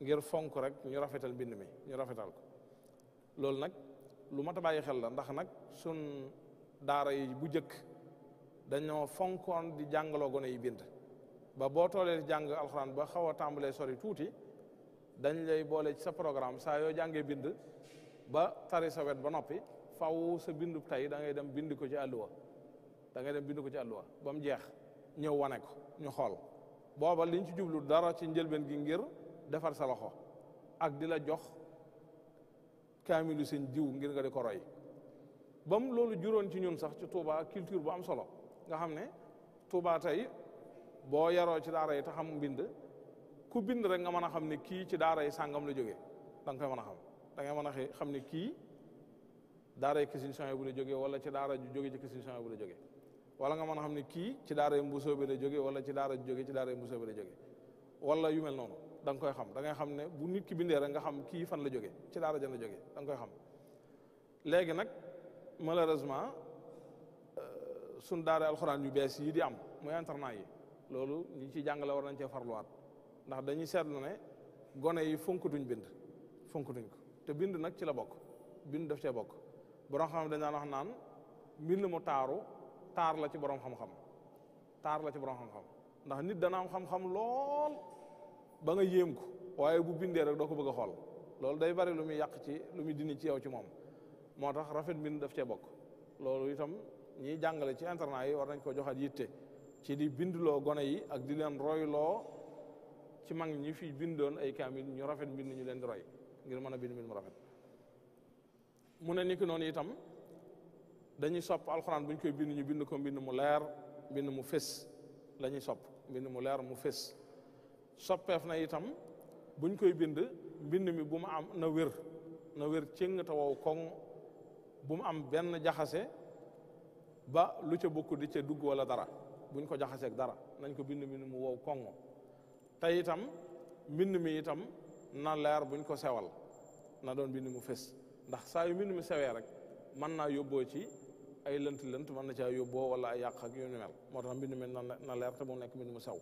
ngir fonk rek ñu rafetal mbind mi ñu rafetal ko loolu nak lu mata baye xel la ndax nak sun daara yi bu jëkk dañu fonkon di jangalo gone yi bind ba bo tole jang alcorane ba xawa a sori tuti dañ lay bolé ci sa programme sa yo jangé bind ba tari sa wet ba nopi faw sa bindu tey da ngay dem bind ko ci àlluwa da ngay dem bind ko ci àlluwa bam jeex ñew wané ko ñu xol boba liñ ci jublu dara ci ngir defar sa loxo ak di jox kaamilu seen diw ngir nga di ko roy loolu juróon ci ñun sax ci Touba culture bu am solo nga xam ne Touba tey boo yaroo ci daara yi te xam mbind ku mbind rek nga mën a xam ne kii ci daara yi sàngam la jógee da koy mën a xam da mën a xam ne kii daara yi Christian yi bu la jógee wala ci daara ju jóge ci Christian yi bu la nga mën a xam ne kii ci daara yi mbusoo bi la jógee wala ci daara jóge ci daara yi bi la jógee wala yu mel noonu da nga koy xam da ngay xam ne bu nit ki bindee rek nga xam kii fan la jóge ci daara jan la jóge da koy xam léegi nag malheureusement euh, sun daara alxuraan yu bees yii di am muy internat yi loolu ñi ci jàngale war nañ cee farluwaat ndax dañuy seetlu ne gone yi fonkatuñ bind fonkatuñ ko te bind nag ci la bokk bind daf cee bokk borom xam dañ daan naan mbind mu taaru taar la ci borom xam-xam taar la ci borom xam-xam ndax nit dana xam-xam lool ba nga yéem ko waaye bu bindee rek doo ko bëgg a xool loolu day bari lu muy yàq ci lu muy dindi ci yow ci moom moo tax rafet mbind def cee bokk loolu itam ñiy jàngale ci internat yi war nañ ko joxaat yitte ci di bindloo gone yi ak di leen loo ci mag ñi fi bindoon ay kaamil ñu rafet mbind ñu leen di roy ngir mën a bind mbind mu rafet mu ne niki noonu itam dañuy sopp alxuraan buñ ñu koy bind ñu bind ko mbind mu leer mbind mu fés la ñuy sopp mbind mu leer mu fés soppeef na itam buñ koy bind mbind mi bu mu am na wér na wér cëng te wow koŋ bu mu am benn jaxase ba lu ca bokk di ca dugg wala dara buñ ko jaxaseeg dara nañ ko bind mbind mu wow koŋ te yitam mbind mi itam na leer buñ ko sewal na doon mbind mu fés ndax saa yu mbind mi sewee rek man naa yóbboo ci ay lënt lënt mën na caa yóbboo wala ay yàq ak yu ni mel moo tax mbind mi na leer te mu nekk mbind mu sew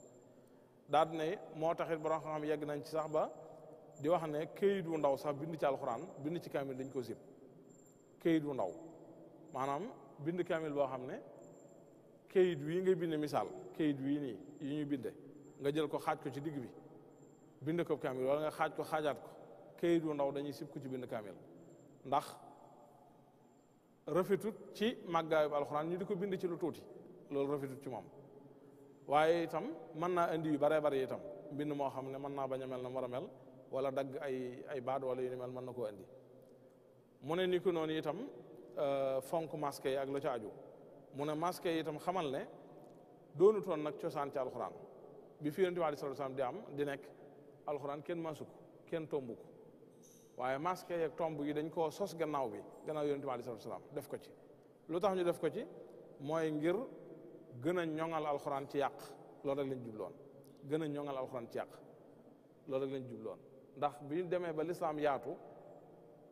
daal ne moo taxit borom xam-xam yegg nañ ci sax ba di wax ne këyit wu ndaw sax bind ci alxuraan bind ci kaamil dañ ko sib këyit wu ndaw maanaam bind kaamil boo xam ne këyit wii nga bind misaal këyit wii nii yi ñuy binde nga jël ko xaaj ko ci digg bi bind ko kaamil wala nga xaaj ko xaajaat ko këyit wu ndaw dañuy sib ko ci bind kaamil ndax rafetut ci màggaayu alxuraan ñu di ko bind ci lu tuuti loolu rafetut ci moom waaye itam mën naa indi yu baree bari itam mbind moo xam ne mën naa bañ a mel na war a mel wala dagg ay ay baat wala yu ni mel mën na koo indi mu ne ni ku noonu itam euh, fonk masque yi ak la ca aju mu ne masque yi itam xamal ne doonutoon nag cosaan ci alxuraan bi fi yonent bi di am di nekk alxuraan kenn masu ko kenn tombu waaye masque yeeg tomb yi dañ ko sos gannaaw bi gannaaw yonent bi aleyhi salaatu def ko ci lu tax ñu def ko ci mooy ngir gën a ñoŋal alxuraan ci yàq loolu rek lañ jubloon gën a ñoŋal alxuraan ci yàq loolu rek lañ ndax bi ñu demee ba lislaam yaatu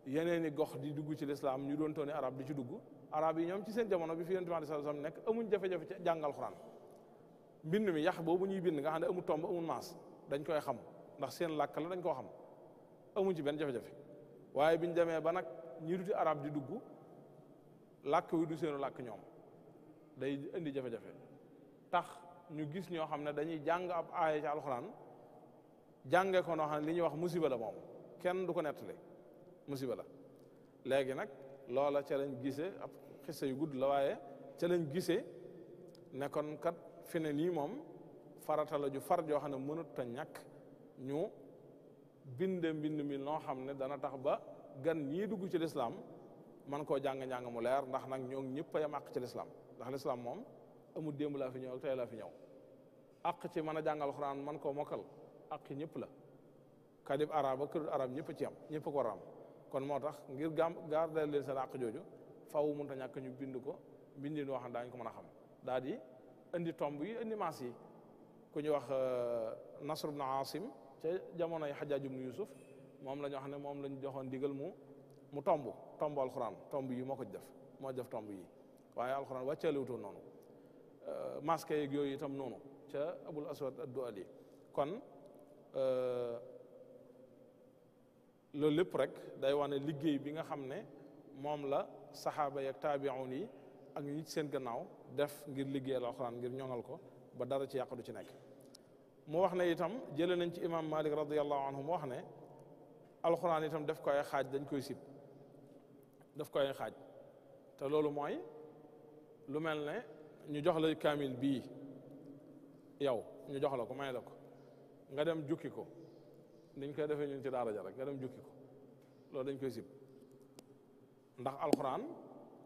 yeneen i gox di dugg ci lislaam ñu doon tooni arab di ci dugg arab yi ñoom ci seen jamono bi fi yonent bi sallallahu alayhi wasallam nekk amuñ jafe-jafe ci jàng alxuraan mbind mi yax boobu ñuy bind nga xam ne amul tomb amul maas dañ koy xam ndax seen làkk la dañ koo xam amuñ ci benn jafe-jafe waaye biñ demee ba nag ñi duti arab di dugg làkk wi du seenu làkk ñoom day indi jafe-jafe tax ñu gis ñoo xam ne dañuy jàng ab aaya ci alxuraan jànge ko noo xam ne li ñuy wax musiba la moom kenn du ko nettali musiba la léegi nag loola ca lañ gisee ab xissa yu gudd la waaye ca gisee ne kat fi ne moom farata ju far joo xam ne mënut a ñàkk ñu binde mbind mi noo xam ne dana tax ba gan ñii dugg ci lislaam man koo jàng-njàng mu leer ndax nag ñoo ñëpp a yam àq ci lislaam ndax lislaam moom amul démb laa fi ñëw ak laa fi ñëw àq ci mën a jàngal xuraan man koo mokkal àq ñëpp la kadib arab ak këdul arab ñëpp ci am ñëpp ko war am kon moo tax ngir gam garder leen seen àq jooju faw mënta ñàkk ñu bind ko bindin wax daañu ko mën a xam daal di indi tomb yi indi maas ku ñu wax euh, Nasr ibn Asim ca jamonoy Xajaaj ibn Yusuf moom la ñu wax ne moom la ñu joxoon digal mu mu tomb tomb alxuraan tomb yi moo ko def moo def tomb yi waaye alxuraan wàcceeliwutoon noonu masque yeeg yooyu itam noonu ca abul aswad addu ali kon lo lépp rek day wane ne liggéey bi nga xam ne moom la saxaaba yeeg taabiun yi ak ñi ci seen gannaaw def ngir liggéeyal alxuraan ngir ñoŋal ko ba dara ci yàq ci nekk mu wax ne itam jële nañ ci imam malik radiallahu anhu mu wax ne alxuraan itam daf koy ay xaaj dañ koy sib daf koy ay xaaj te loolu mooy lu mel ne ñu jox la kaamil bii yow ñu jox la ko may la ko nga dem jukki ko niñ koy defee ñun ci daara ja rek nga dem jukki ko loolu dañ koy sib ndax alquran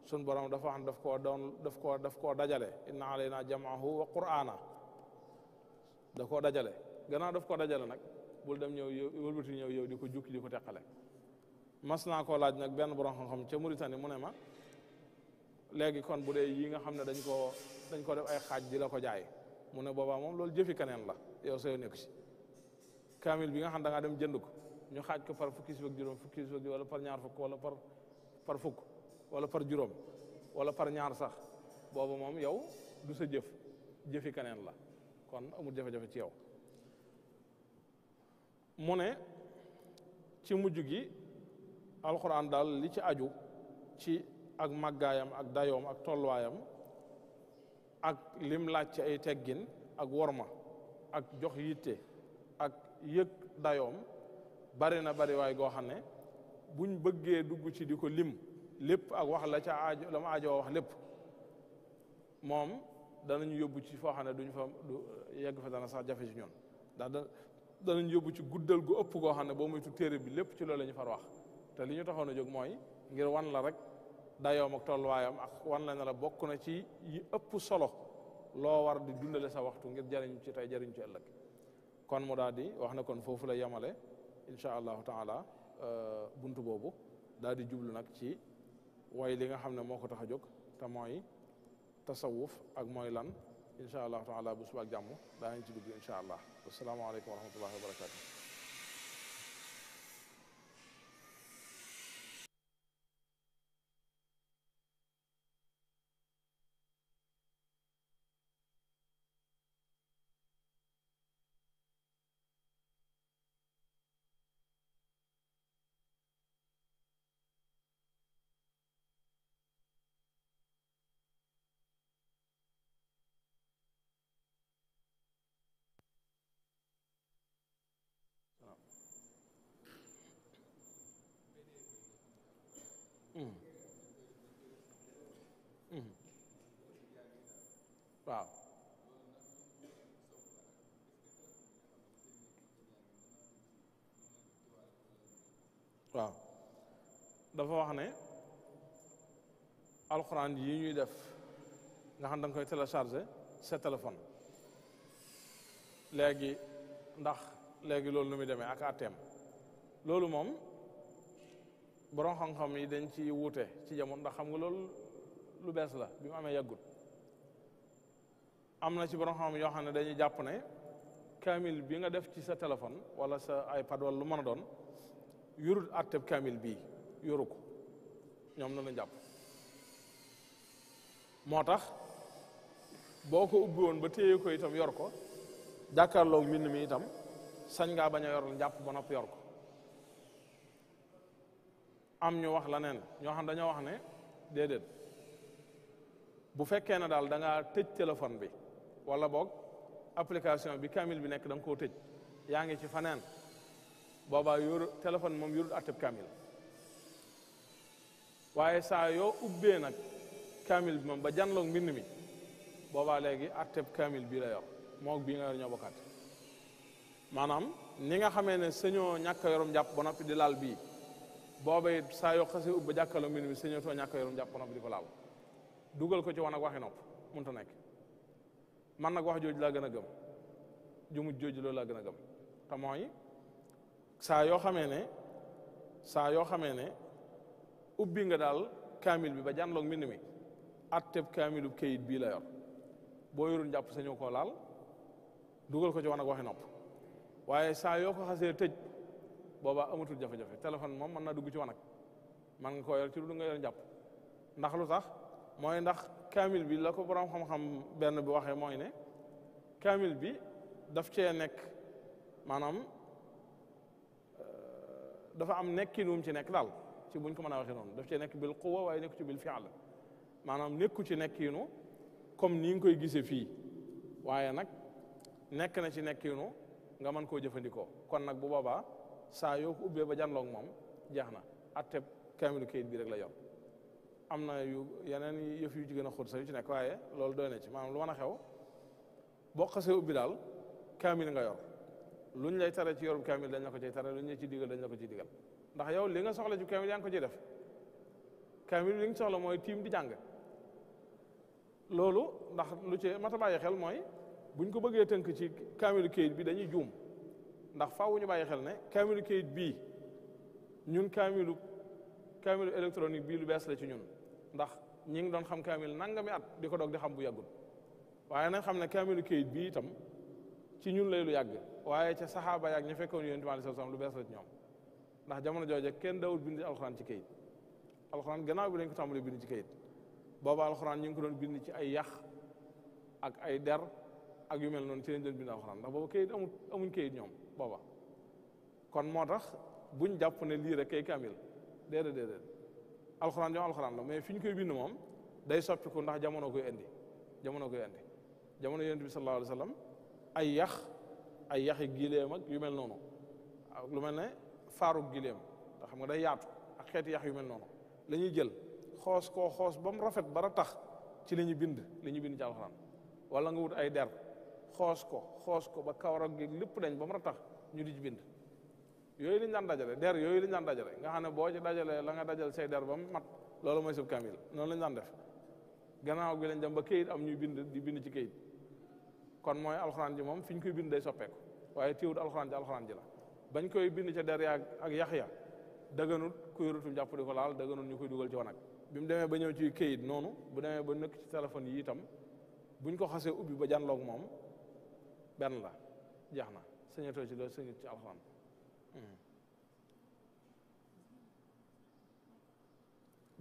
sun borom dafa xam daf koo doon daf koo daf koo dajale inna alayna jamaahu wa qur'ana da koo dajale gannaaw daf koo dajale nag bul dem ñëw yow wëlbati ñëw yow di ko jukki ko teqale mas naa koo laaj nag benn borom xam-xam ca Mauritanie mu ne ma léegi kon bu dee yi nga xam ne dañ koo dañ ko def ay xaaj di la jaay mu ne boobaa moom loolu jëfi keneen la yow soo nekk ci kaamil bi nga xam ne ngaa dem jënd ko ñu xaaj ko par fukki juróom fukki si fukk wala par ñaar wala par fukk wala par juróom wala par ñaar sax boobu moom yow du jëf jëfi keneen la kon amul jafe-jafe ci yow mu ne ci mujj gi alxuraan daal li ci aju ci ak màggaayam ak dayoom ak tolluwaayam ak lim laaj ci ay teggin ak worma ak jox yitte ak yëg dayoom bari na bari waay goo xam ne buñ bëggee dugg ci di ko lim lépp ak wax la ca aajo la mu aajoo wax lépp moom danañ yóbbu ci foo xam ne duñ fa du yegg fa dana sax jafe ci ñun ndax da danañ yóbbu ci guddal gu ëpp goo xam ne boo moytu téere bi lépp ci loolu la ñu far wax te li ñu taxoon a jóg mooy ngir wan rek dayoom ak tolluwaayam ak wan la ne bokk na ci yi ëpp solo loo war di dundale sa waxtu ngir jariñ ci tey jariñ ci ëllëg kon mu daal di wax ne kon foofu la yemale incha allahu taala euh, bunt boobu daal di jublu nag ci way li nga xam ne moo ko tax a jóg te mooy tasawuf ak mooy lan incha allahu taala bu subaak jàmm daañu ci dugg incha allah wasalaamaaleykum wa rahmatullahi wa barakatu waaw dafa wax ne alxuraan yi ñuy def nga xam da nga koy téléchargé sa téléphone léegi ndax léegi loolu nu muy demee ak àtteem loolu moom borom xam-xam yi dañ ci wuute ci jamono ndax xam nga loolu lu bees la bi mu amee yàggut am na ci borom xam-xam yoo xam ne dañuy jàpp ne kaamil bi nga def ci sa téléphone wala sa iPad wala lu mën a doon yorul atteb kaamil bii yoru ko ñoom na la jàpp moo tax boo ko ubbi woon ba téye ko itam yor ko jàkkaarloog mbind mi itam sañ ngaa bañ a yor njàpp ba nopp yor ko am ñu wax la neen ñoo xam dañoo wax ne déedéet bu fekkee ne daal danga tëj téléphone bi wala boog application bi kaamil bi nekk da ko koo tëj yaa ngi ci faneen boobaa yoru téléphone moom yorul atteb kaamil waaye saa yoo ubbee nag kaamil bi moom ba janloog mbind mi boobaa léegi atteb kaamil bii la yor moog bii nga yor ñoo bokkaat maanaam ni nga xamee ne sañoo ñàkk yorum jàpp ba noppi di laal bii booba it saa yoo xasee ubba jàkkaarloo mbind mi sañoo too ñàkk yorum jàpp ba di ko laal dugal ko ci wan ak waxi nopp mënta nekk man nag wax jooju laa gën a gëm jooj mujj jooju loolu laa gën a gëm saa yoo xamee ne saa yoo xamee ne ubbi nga daal kaamil bi ba jànloog mbind mi atteb kaamilu kayit bii la yor boo yorul njàpp sañu ko laal dugal ko ci wan ak waxi waaye saa yoo ko xasee tëj booba amatul jafe-jafe téléphone moom mën na dugg ci wanag man nga koo ci lu nga yor njàpp ndax lu tax mooy ndax kaamil bi la ko borom xam-xam benn bi waxee mooy ne kaamil bi daf cee nekk maanaam dafa am nekkin wu ci nekk daal ci buñ ko mën a waxee noonu daf ci nekk bil quwa waaye nekku ci bil fi'l maanaam nekku ci nekkinu comme ni nga koy gisee fii waaye nag nekk na ci nekkinu nga mën koo jëfandikoo kon nag bu boobaa saa yoo ko ubbee ba janloog moom jeex na atteb kaamilu kayit bi rek la yor am na yu yeneen yëf yu ci gën a xóot sax yu ci nekk waaye loolu doy na ci maanaam lu mën a xew boo xasee ubbi daal kamil nga yor luñ lay tare ci yorub kaamil dañ la ko ciy tare luñ la ci digal dañ la ko ciy ndax yow li nga soxla ci kaamil yaa ngi ko ciy def kaamil li nga soxla mooy tiim di jàng loolu ndax lu ci mat a bàyyi xel mooy buñ ko bëggee tënk ci kaamilu kayit bi dañuy juum ndax faaw ñu bàyyi xel ne kaamilu kayit bii ñun kaamilu kaamilu électronique bii lu bees la ci ñun ndax ñi ngi doon xam kaamil nangami at di ko dog di xam bu yàggul waaye nañ xam ne kaamilu kayit bii itam ci ñun lay lu yàgg waaye ca saxaaba yaag ña fekkoon yonent bi aleyhi salaam lu bees la ci ñoom ndax jamono jooje kenn dawul bind alxuraan ci kayit alxuraan gannaaw bi lañ ko tàmbalee bind ci kayit booba alxuraan ñu ngi ko doon bind ci ay yax ak ay der ak yu mel noonu ci lañ doon bind alxuraan ndax booba kayit amu amuñ kayit ñoom booba kon moo tax buñ jàpp ne lii rek kay kamil déedéet déedéet alxuraan ñoom alxuraan la mais fi ñu koy bind moom day soppiku ndax jamono koy indi jamono koy indi jamono yonent bi sallallahu alayhi wa ay yax ay yaxi giléem ak yu mel noonu lu mel ne faaru giléem nga xam nga day yaatu ak xeeti yax yu mel noonu lañuy jël xoos koo xoos ba mu rafet bara tax ci li ñu bind li ñu bind ci alxuraan wala nga wut ay der xoos ko xoos ko ba kawar ak lépp dañ ba mu tax ñu di ci bind yooyu lañ ñaan dajale der yooyu lañ daan dajale nga xam ne boo ci dajalee la nga dajal say der ba mu mat loolu mooy sab kaamil noonu lañ daan def gannaaw gi lañ dem ba kayit am ñuy bind di bind ci kon mooy alxuraan ji moom fi ñu koy bind day soppeeku waaye téewut alxuraan ji alxuraan ji la bañ koy bind ca der yaag ak yaxya ya daganut kuy rutum jàpp di ko laal daganut ñu koy dugal ci wanag bi mu demee ba ñëw ci kayit noonu bu demee ba nëkk ci téléphone yi tam buñ ko xasee ubbi ba jànloog moom benn la jeex na sëñatoo ci loolu sëñut ci alxuraan hmm.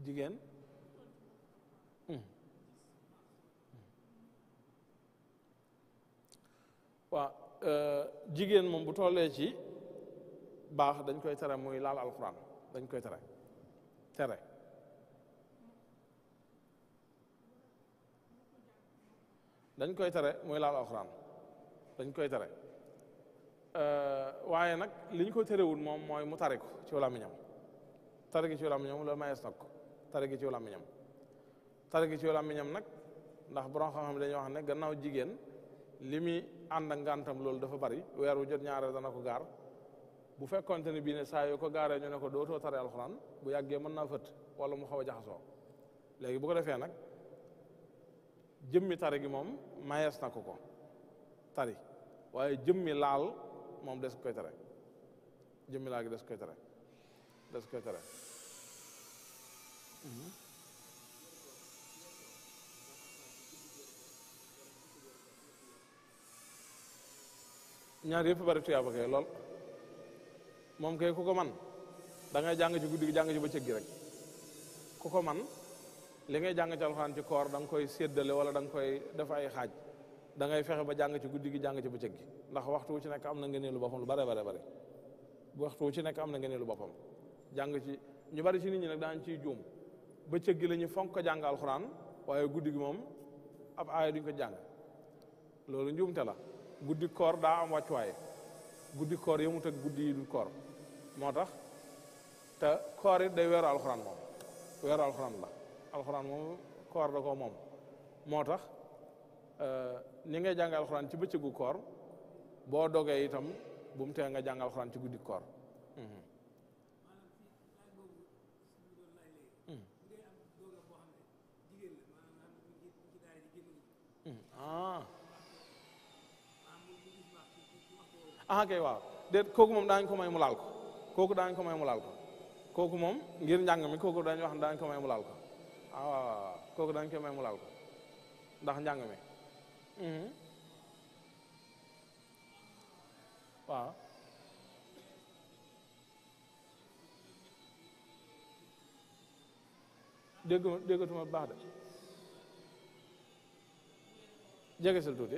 jigéen waaw euh, jigéen moom bu tollee ci baax dañ koy tere muy laal alquran dañ koy tere tere dañ koy tere muy laal alquran dañ koy tere euh, waaye nag li ñu ko terewul moom mooy mu tare ko ci làmmiñam tare gi ci làmmiñam loolu mayees nag ko tare gi ci làmmiñam tare gi ci làmmiñam nag ndax borom xam-xam dañuy wax ne gannaaw jigéen li ànd ak ngàntam loolu dafa bari weeru wu jot ñaareel dana ko gaar bu fekkonte ne bii ne saa yoo ko gaaree ñu ne ko dootoo tare alxuraan bu yàggee mën naa fëtt wala mu xaw a jaxasoo léegi bu ko defee nag jëmmi tari gi moom mayees na ko ko tari waaye jëmmi laal moom des koy tere jëmmi laal gi des koy tere des koy tere mhm. ñaar yëpp bari tuyaaba kay lool moom kay ku ko man da ngay ci guddi gi jàng ci bëccëg gi rek ku ko man li ngay jàng ci alxuraan ci koor da nga koy seddale wala danga koy def ay xaaj dangay fexe ba jàng ci guddi gi jàng ci bëccëg gi ndax waxtu ci nekk am na ngëneelu boppam lu bare bare bare waxtu wu ci nekk am na ngëneelu boppam jàng ci ñu bari ci nit ciy juum bëccëg gi la fonk ko jàng alxuraan waaye guddi gi moom ab aaya duñ ko jàng loolu njuumte la guddi koor daa am wàccuwaay guddi koor yamut ak guddi yi du koor moo tax te koor it day weeru alxuraan moom weeru alxuraan la alxuraan moom koor da ko moom moo tax eh, ni ngay jàng alxuraan ci bëccëgu koor boo dogee itam bu mu tee nga jàng alxuraan ci guddi koor mhm. Mhm. ah ah kay waaw déet kooku moom daañu ko may mulaal ko kooku daañu ko may mu ko kooku moom ngir njàng mi kooku dañuy wax ne daañu ko may mu laal ko ah waaw waaw kooku dañu ko may mu ko ndax njàng mi mhm. waaw déggatuma baax de jege tuuti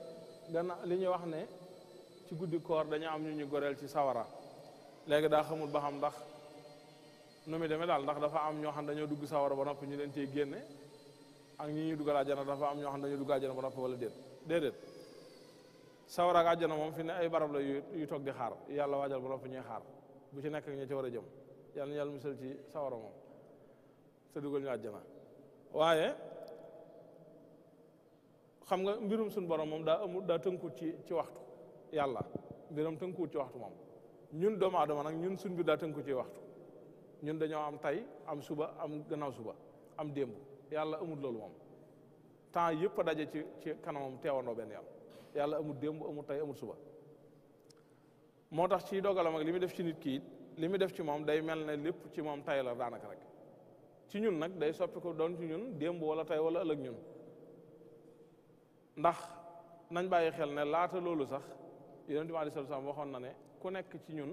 gana li ñuy wax ne ci guddi koor dañu am ñu ñu goreel ci sawara léegi daa xamul ba xam ndax nu mu demee daal ndax dafa am ñoo xam dañoo dugg sawara ba noppi ñu leen cee génne ak ñi ñuy dugal àjjana dafa am ñoo xam dañoo dugg àjjana ba noppi wala déet déedéet sawara ak àjjana moom fi ne ay barab la yu toog di xaar yàlla waajal ba noppi ñuy xaar bu ci nekk ñu ci war a jëm yàlla na yàlla musal ci sawara moom te dugal ñu àjjana waaye xam nga mbirum suñu borom moom daa amul daa tënkuwut ci ci waxtu yàlla mbiram tënkuwut ci waxtu moom ñun doomu aadama nag ñun suñ bi daa tënku ci waxtu ñun dañoo am tey am suba am gannaaw suba am démb yàlla amul loolu moom temps yëpp a daje ci ci kanamam teewandoo benn yàlla yàlla amul démb amul tey amul suba moo tax ci dogalam ak li muy def ci nit kii li muy def ci moom day mel na lépp ci moom tey la daanaka rek ci ñun nag day soppi ko doon ci ñun démb wala tey wala ëllëg ñun ndax nañ bàyyi xel ne laata loolu sax yonent bi aleyhi salaam waxoon na ne ku nekk ci ñun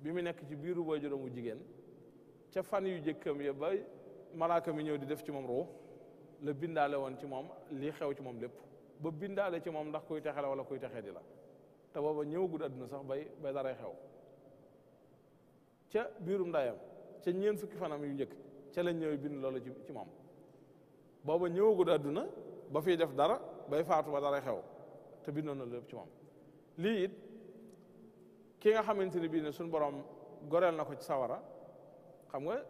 bi mu nekk ci biiru waajuram wu jigéen ca fan yu jëkkam ya ba malaaka mi ñëw di def ci moom ruux la bindaale woon ci moom lii xew ci moom lépp ba bindaale ci moom ndax kuy texe wala kuy texee di la te booba ñëwagul àdduna sax bay bay daray xew ca biirum ndayam ca ñeent fukki fanam yu njëkk ca lañ ñëw bind loolu ci moom booba ñëwagul àdduna ba fiy def dara bay faatu ba dara xew te bindoon na lépp ci moom lii it ki nga xamante ne bii ne suñu borom goreel na ko ci sawara xam nga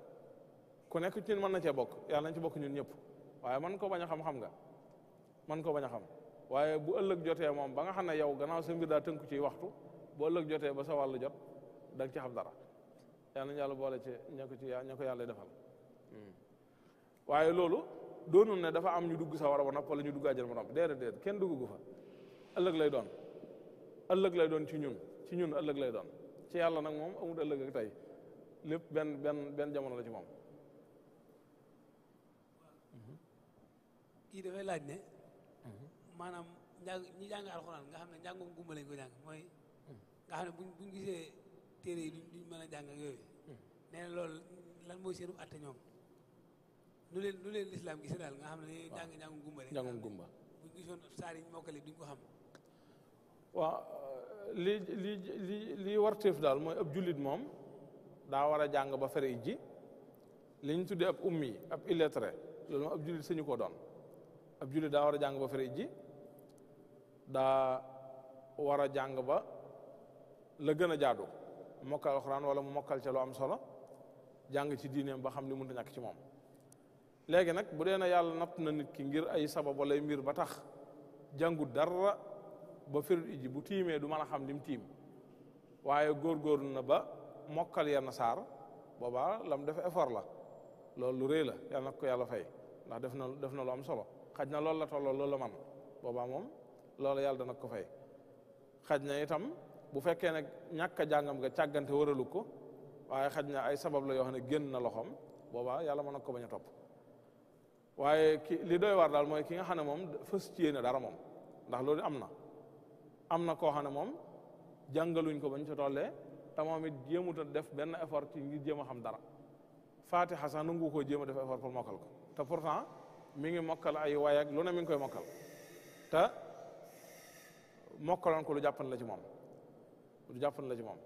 ku nekk ci ñun mën na cee bokk yàlla nañ ci bokk ñun ñëpp waaye man ko bañ a xam-xam nga man ko bañ a xam waaye bu ëllëg jotee moom ba nga xam ne yow gannaaw sa mbir daa tënku ciy waxtu bu ëllëg jotee ba sa wàllu jot da nga ci xam dara yàlla na yàlla boole ci ña ko ci ña ko yàlla defal hmm. waaye loolu doonul ne dafa am ñu dugg sawara ba nopp wala ñu dugg àjjana ba nopp déedéet déedéet kenn dugg gu fa ëllëg lay doon ëllëg lay doon ci ñun ci ñun ëllëg lay doon ci yàlla nag moom amul ëllëg ak tey lépp benn benn benn jamono la ci moom. kii dafay laaj ne. Mhm. maanaam njàng ñi jàng alxuraan nga xam ne njàngoom gumba lañ ko jàng mooy. nga xam ne buñ gisee téere yi duñ mën a jàng ak yooyu. Mhm. nee na loolu lan mooy seenu atte ñoom. nu leen nu leen lislaam gise daal nga xam ne dañuy jàng njàngum gumba njàngum gumba buñ gisoon saar yi mokkale duñ ko xam waaw li li li daal mooy ab jullit moom daa war a jàng ba fere ji li ñu tuddee ab ummi ab illettré ko doon ab jullit daa war a jàng ba fere ji daa war a jàng ba la gën a jaadu mokkal alxuraan wala mu mokkal ca am solo jàngi ci diineem ba xam li mënta ñàkk ci moom léegi nag bu dee na yàlla natt na nit ki ngir ay sababu lay mbir ba tax jàngu dara ba firut iji bu tiimee du mën a xam lim mu tiim waaye góorgóorlu na ba mokkal yenn saar boobaa lam def effort la loolu lu rëy la yàlla nag ko yàlla fay ndax def na def na lu am solo xaj na loolu la tolloo loolu la man boobaa moom loolu yàlla dana ko fay xaj na itam bu fekkee nag ñàkk a jàngam nga càggante waralu ko waaye xaj na ay sabab la yoo xam ne na loxom yàlla mën ko bañ a waaye ki li doy waar daal mooy ki nga xam ne moom fës ci ne dara moom ndax loolu am na am na koo xam ne moom jàngaluñ ko bañ ca tollee te moom it jéemut a def benn effort ci ngi jéem a xam dara Fatiha sax nangu ko jéem a def effort pour mokkal ko te pourtant mi ngi mokkal ay waay ak lu ne mi ngi koy mokkal te mokkaloon ko lu jàppan la ci moom lu jàppan la ci moom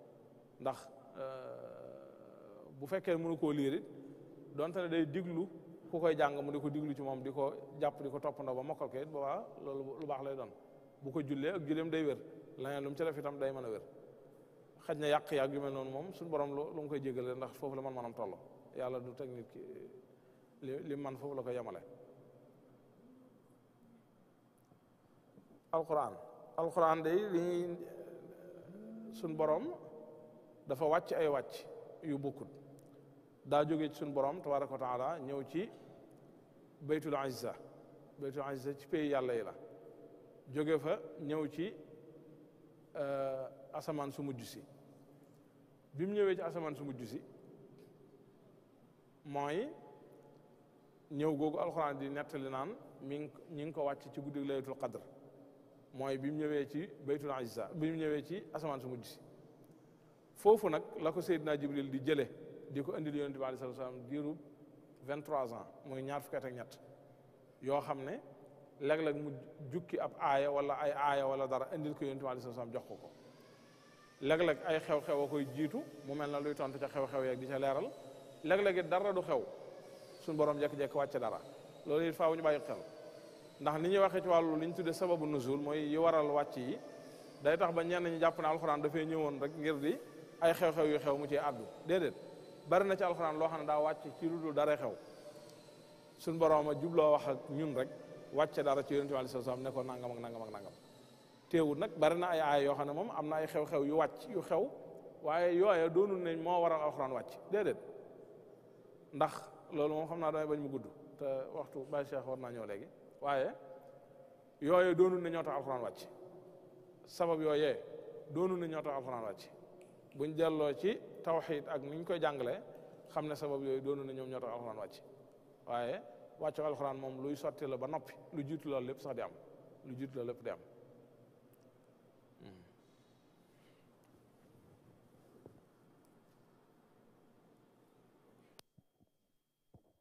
ndax euh, bu fekkee mënu koo liir it donte ne day diglu ku koy jàng mu di ko diglu ci moom di ko jàpp di ko toppandoo ba mokkal ko it boobaa loolu lu baax lay doon bu ko jullee ak julleem day wér laneen lu mu ci def itam day mën a wér xaj na yàq-yàq yu mel noonu moom suñu borom lu mu koy jégale ndax foofu la man manam toll yàlla du teg nit ki li man foofu la ko yemale alquran alquran day li ñuy suñ borom dafa wàcc ay wàcc yu bokkut daa jóge ci suñ borom tabaraka wa taala ñëw ci baytul izza baytul izza ci pays yàlla yi la jóge fa ñëw ci euh, asamaan su mujj si bi mu ñëwee ci asamaan su mujj si mooy ñëw googu alxuraan di nettali naan mi ngi ñi ngi ko wàcc ci guddi laylatul qadr mooy bi mu ñëwee ci baytul izza bi mu ñëwee ci asamaan su mujj si foofu nag la ko naa Jibril di jële di ko indil yonente bi alei salatu salaam diirub 23 ans mooy ñaar fukki at ñett yoo xam ne léeg-léeg mu jukki ab aaya wala ay aaya wala dara indil ko yonent bi aleyhi salaam jox ko ko léeg-léeg ay xew-xew a koy jiitu mu mel na luy tontu ca xew-xew yeeg di ca leeral léeg-léeg it dara du xew suñu borom jékki-jékki wàcc dara loolu it faaw ñu bàyyi xel ndax ni ñuy waxee ci wàllu li ñu tuddee sababu nuzul mooy yi waral wàcc yi day tax ba ñenn ñi jàpp ne alxuraan dafay ñëwoon rek ngir di ay xew-xew yu xew mu ci àddu déedéet. bari na ci alxuraan loo xam ne daa wàcc ci lu dul dara xew suñ borom a jubloo wax ak ñun rek wàcce dara ci yonent bi alayhi salaam ne ko nangam ak nangam ak nag bari na ay yoo xam ne moom am na ay xew-xew yu wàcc yu xew waaye yooya doonul ne moo waral alxuraan wàcc déedéet ndax xam naa damay bañ mu gudd waxtu Baye naa ñëw léegi waaye yooye doonul ne ñoo wàcc sabab yooyee doonul ne ñoo buñ delloo ci tawxid ak niñ koy jàngalee xam ne sabab yooyu doonu na ñoom ñoo tax alxuraan wàcc waaye wàccu alxuraan moom luy sotti la ba noppi lu jiitu loolu lépp sax di am lu jiitu loolu lépp di am